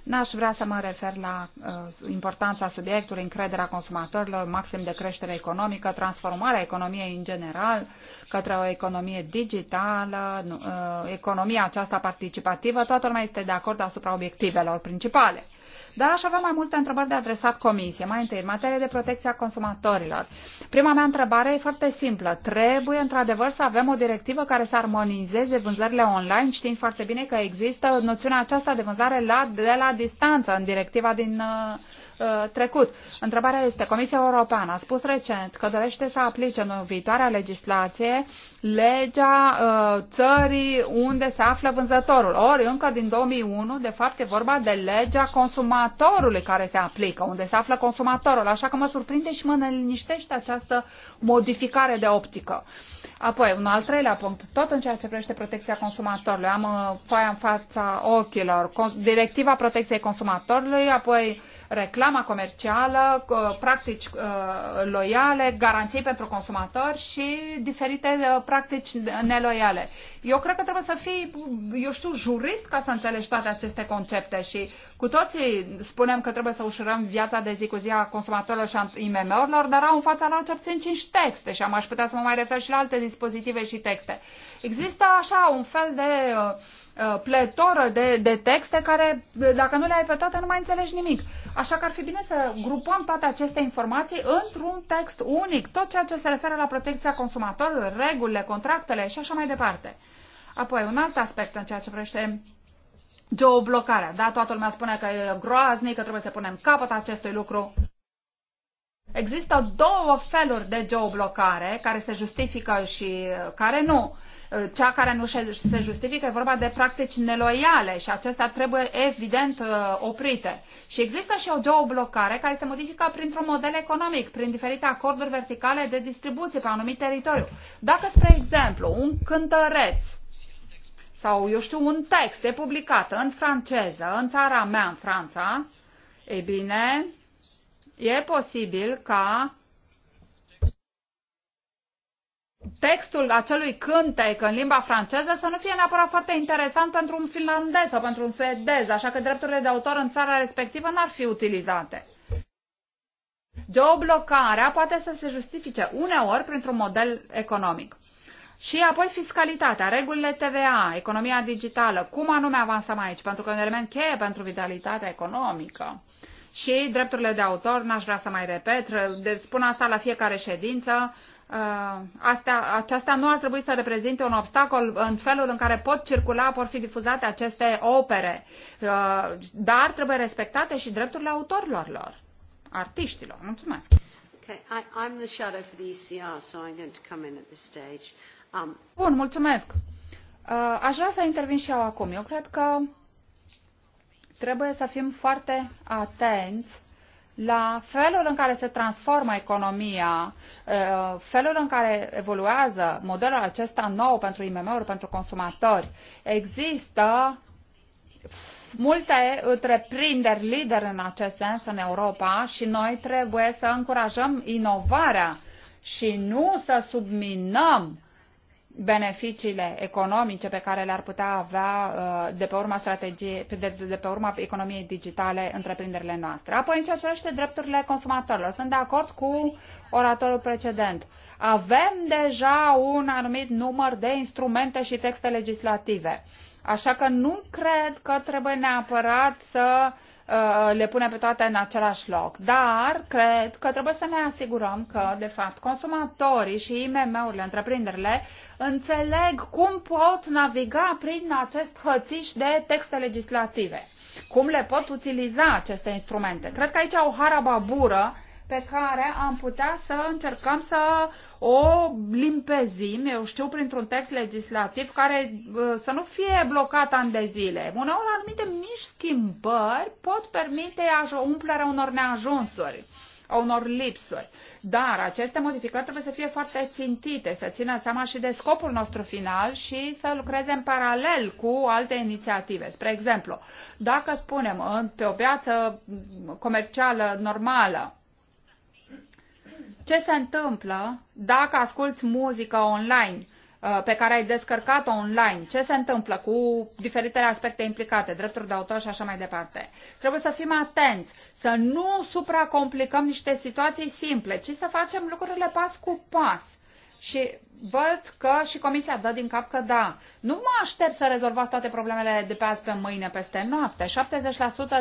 N-aș vrea să mă refer la uh, importanța subiectului, încrederea consumatorilor, maxim de creștere economică, transformarea economiei în general către o economie digitală, uh, economia aceasta participativă, toată lumea este de acord asupra obiectivelor principale. Uh, dar aș avea mai multe întrebări de adresat comisie. Mai întâi, în materie de protecție a consumatorilor. Prima mea întrebare e foarte simplă. Trebuie, într-adevăr, să avem o directivă care să armonizeze vânzările online, știind foarte bine că există noțiunea aceasta de vânzare la, de la distanță în directiva din uh, Uh, trecut. Întrebarea este, Comisia Europeană a spus recent că dorește să aplice în viitoarea legislație legea uh, țării unde se află vânzătorul. Ori încă din 2001, de fapt, e vorba de legea consumatorului care se aplică, unde se află consumatorul. Așa că mă surprinde și mă neliniștește această modificare de optică. Apoi, un al treilea punct, tot în ceea ce privește protecția consumatorului. Am uh, foaia în fața ochilor, directiva protecției consumatorului, apoi reclama comercială, uh, practici uh, loiale, garanții pentru consumatori și diferite uh, practici neloiale. Eu cred că trebuie să fii, eu știu, jurist ca să înțelegi toate aceste concepte și cu toții spunem că trebuie să ușurăm viața de zi cu zi a consumatorilor și a IMM-urilor, dar au în fața la cel puțin 5 texte și am aș putea să mă mai refer și la alte dispozitive și texte. Există așa un fel de uh, Uh, pletoră de, de texte care, dacă nu le ai pe toate, nu mai înțelegi nimic. Așa că ar fi bine să grupăm toate aceste informații într-un text unic, tot ceea ce se referă la protecția consumatorilor, regulile, contractele și așa mai departe. Apoi, un alt aspect în ceea ce vrește geoblocarea. Da, toată lumea spune că e groaznic, că trebuie să punem capăt acestui lucru. Există două feluri de geoblocare care se justifică și care nu. Uh, cea care nu se justifică, e vorba de practici neloiale și acestea trebuie evident uh, oprite. Și există și o geoblocare care se modifică printr-un model economic, prin diferite acorduri verticale de distribuție pe anumit teritoriu. Dacă, spre exemplu, un cântăreț sau, eu știu, un text e publicat în franceză, în țara mea, în Franța, e bine, e posibil ca textul acelui cântec în limba franceză să nu fie neapărat foarte interesant pentru un finlandez sau pentru un suedez, așa că drepturile de autor în țara respectivă n-ar fi utilizate. Geoblocarea poate să se justifice uneori printr-un model economic. Și apoi fiscalitatea, regulile TVA, economia digitală, cum anume avansăm aici, pentru că e un element cheie pentru vitalitatea economică. Și drepturile de autor, n-aș vrea să mai repet, spun asta la fiecare ședință, Uh, astea, aceasta nu ar trebui să reprezinte un obstacol în felul în care pot circula, pot fi difuzate aceste opere, uh, dar trebuie respectate și drepturile autorilor lor, artiștilor. Mulțumesc! Okay, I, I'm the shadow for the ECR, so I'm going to come in at this stage. Um... Bun, mulțumesc! Uh, aș vrea să intervin și eu acum. Eu cred că trebuie să fim foarte atenți la felul în care se transformă economia, uh, felul în care evoluează modelul acesta nou pentru IMM-uri, pentru consumatori. Există multe întreprinderi lideri în acest sens în Europa și noi trebuie să încurajăm inovarea și nu să subminăm uh, beneficiile economice pe care le-ar putea avea uh, de pe urma, strategie, de, de pe urma economiei digitale întreprinderile noastre. Apoi, în ceea ce privește drepturile consumatorilor, sunt de acord cu oratorul precedent. Avem deja un anumit număr de instrumente și texte legislative. Așa că nu cred că trebuie neapărat să uh, Uh, le pune pe toate în același loc. Dar cred că trebuie să ne asigurăm că, de fapt, consumatorii și IMM-urile, întreprinderile, înțeleg cum pot naviga prin acest hățiș de texte legislative. Cum le pot utiliza aceste instrumente. Cred că aici o harababură pe care am putea să încercăm să o limpezim, eu știu, printr-un text legislativ care să nu fie blocat ani de zile. Uneori anumite mici schimbări pot permite umplerea unor neajunsuri unor lipsuri. Dar aceste modificări trebuie să fie foarte țintite, să țină seama și de scopul nostru final și să lucreze în paralel cu alte inițiative. Spre exemplu, dacă spunem pe o piață comercială normală, ce se întâmplă dacă asculți muzică online uh, pe care ai descărcat-o online? Ce se întâmplă cu diferitele aspecte implicate, drepturi de autor și așa mai departe? Trebuie să fim atenți, să nu supracomplicăm niște situații simple, ci să facem lucrurile pas cu pas. Și văd că și comisia dă din cap că da. Nu mă aștept să rezolvați toate problemele de pe azi pe mâine, peste noapte.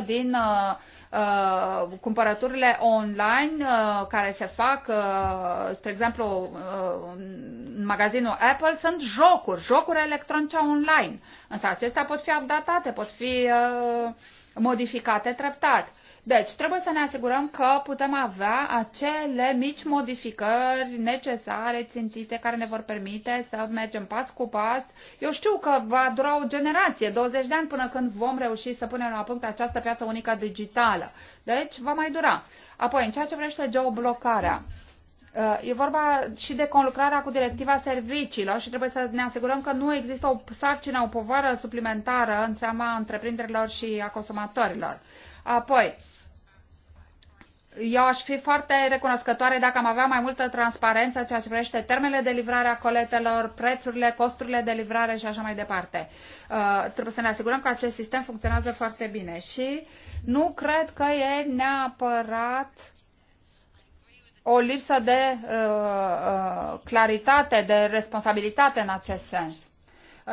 70% din uh, Uh, cumpărăturile online uh, care se fac, uh, spre exemplu, uh, în magazinul Apple, sunt jocuri, jocuri electronice online. Însă acestea pot fi updatate, pot fi uh, modificate treptat. Deci, trebuie să ne asigurăm că putem avea acele mici modificări necesare, țintite, care ne vor permite să mergem pas cu pas. Eu știu că va dura o generație, 20 de ani, până când vom reuși să punem la punct această piață unică digitală. Deci, va mai dura. Apoi, în ceea ce vrește geoblocarea, uh, E vorba și de conlucrarea cu directiva serviciilor și trebuie să ne asigurăm că nu există o sarcină, o povară suplimentară în seama întreprinderilor și a consumatorilor. Apoi, eu aș fi foarte recunoscătoare dacă am avea mai multă transparență ceea ce privește termenele de livrare a coletelor, prețurile, costurile de livrare și așa mai departe. Uh, trebuie să ne asigurăm că acest sistem funcționează foarte bine și nu cred că e neapărat o lipsă de uh, uh, claritate, de responsabilitate în acest sens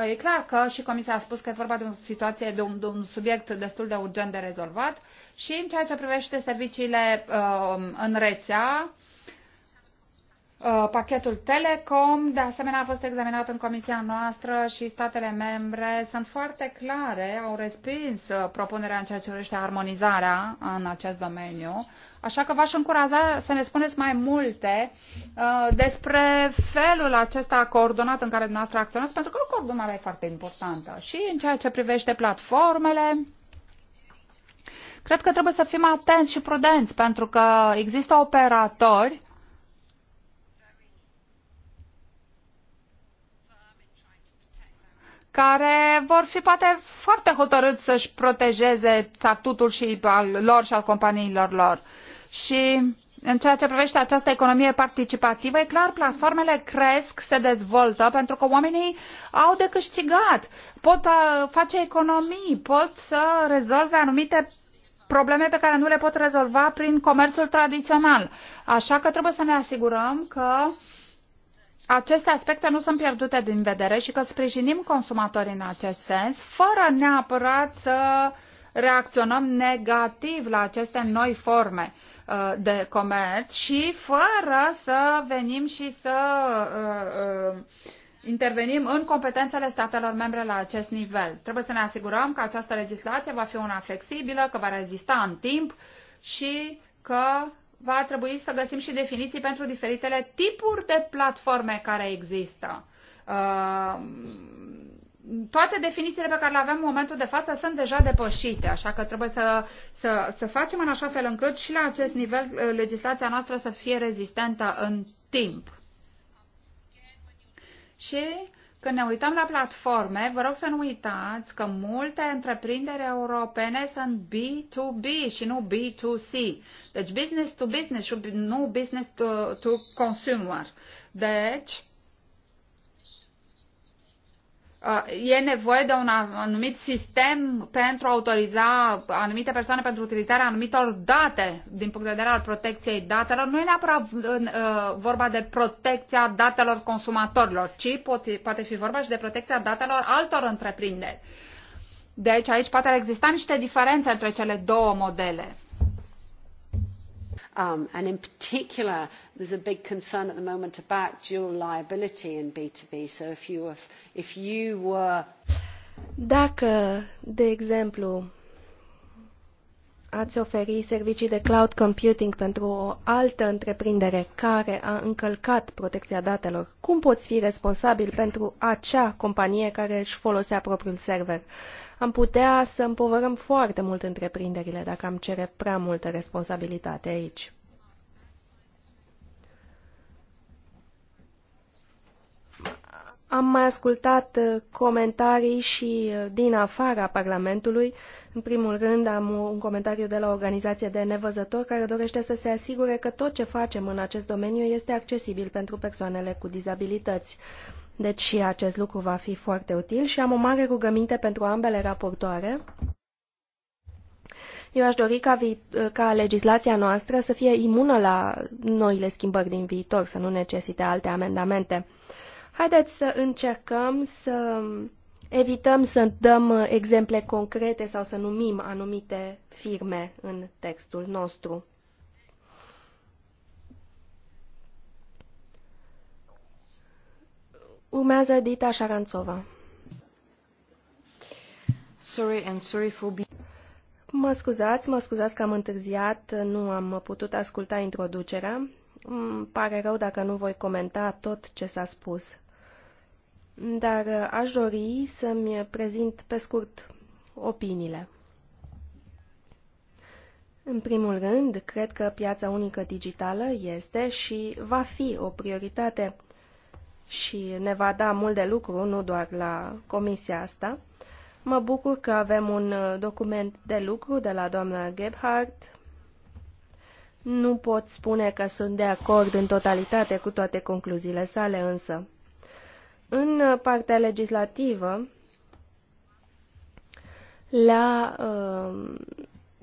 E clar că și Comisia a spus că e vorba de o situație, de un, de un subiect destul de urgent de rezolvat și în ceea ce privește serviciile uh, în rețea, uh, Uh, pachetul Telecom, de asemenea, a fost examinat în comisia noastră și statele membre sunt foarte clare, au respins uh, propunerea în ceea ce privește armonizarea în acest domeniu, așa că v-aș încuraja să ne spuneți mai multe uh, despre felul acesta coordonat în care dumneavoastră acționați, pentru că o coordonare e foarte importantă. Și în ceea ce privește platformele, cred că trebuie să fim atenți și prudenți, pentru că există operatori care vor fi poate foarte hotărâți să-și protejeze statutul și al lor și al companiilor lor. Și în ceea ce privește această economie participativă, e clar, platformele cresc, se dezvoltă, pentru că oamenii au de câștigat, pot uh, face economii, pot să rezolve anumite probleme pe care nu le pot rezolva prin comerțul tradițional. Așa că trebuie să ne asigurăm că uh, aceste aspecte nu sunt pierdute din vedere și că sprijinim consumatorii în acest sens, fără neapărat să reacționăm negativ la aceste noi forme uh, de comerț și fără să venim și să uh, uh, intervenim în competențele statelor membre la acest nivel. Trebuie să ne asigurăm că această legislație va fi una flexibilă, că va rezista în timp și că va trebui să găsim și definiții pentru diferitele tipuri de platforme care există. Uh, toate definițiile pe care le avem în momentul de față sunt deja depășite, așa că trebuie să, să, să facem în așa fel încât și la acest nivel uh, legislația noastră să fie rezistentă în timp. Și când ne uităm la platforme, vă rog să nu uitați că multe întreprinderi europene sunt B2B și nu B2C. Deci business to business și nu business to, to consumer. Deci, e nevoie de un anumit sistem pentru a autoriza anumite persoane pentru utilizarea anumitor date din punct de vedere al protecției datelor. Nu e neapărat uh, vorba de protecția datelor consumatorilor, ci poate fi vorba și de protecția datelor altor întreprinderi. Deci aici poate exista niște diferențe între cele două modele. Um, and in particular, is a big concern at the moment about dual liability in B2B. So if you, if you were... Dacă, de exemplu, ați oferi servicii de cloud computing pentru o altă întreprindere care a încălcat protecția datelor, cum poți fi responsabil pentru acea companie care își folosea propriul server? am putea să împovărăm foarte mult întreprinderile dacă am cere prea multă responsabilitate aici. Am mai ascultat uh, comentarii și uh, din afara Parlamentului. În primul rând am un comentariu de la o organizație de nevăzători care dorește să se asigure că tot ce facem în acest domeniu este accesibil pentru persoanele cu dizabilități. Deci și acest lucru va fi foarte util și am o mare rugăminte pentru ambele raportoare. Eu aș dori ca, vi ca legislația noastră să fie imună la noile schimbări din viitor, să nu necesite alte amendamente. Haideți să încercăm să evităm să dăm exemple concrete sau să numim anumite firme în textul nostru. Urmează Dita Șaranțova. Sorry and sorry for being... Mă scuzați, mă scuzați că am întârziat, nu am putut asculta introducerea. Îmi pare rău dacă nu voi comenta tot ce s-a spus. Dar uh, aș dori să-mi prezint pe scurt opiniile. În primul rând, cred că piața unică digitală este și va fi o prioritate și ne va da mult de lucru, nu doar la comisia asta. Mă bucur că avem un uh, document de lucru de la doamna Gebhardt. Nu pot spune că sunt de acord în totalitate cu toate concluziile sale, însă. În uh, partea legislativă, la uh,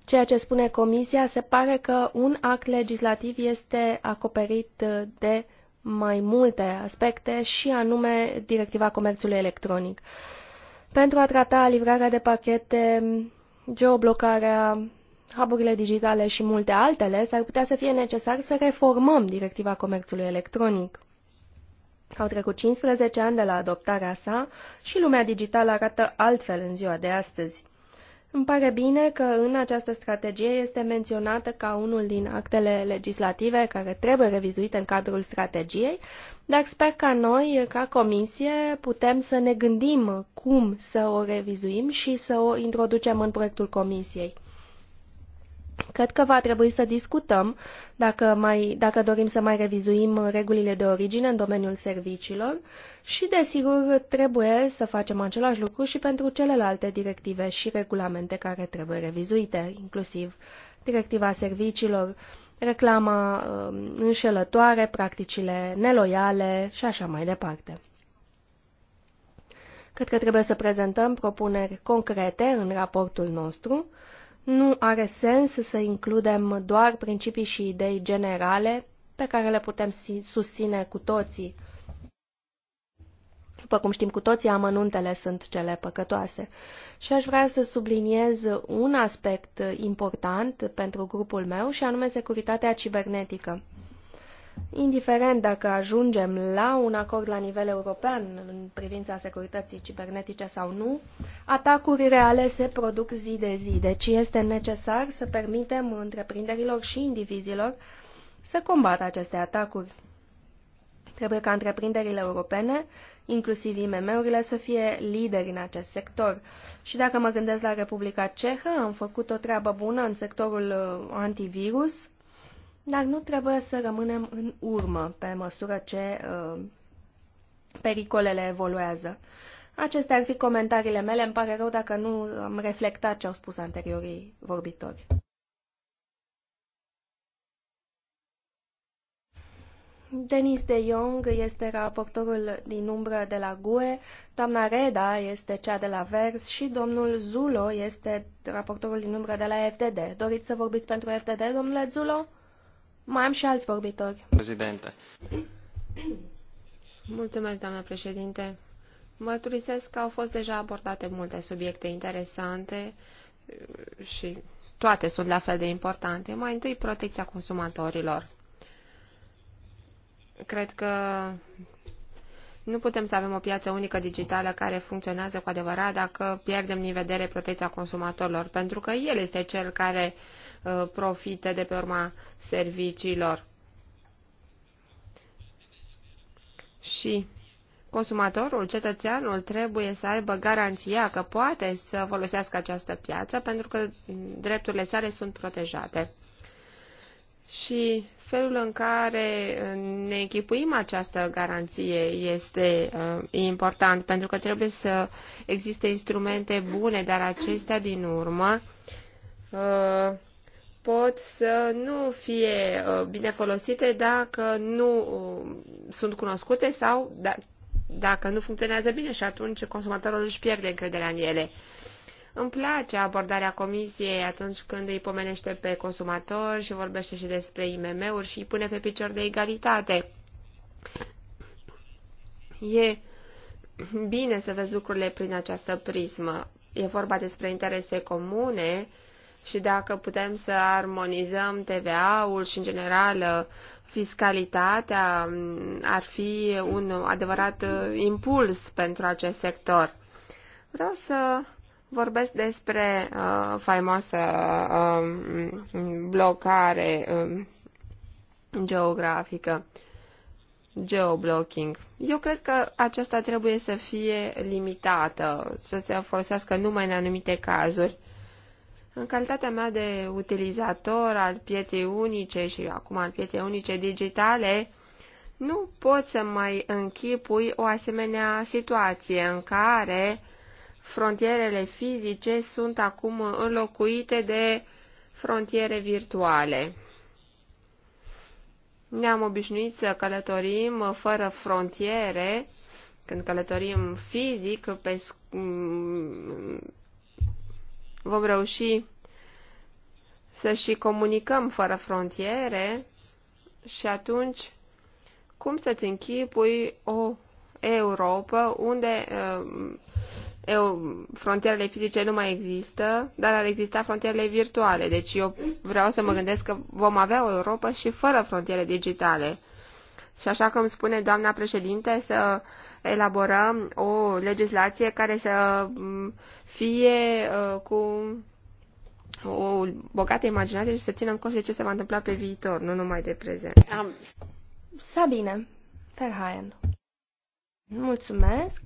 ceea ce spune Comisia, se pare că un act legislativ este acoperit uh, de mai multe aspecte și anume directiva comerțului electronic. Pentru a trata livrarea de pachete, geoblocarea, haburile digitale și multe altele, s-ar putea să fie necesar să reformăm directiva comerțului electronic. Au trecut 15 ani de la adoptarea sa și lumea digitală arată altfel în ziua de astăzi. Îmi pare bine că în această strategie este menționată ca unul din actele legislative care trebuie revizuite în cadrul strategiei, dar sper ca noi, ca Comisie, putem să ne gândim cum să o revizuim și să o introducem în proiectul Comisiei. Cred că va trebui să discutăm dacă, mai, dacă dorim să mai revizuim regulile de origine în domeniul serviciilor și, desigur, trebuie să facem același lucru și pentru celelalte directive și regulamente care trebuie revizuite, inclusiv directiva serviciilor, reclama um, înșelătoare, practicile neloiale și așa mai departe. Cred că trebuie să prezentăm propuneri concrete în raportul nostru. Nu are sens să includem doar principii și idei generale pe care le putem susține cu toții după cum știm cu toții, amănuntele sunt cele păcătoase. Și aș vrea să subliniez un aspect important pentru grupul meu și anume securitatea cibernetică. Indiferent dacă ajungem la un acord la nivel european în privința securității cibernetice sau nu, atacuri reale se produc zi de zi, deci este necesar să permitem întreprinderilor și indivizilor să combată aceste atacuri. Trebuie ca întreprinderile europene inclusiv IMM-urile, să fie lideri în acest sector. Și dacă mă gândesc la Republica Cehă, am făcut o treabă bună în sectorul uh, antivirus, dar nu trebuie să rămânem în urmă pe măsură ce uh, pericolele evoluează. Acestea ar fi comentariile mele. Îmi pare rău dacă nu am reflectat ce au spus anteriorii vorbitori. Denis de Jong este raportorul din umbră de la GUE, doamna Reda este cea de la VERS și domnul Zulo este raportorul din umbră de la FDD. Doriți să vorbiți pentru FDD, domnule Zulo? Mai am și alți vorbitori. Prezidente. Mulțumesc, doamna președinte. Mărturisesc că au fost deja abordate multe subiecte interesante uh, și toate sunt la fel de importante. Mai întâi, protecția consumatorilor. Cred că nu putem să avem o piață unică digitală care funcționează cu adevărat dacă pierdem din vedere protecția consumatorilor, pentru că el este cel care uh, profită de pe urma serviciilor. Și consumatorul, cetățeanul, trebuie să aibă garanția că poate să folosească această piață pentru că drepturile sale sunt protejate și felul în care uh, ne echipuim această garanție este uh, important, pentru că trebuie să existe instrumente bune, dar acestea din urmă uh, pot să nu fie uh, bine folosite dacă nu uh, sunt cunoscute sau da, dacă nu funcționează bine și atunci consumatorul își pierde încrederea în ele. Uh, îmi place abordarea comisiei atunci când îi pomenește pe consumatori și vorbește și despre IMM-uri și îi pune pe picior de egalitate. E bine să vezi lucrurile prin această prismă. E vorba despre interese comune și dacă putem să armonizăm TVA-ul și, în general, fiscalitatea, ar fi un adevărat impuls pentru acest sector. Vreau să vorbesc despre uh, faimoasă uh, um, blocare uh, geografică, geoblocking. Eu cred că aceasta trebuie să fie limitată, să se folosească numai în anumite cazuri. În calitatea mea de utilizator al pieței unice și acum al pieței unice digitale, nu pot să mai închipui o asemenea situație în care uh, frontierele fizice sunt acum înlocuite de frontiere virtuale. Ne-am obișnuit să călătorim fără frontiere, când călătorim fizic, pe, mm, vom reuși să și comunicăm fără frontiere și atunci cum să-ți închipui o Europa unde uh, eu, frontierele fizice nu mai există, dar ar exista frontierele virtuale. Deci eu vreau să mă gândesc că vom avea o Europa și fără frontiere digitale. Și așa cum spune doamna președinte, să elaborăm o legislație care să mm, fie ă, cu o bogată imaginație și să ținem cont de ce se va întâmpla pe viitor, nu numai de prezent. Sabine Verhaen. Mulțumesc.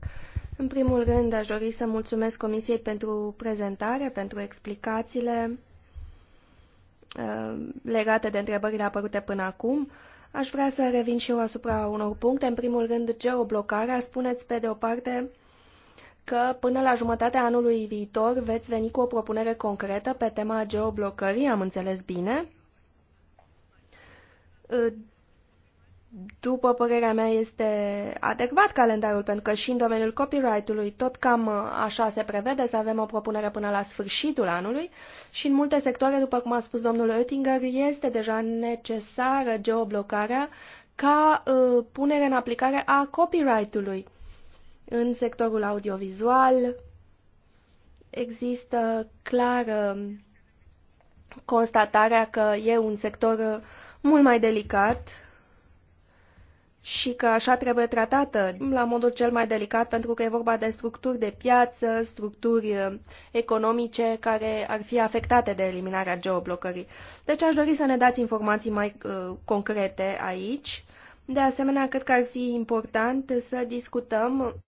În primul rând, aș dori să mulțumesc Comisiei pentru prezentare, pentru explicațiile uh, legate de întrebările apărute până acum. Aș vrea să revin și eu asupra unor puncte. În primul rând, geoblocarea. Spuneți pe de o parte că până la jumătatea anului viitor veți veni cu o propunere concretă pe tema geoblocării, am înțeles bine. Uh, după părerea mea, este adecvat calendarul, pentru că și în domeniul copyright-ului tot cam uh, așa se prevede să avem o propunere până la sfârșitul anului și în multe sectoare, după cum a spus domnul Oettinger, este deja necesară geoblocarea ca uh, punere în aplicare a copyright-ului. În sectorul audiovizual există clară um, constatarea că e un sector uh, mult mai delicat, și că așa trebuie tratată la modul cel mai delicat pentru că e vorba de structuri de piață, structuri uh, economice care ar fi afectate de eliminarea geoblocării. Deci aș dori să ne dați informații mai uh, concrete aici. De asemenea, cred că ar fi important să discutăm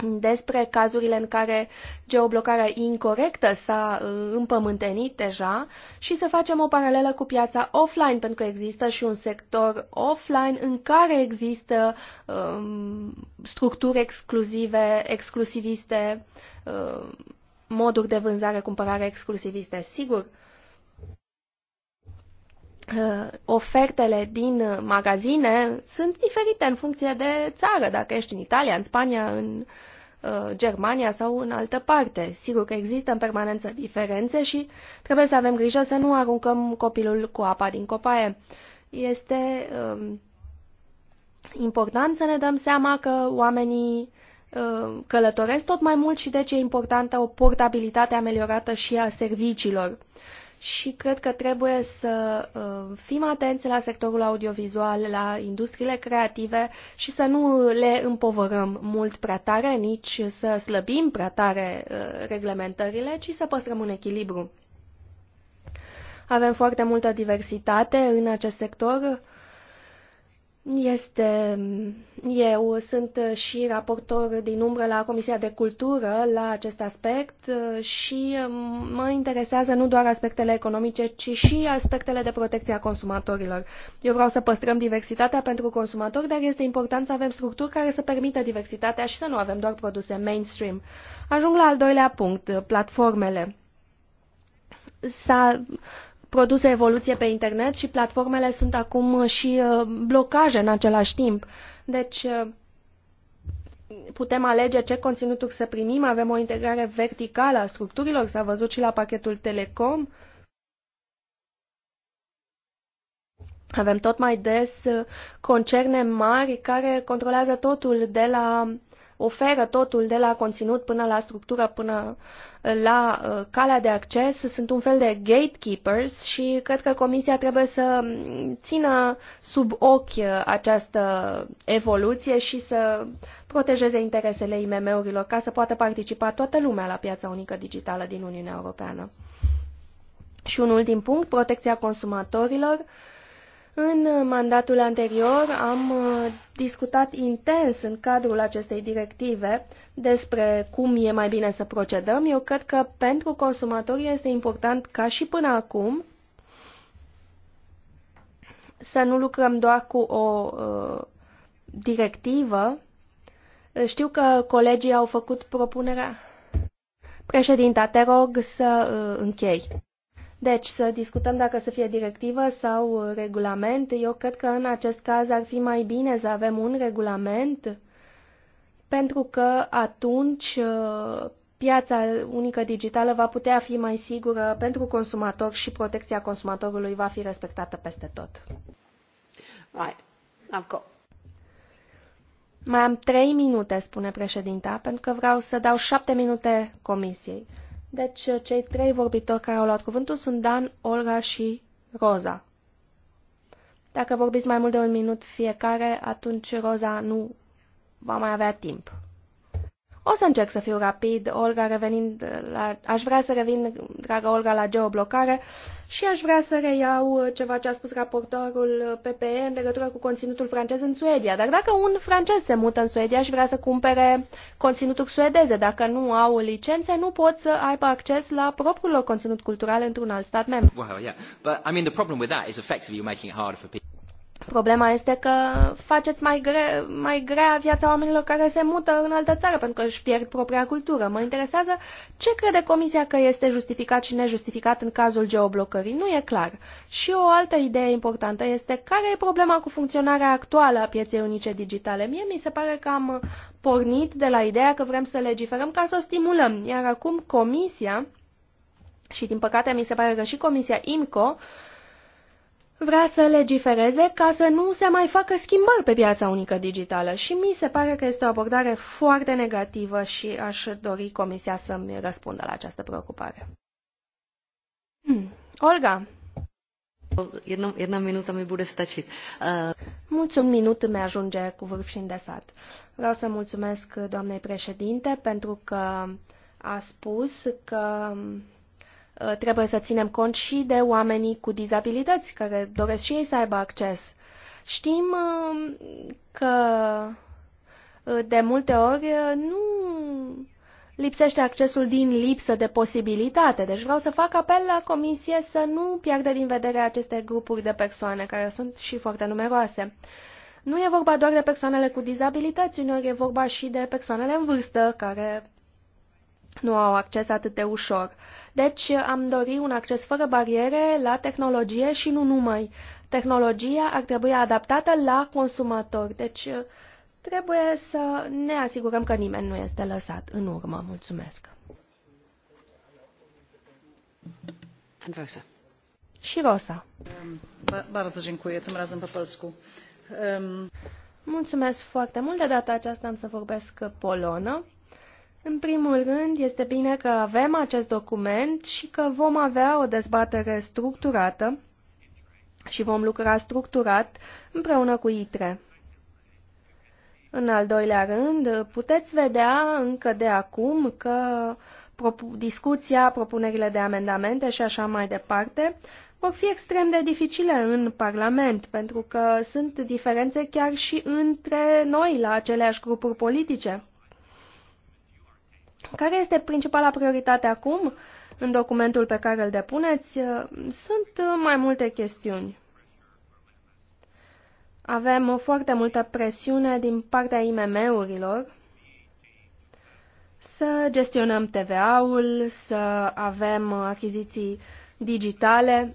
despre cazurile în care geoblocarea incorrectă s-a uh, împământenit deja și să facem o paralelă cu piața offline, pentru că există și un sector offline în care există um, structuri exclusive, exclusiviste, um, moduri de vânzare, cumpărare exclusiviste. Sigur, Uh, ofertele din uh, magazine sunt diferite în funcție de țară, dacă ești în Italia, în Spania, în uh, Germania sau în altă parte. Sigur că există în permanență diferențe și trebuie să avem grijă să nu aruncăm copilul cu apa din copaie. Este um, important să ne dăm seama că oamenii călătoresc tot mai mult și deci e importantă o portabilitate ameliorată și a serviciilor și cred că trebuie să uh, fim atenți la sectorul audiovizual, la industriile creative și să nu le împovărăm mult prea tare, nici să slăbim prea tare uh, reglementările, ci să păstrăm un echilibru. Avem foarte multă diversitate în acest sector este, eu sunt și raportor din umbră la Comisia de Cultură la acest aspect și mă interesează nu doar aspectele economice, ci și aspectele de protecție a consumatorilor. Eu vreau să păstrăm diversitatea pentru consumatori, dar este important să avem structuri care să permită diversitatea și să nu avem doar produse mainstream. Ajung la al doilea punct, platformele. S-a produse evoluție pe internet și platformele sunt acum și uh, blocaje în același timp. Deci uh, putem alege ce conținuturi să primim, avem o integrare verticală a structurilor, s-a văzut și la pachetul Telecom. Avem tot mai des uh, concerne mari care controlează totul de la oferă totul de la conținut până la structură, până la uh, calea de acces, sunt un fel de gatekeepers și cred că Comisia trebuie să țină sub ochi uh, această evoluție și să protejeze interesele IMM-urilor ca să poată participa toată lumea la piața unică digitală din Uniunea Europeană. Și un ultim punct, protecția consumatorilor. Uh, în mandatul anterior am uh, discutat intens în cadrul acestei directive despre cum e mai bine să procedăm. Eu cred că pentru consumatori este important ca și până acum să nu lucrăm doar cu o uh, directivă. Știu că colegii au făcut propunerea. Președinta, te rog să uh, închei. Deci, să discutăm dacă să fie directivă sau regulament. Eu cred că în acest caz ar fi mai bine să avem un regulament, pentru că atunci uh, piața unică digitală va putea fi mai sigură pentru consumator și protecția consumatorului va fi respectată peste tot. Right. am got mai am trei minute, spune președinta, pentru că vreau să dau șapte minute comisiei. Deci, uh, cei trei vorbitori care au luat cuvântul sunt Dan, Olga și Roza. Dacă vorbiți mai mult de un minut fiecare, atunci Roza nu va mai avea timp. O să încerc să fiu rapid, Olga, revenind la, aș vrea să revin, dragă Olga, la geoblocare și aș vrea să reiau ceva ce a spus raportorul PPE în legătură cu conținutul francez în Suedia. Dar dacă un francez se mută în Suedia și vrea să cumpere conținuturi suedeze, dacă nu au licențe, nu pot să aibă acces la propriul lor conținut cultural într-un alt stat membru. Well, yeah. But, I mean, the problem with that is effectively you're making it harder for people. Problema este că faceți mai, gre, mai grea viața oamenilor care se mută în altă țară pentru că își pierd propria cultură. Mă interesează ce crede Comisia că este justificat și nejustificat în cazul geoblocării. Nu e clar. Și o altă idee importantă este care e problema cu funcționarea actuală a pieței unice digitale. Mie mi se pare că am pornit de la ideea că vrem să legiferăm ca să o stimulăm, iar acum Comisia, și din păcate mi se pare că și Comisia IMCO, uh, vrea să legifereze ca să nu se mai facă schimbări pe piața unică digitală și mi se pare că este o abordare foarte negativă și aș dori Comisia să-mi răspundă la această preocupare. Hmm. Olga. Jedna, jedna minuta mi bude stačit. Uh... un minut mi ajunge cu vârf și îndesat. Vreau să mulțumesc doamnei președinte pentru că a spus că Uh, trebuie să ținem cont și de oamenii cu dizabilități care doresc și ei să aibă acces. Știm uh, că uh, de multe ori nu lipsește accesul din lipsă de posibilitate. Deci vreau să fac apel la comisie să nu piardă din vedere aceste grupuri de persoane, care sunt și foarte numeroase. Nu e vorba doar de persoanele cu dizabilități, uneori e vorba și de persoanele în vârstă, care nu au acces atât de ușor. Uh, deci am dori un acces fără bariere la tehnologie și nu numai. Tehnologia ar trebui adaptată la consumator. Deci trebuie să ne asigurăm că nimeni nu este lăsat în urmă. Mulțumesc. Androsa. Și Rosa. Um, bardzo dziękuję, tym razem po polsku. Um, Mulțumesc foarte mult. De data aceasta am să vorbesc polonă. În primul rând, este bine că avem acest document și că vom avea o dezbatere structurată și vom lucra structurat împreună cu ITRE. În al doilea rând, puteți vedea încă de acum că discuția, propunerile de amendamente și așa mai departe vor fi extrem de dificile în Parlament, pentru că sunt diferențe chiar și între noi la aceleași grupuri politice. Care este principala prioritate acum în documentul pe care îl depuneți? Sunt mai multe chestiuni. Avem foarte multă presiune din partea IMM-urilor să gestionăm TVA-ul, să avem achiziții digitale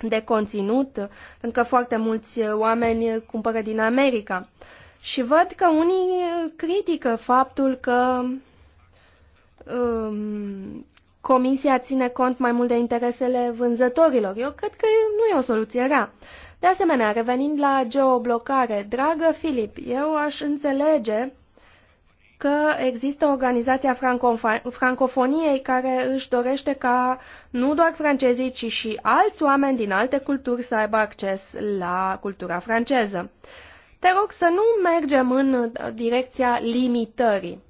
de conținut, pentru că foarte mulți oameni cumpără din America. Uh, și văd că unii critică faptul că um, comisia ține cont mai mult de interesele vânzătorilor. Eu cred că nu e o soluție rea. De asemenea, revenind la geoblocare, dragă Filip, eu aș înțelege că există organizația francofoniei care își dorește ca nu doar francezii, ci și alți oameni din alte culturi să aibă acces la cultura franceză. Te rog să nu mergem în uh, direcția limitării.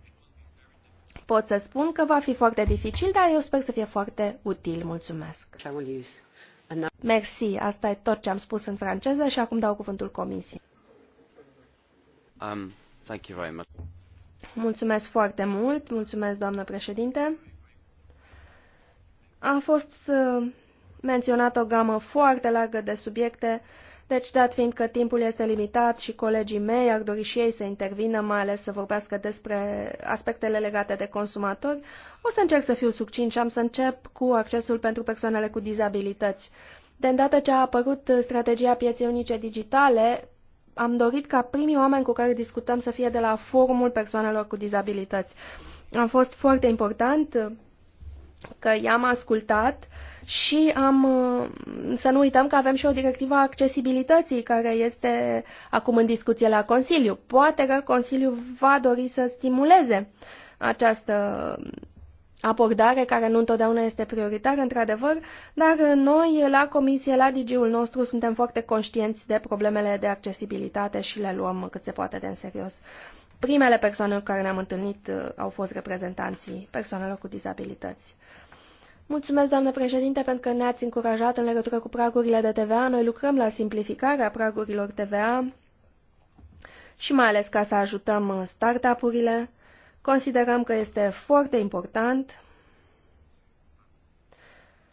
Pot să spun că va fi foarte dificil, dar eu sper să fie foarte util. Mulțumesc. Merci, asta e tot ce am spus în franceză și acum dau cuvântul comisiei. Um, thank you very much. Mulțumesc foarte mult, mulțumesc doamnă președinte. A fost uh, menționată o gamă foarte largă de subiecte deci, dat fiind că timpul este limitat și colegii mei ar dori și ei să intervină, mai ales să vorbească despre aspectele legate de consumatori, o să încerc să fiu succint și am să încep cu accesul pentru persoanele cu dizabilități. De îndată ce a apărut strategia pieței unice digitale, am dorit ca primii oameni cu care discutăm să fie de la Forumul Persoanelor cu Dizabilități. Am fost foarte important că i-am ascultat uh, și am, uh, să nu uităm că avem și o directivă a accesibilității care este acum în discuție la Consiliu. Poate că Consiliul va dori să stimuleze această abordare care nu întotdeauna este prioritară, într-adevăr, dar noi la comisie, la DG-ul nostru, suntem foarte conștienți de problemele de accesibilitate și le luăm cât se poate de în serios. Primele persoane cu care ne-am întâlnit uh, au fost reprezentanții persoanelor cu dizabilități. Mulțumesc, doamnă președinte, pentru că ne-ați încurajat în legătură cu pragurile de TVA. Noi lucrăm la simplificarea pragurilor TVA și mai ales ca să ajutăm startup-urile. Considerăm că este foarte important.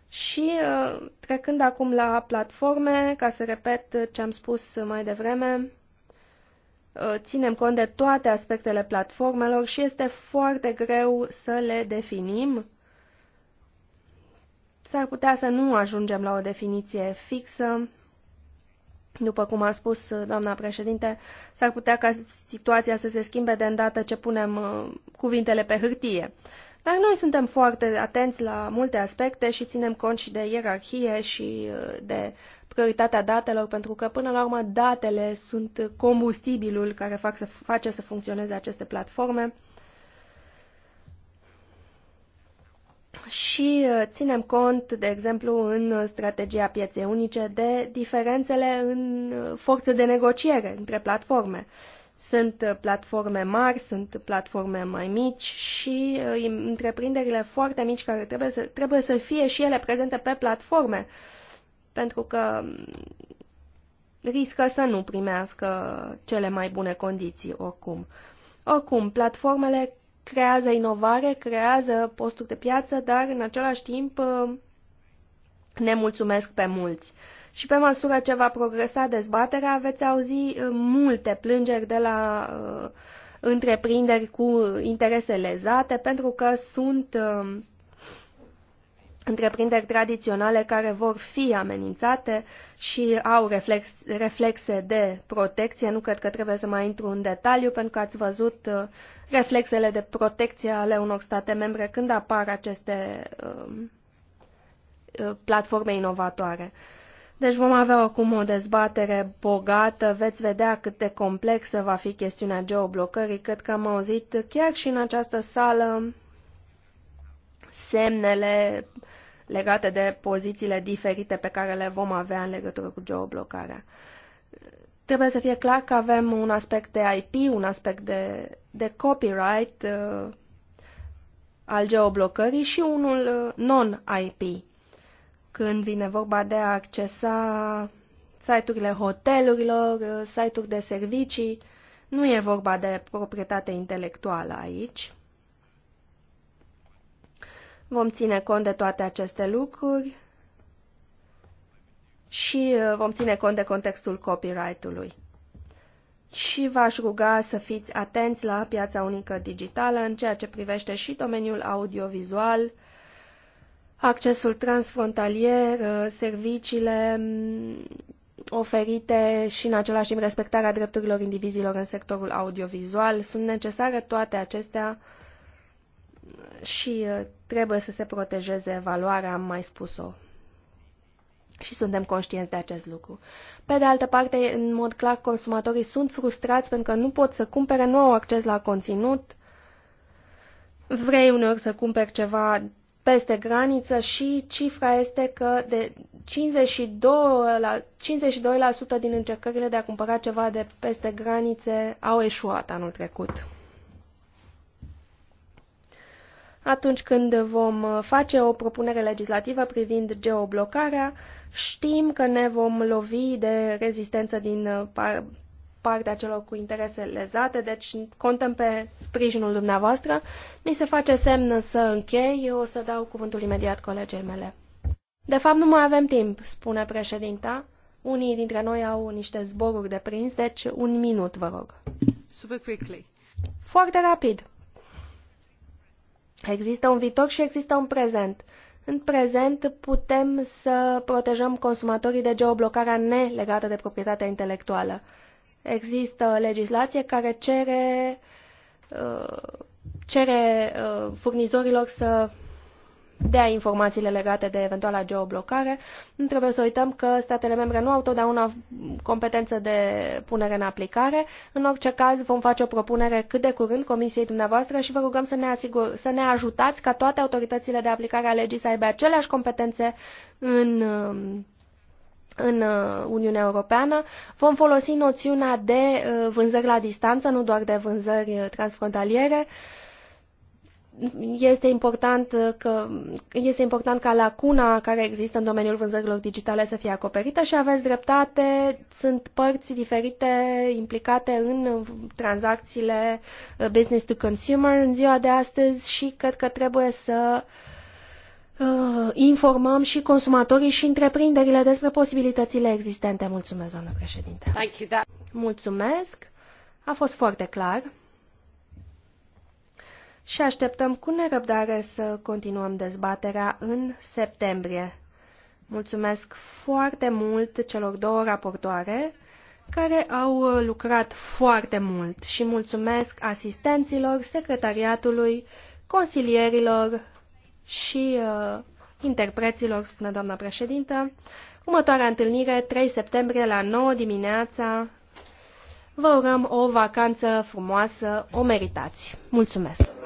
Și uh, trecând acum la platforme, ca să repet ce am spus mai devreme, uh, ținem cont de toate aspectele platformelor și este foarte greu să le definim S-ar putea să nu ajungem la o definiție fixă. După cum a spus uh, doamna președinte, s-ar putea ca situația să se schimbe de îndată ce punem uh, cuvintele pe hârtie. Dar noi suntem foarte atenți la multe aspecte și ținem cont și de ierarhie și uh, de prioritatea datelor, pentru că până la urmă datele sunt combustibilul care fac să, face să funcționeze aceste platforme și uh, ținem cont, de exemplu, în strategia pieței unice de diferențele în uh, forță de negociere între platforme. Sunt uh, platforme mari, sunt platforme mai mici și întreprinderile foarte mici care trebuie să, trebuie să fie și ele prezente pe platforme, pentru că mm, riscă să nu primească cele mai bune condiții oricum. Oricum, platformele creează inovare, creează posturi de piață, dar în același timp uh, ne mulțumesc pe mulți. Și pe măsură ce va progresa dezbaterea, veți auzi uh, multe plângeri de la uh, întreprinderi cu interese lezate, pentru că sunt întreprinderi tradiționale care vor fi amenințate și au reflex, reflexe de protecție. Nu cred că trebuie să mai intru în detaliu, pentru că ați văzut uh, reflexele de protecție ale unor state membre când apar aceste um, uh, platforme inovatoare. Deci vom avea acum o dezbatere bogată, veți vedea cât de complexă va fi chestiunea geoblocării. Cred că am auzit chiar și în această sală semnele uh, legate de pozițiile diferite pe care le vom avea în legătură cu geoblocarea. Trebuie să fie clar că avem un aspect de IP, un aspect de, de copyright uh, al geoblocării și unul uh, non-IP, când vine vorba de a accesa site-urile hotelurilor, uh, site-uri de servicii, nu e vorba de proprietate intelectuală aici. Vom ține cont de toate aceste lucruri și uh, vom ține cont de contextul copyright-ului. Și v-aș ruga să fiți atenți la piața unică digitală în ceea ce privește și domeniul audiovizual, accesul transfrontalier, uh, serviciile mm, oferite și în același timp respectarea drepturilor indivizilor în sectorul audiovizual. Sunt necesare toate acestea și uh, trebuie să se protejeze valoarea, am mai spus-o. Și suntem conștienți de acest lucru. Pe de altă parte, în mod clar, consumatorii sunt frustrați pentru că nu pot să cumpere, nu au acces la conținut. Vrei uneori să cumperi ceva peste graniță și cifra este că de 52%, la, 52 din încercările de a cumpăra ceva de peste granițe au eșuat anul trecut. atunci când vom uh, face o propunere legislativă privind geoblocarea, știm că ne vom lovi de rezistență din uh, par partea celor cu interese lezate, deci contăm pe sprijinul dumneavoastră. Mi se face semn să închei, eu o să dau cuvântul imediat colegei mele. De fapt, nu mai avem timp, spune președinta. Unii dintre noi au niște zboruri de prins, deci un minut, vă rog. Super quickly. Foarte rapid. Există un viitor și există un prezent. În prezent putem să protejăm consumatorii de geoblocarea nelegată de proprietatea intelectuală. Există legislație care cere, uh, cere uh, furnizorilor să dea informațiile legate de eventuala geoblocare, nu trebuie să uităm că statele membre nu au totdeauna competență de punere în aplicare. În orice caz, vom face o propunere cât de curând Comisiei dumneavoastră și vă rugăm să ne, asigur, să ne ajutați ca toate autoritățile de aplicare a legii să aibă aceleași competențe în în Uniunea Europeană. Vom folosi noțiunea de uh, vânzări la distanță, nu doar de vânzări uh, transfrontaliere este important, uh, că, este important ca lacuna care există în domeniul vânzărilor digitale să fie acoperită și aveți dreptate, sunt părți diferite implicate în tranzacțiile uh, business to consumer în ziua de astăzi și cred că trebuie să uh, informăm și consumatorii și întreprinderile despre posibilitățile existente. Mulțumesc, doamnă președinte. Mulțumesc. A fost foarte clar și așteptăm cu nerăbdare să continuăm dezbaterea în septembrie. Mulțumesc foarte mult celor două raportoare care au lucrat foarte mult și mulțumesc asistenților, secretariatului, consilierilor și uh, interpreților, spune doamna președintă. Următoarea întâlnire, 3 septembrie la 9 dimineața. Vă urăm o vacanță frumoasă, o meritați. Mulțumesc!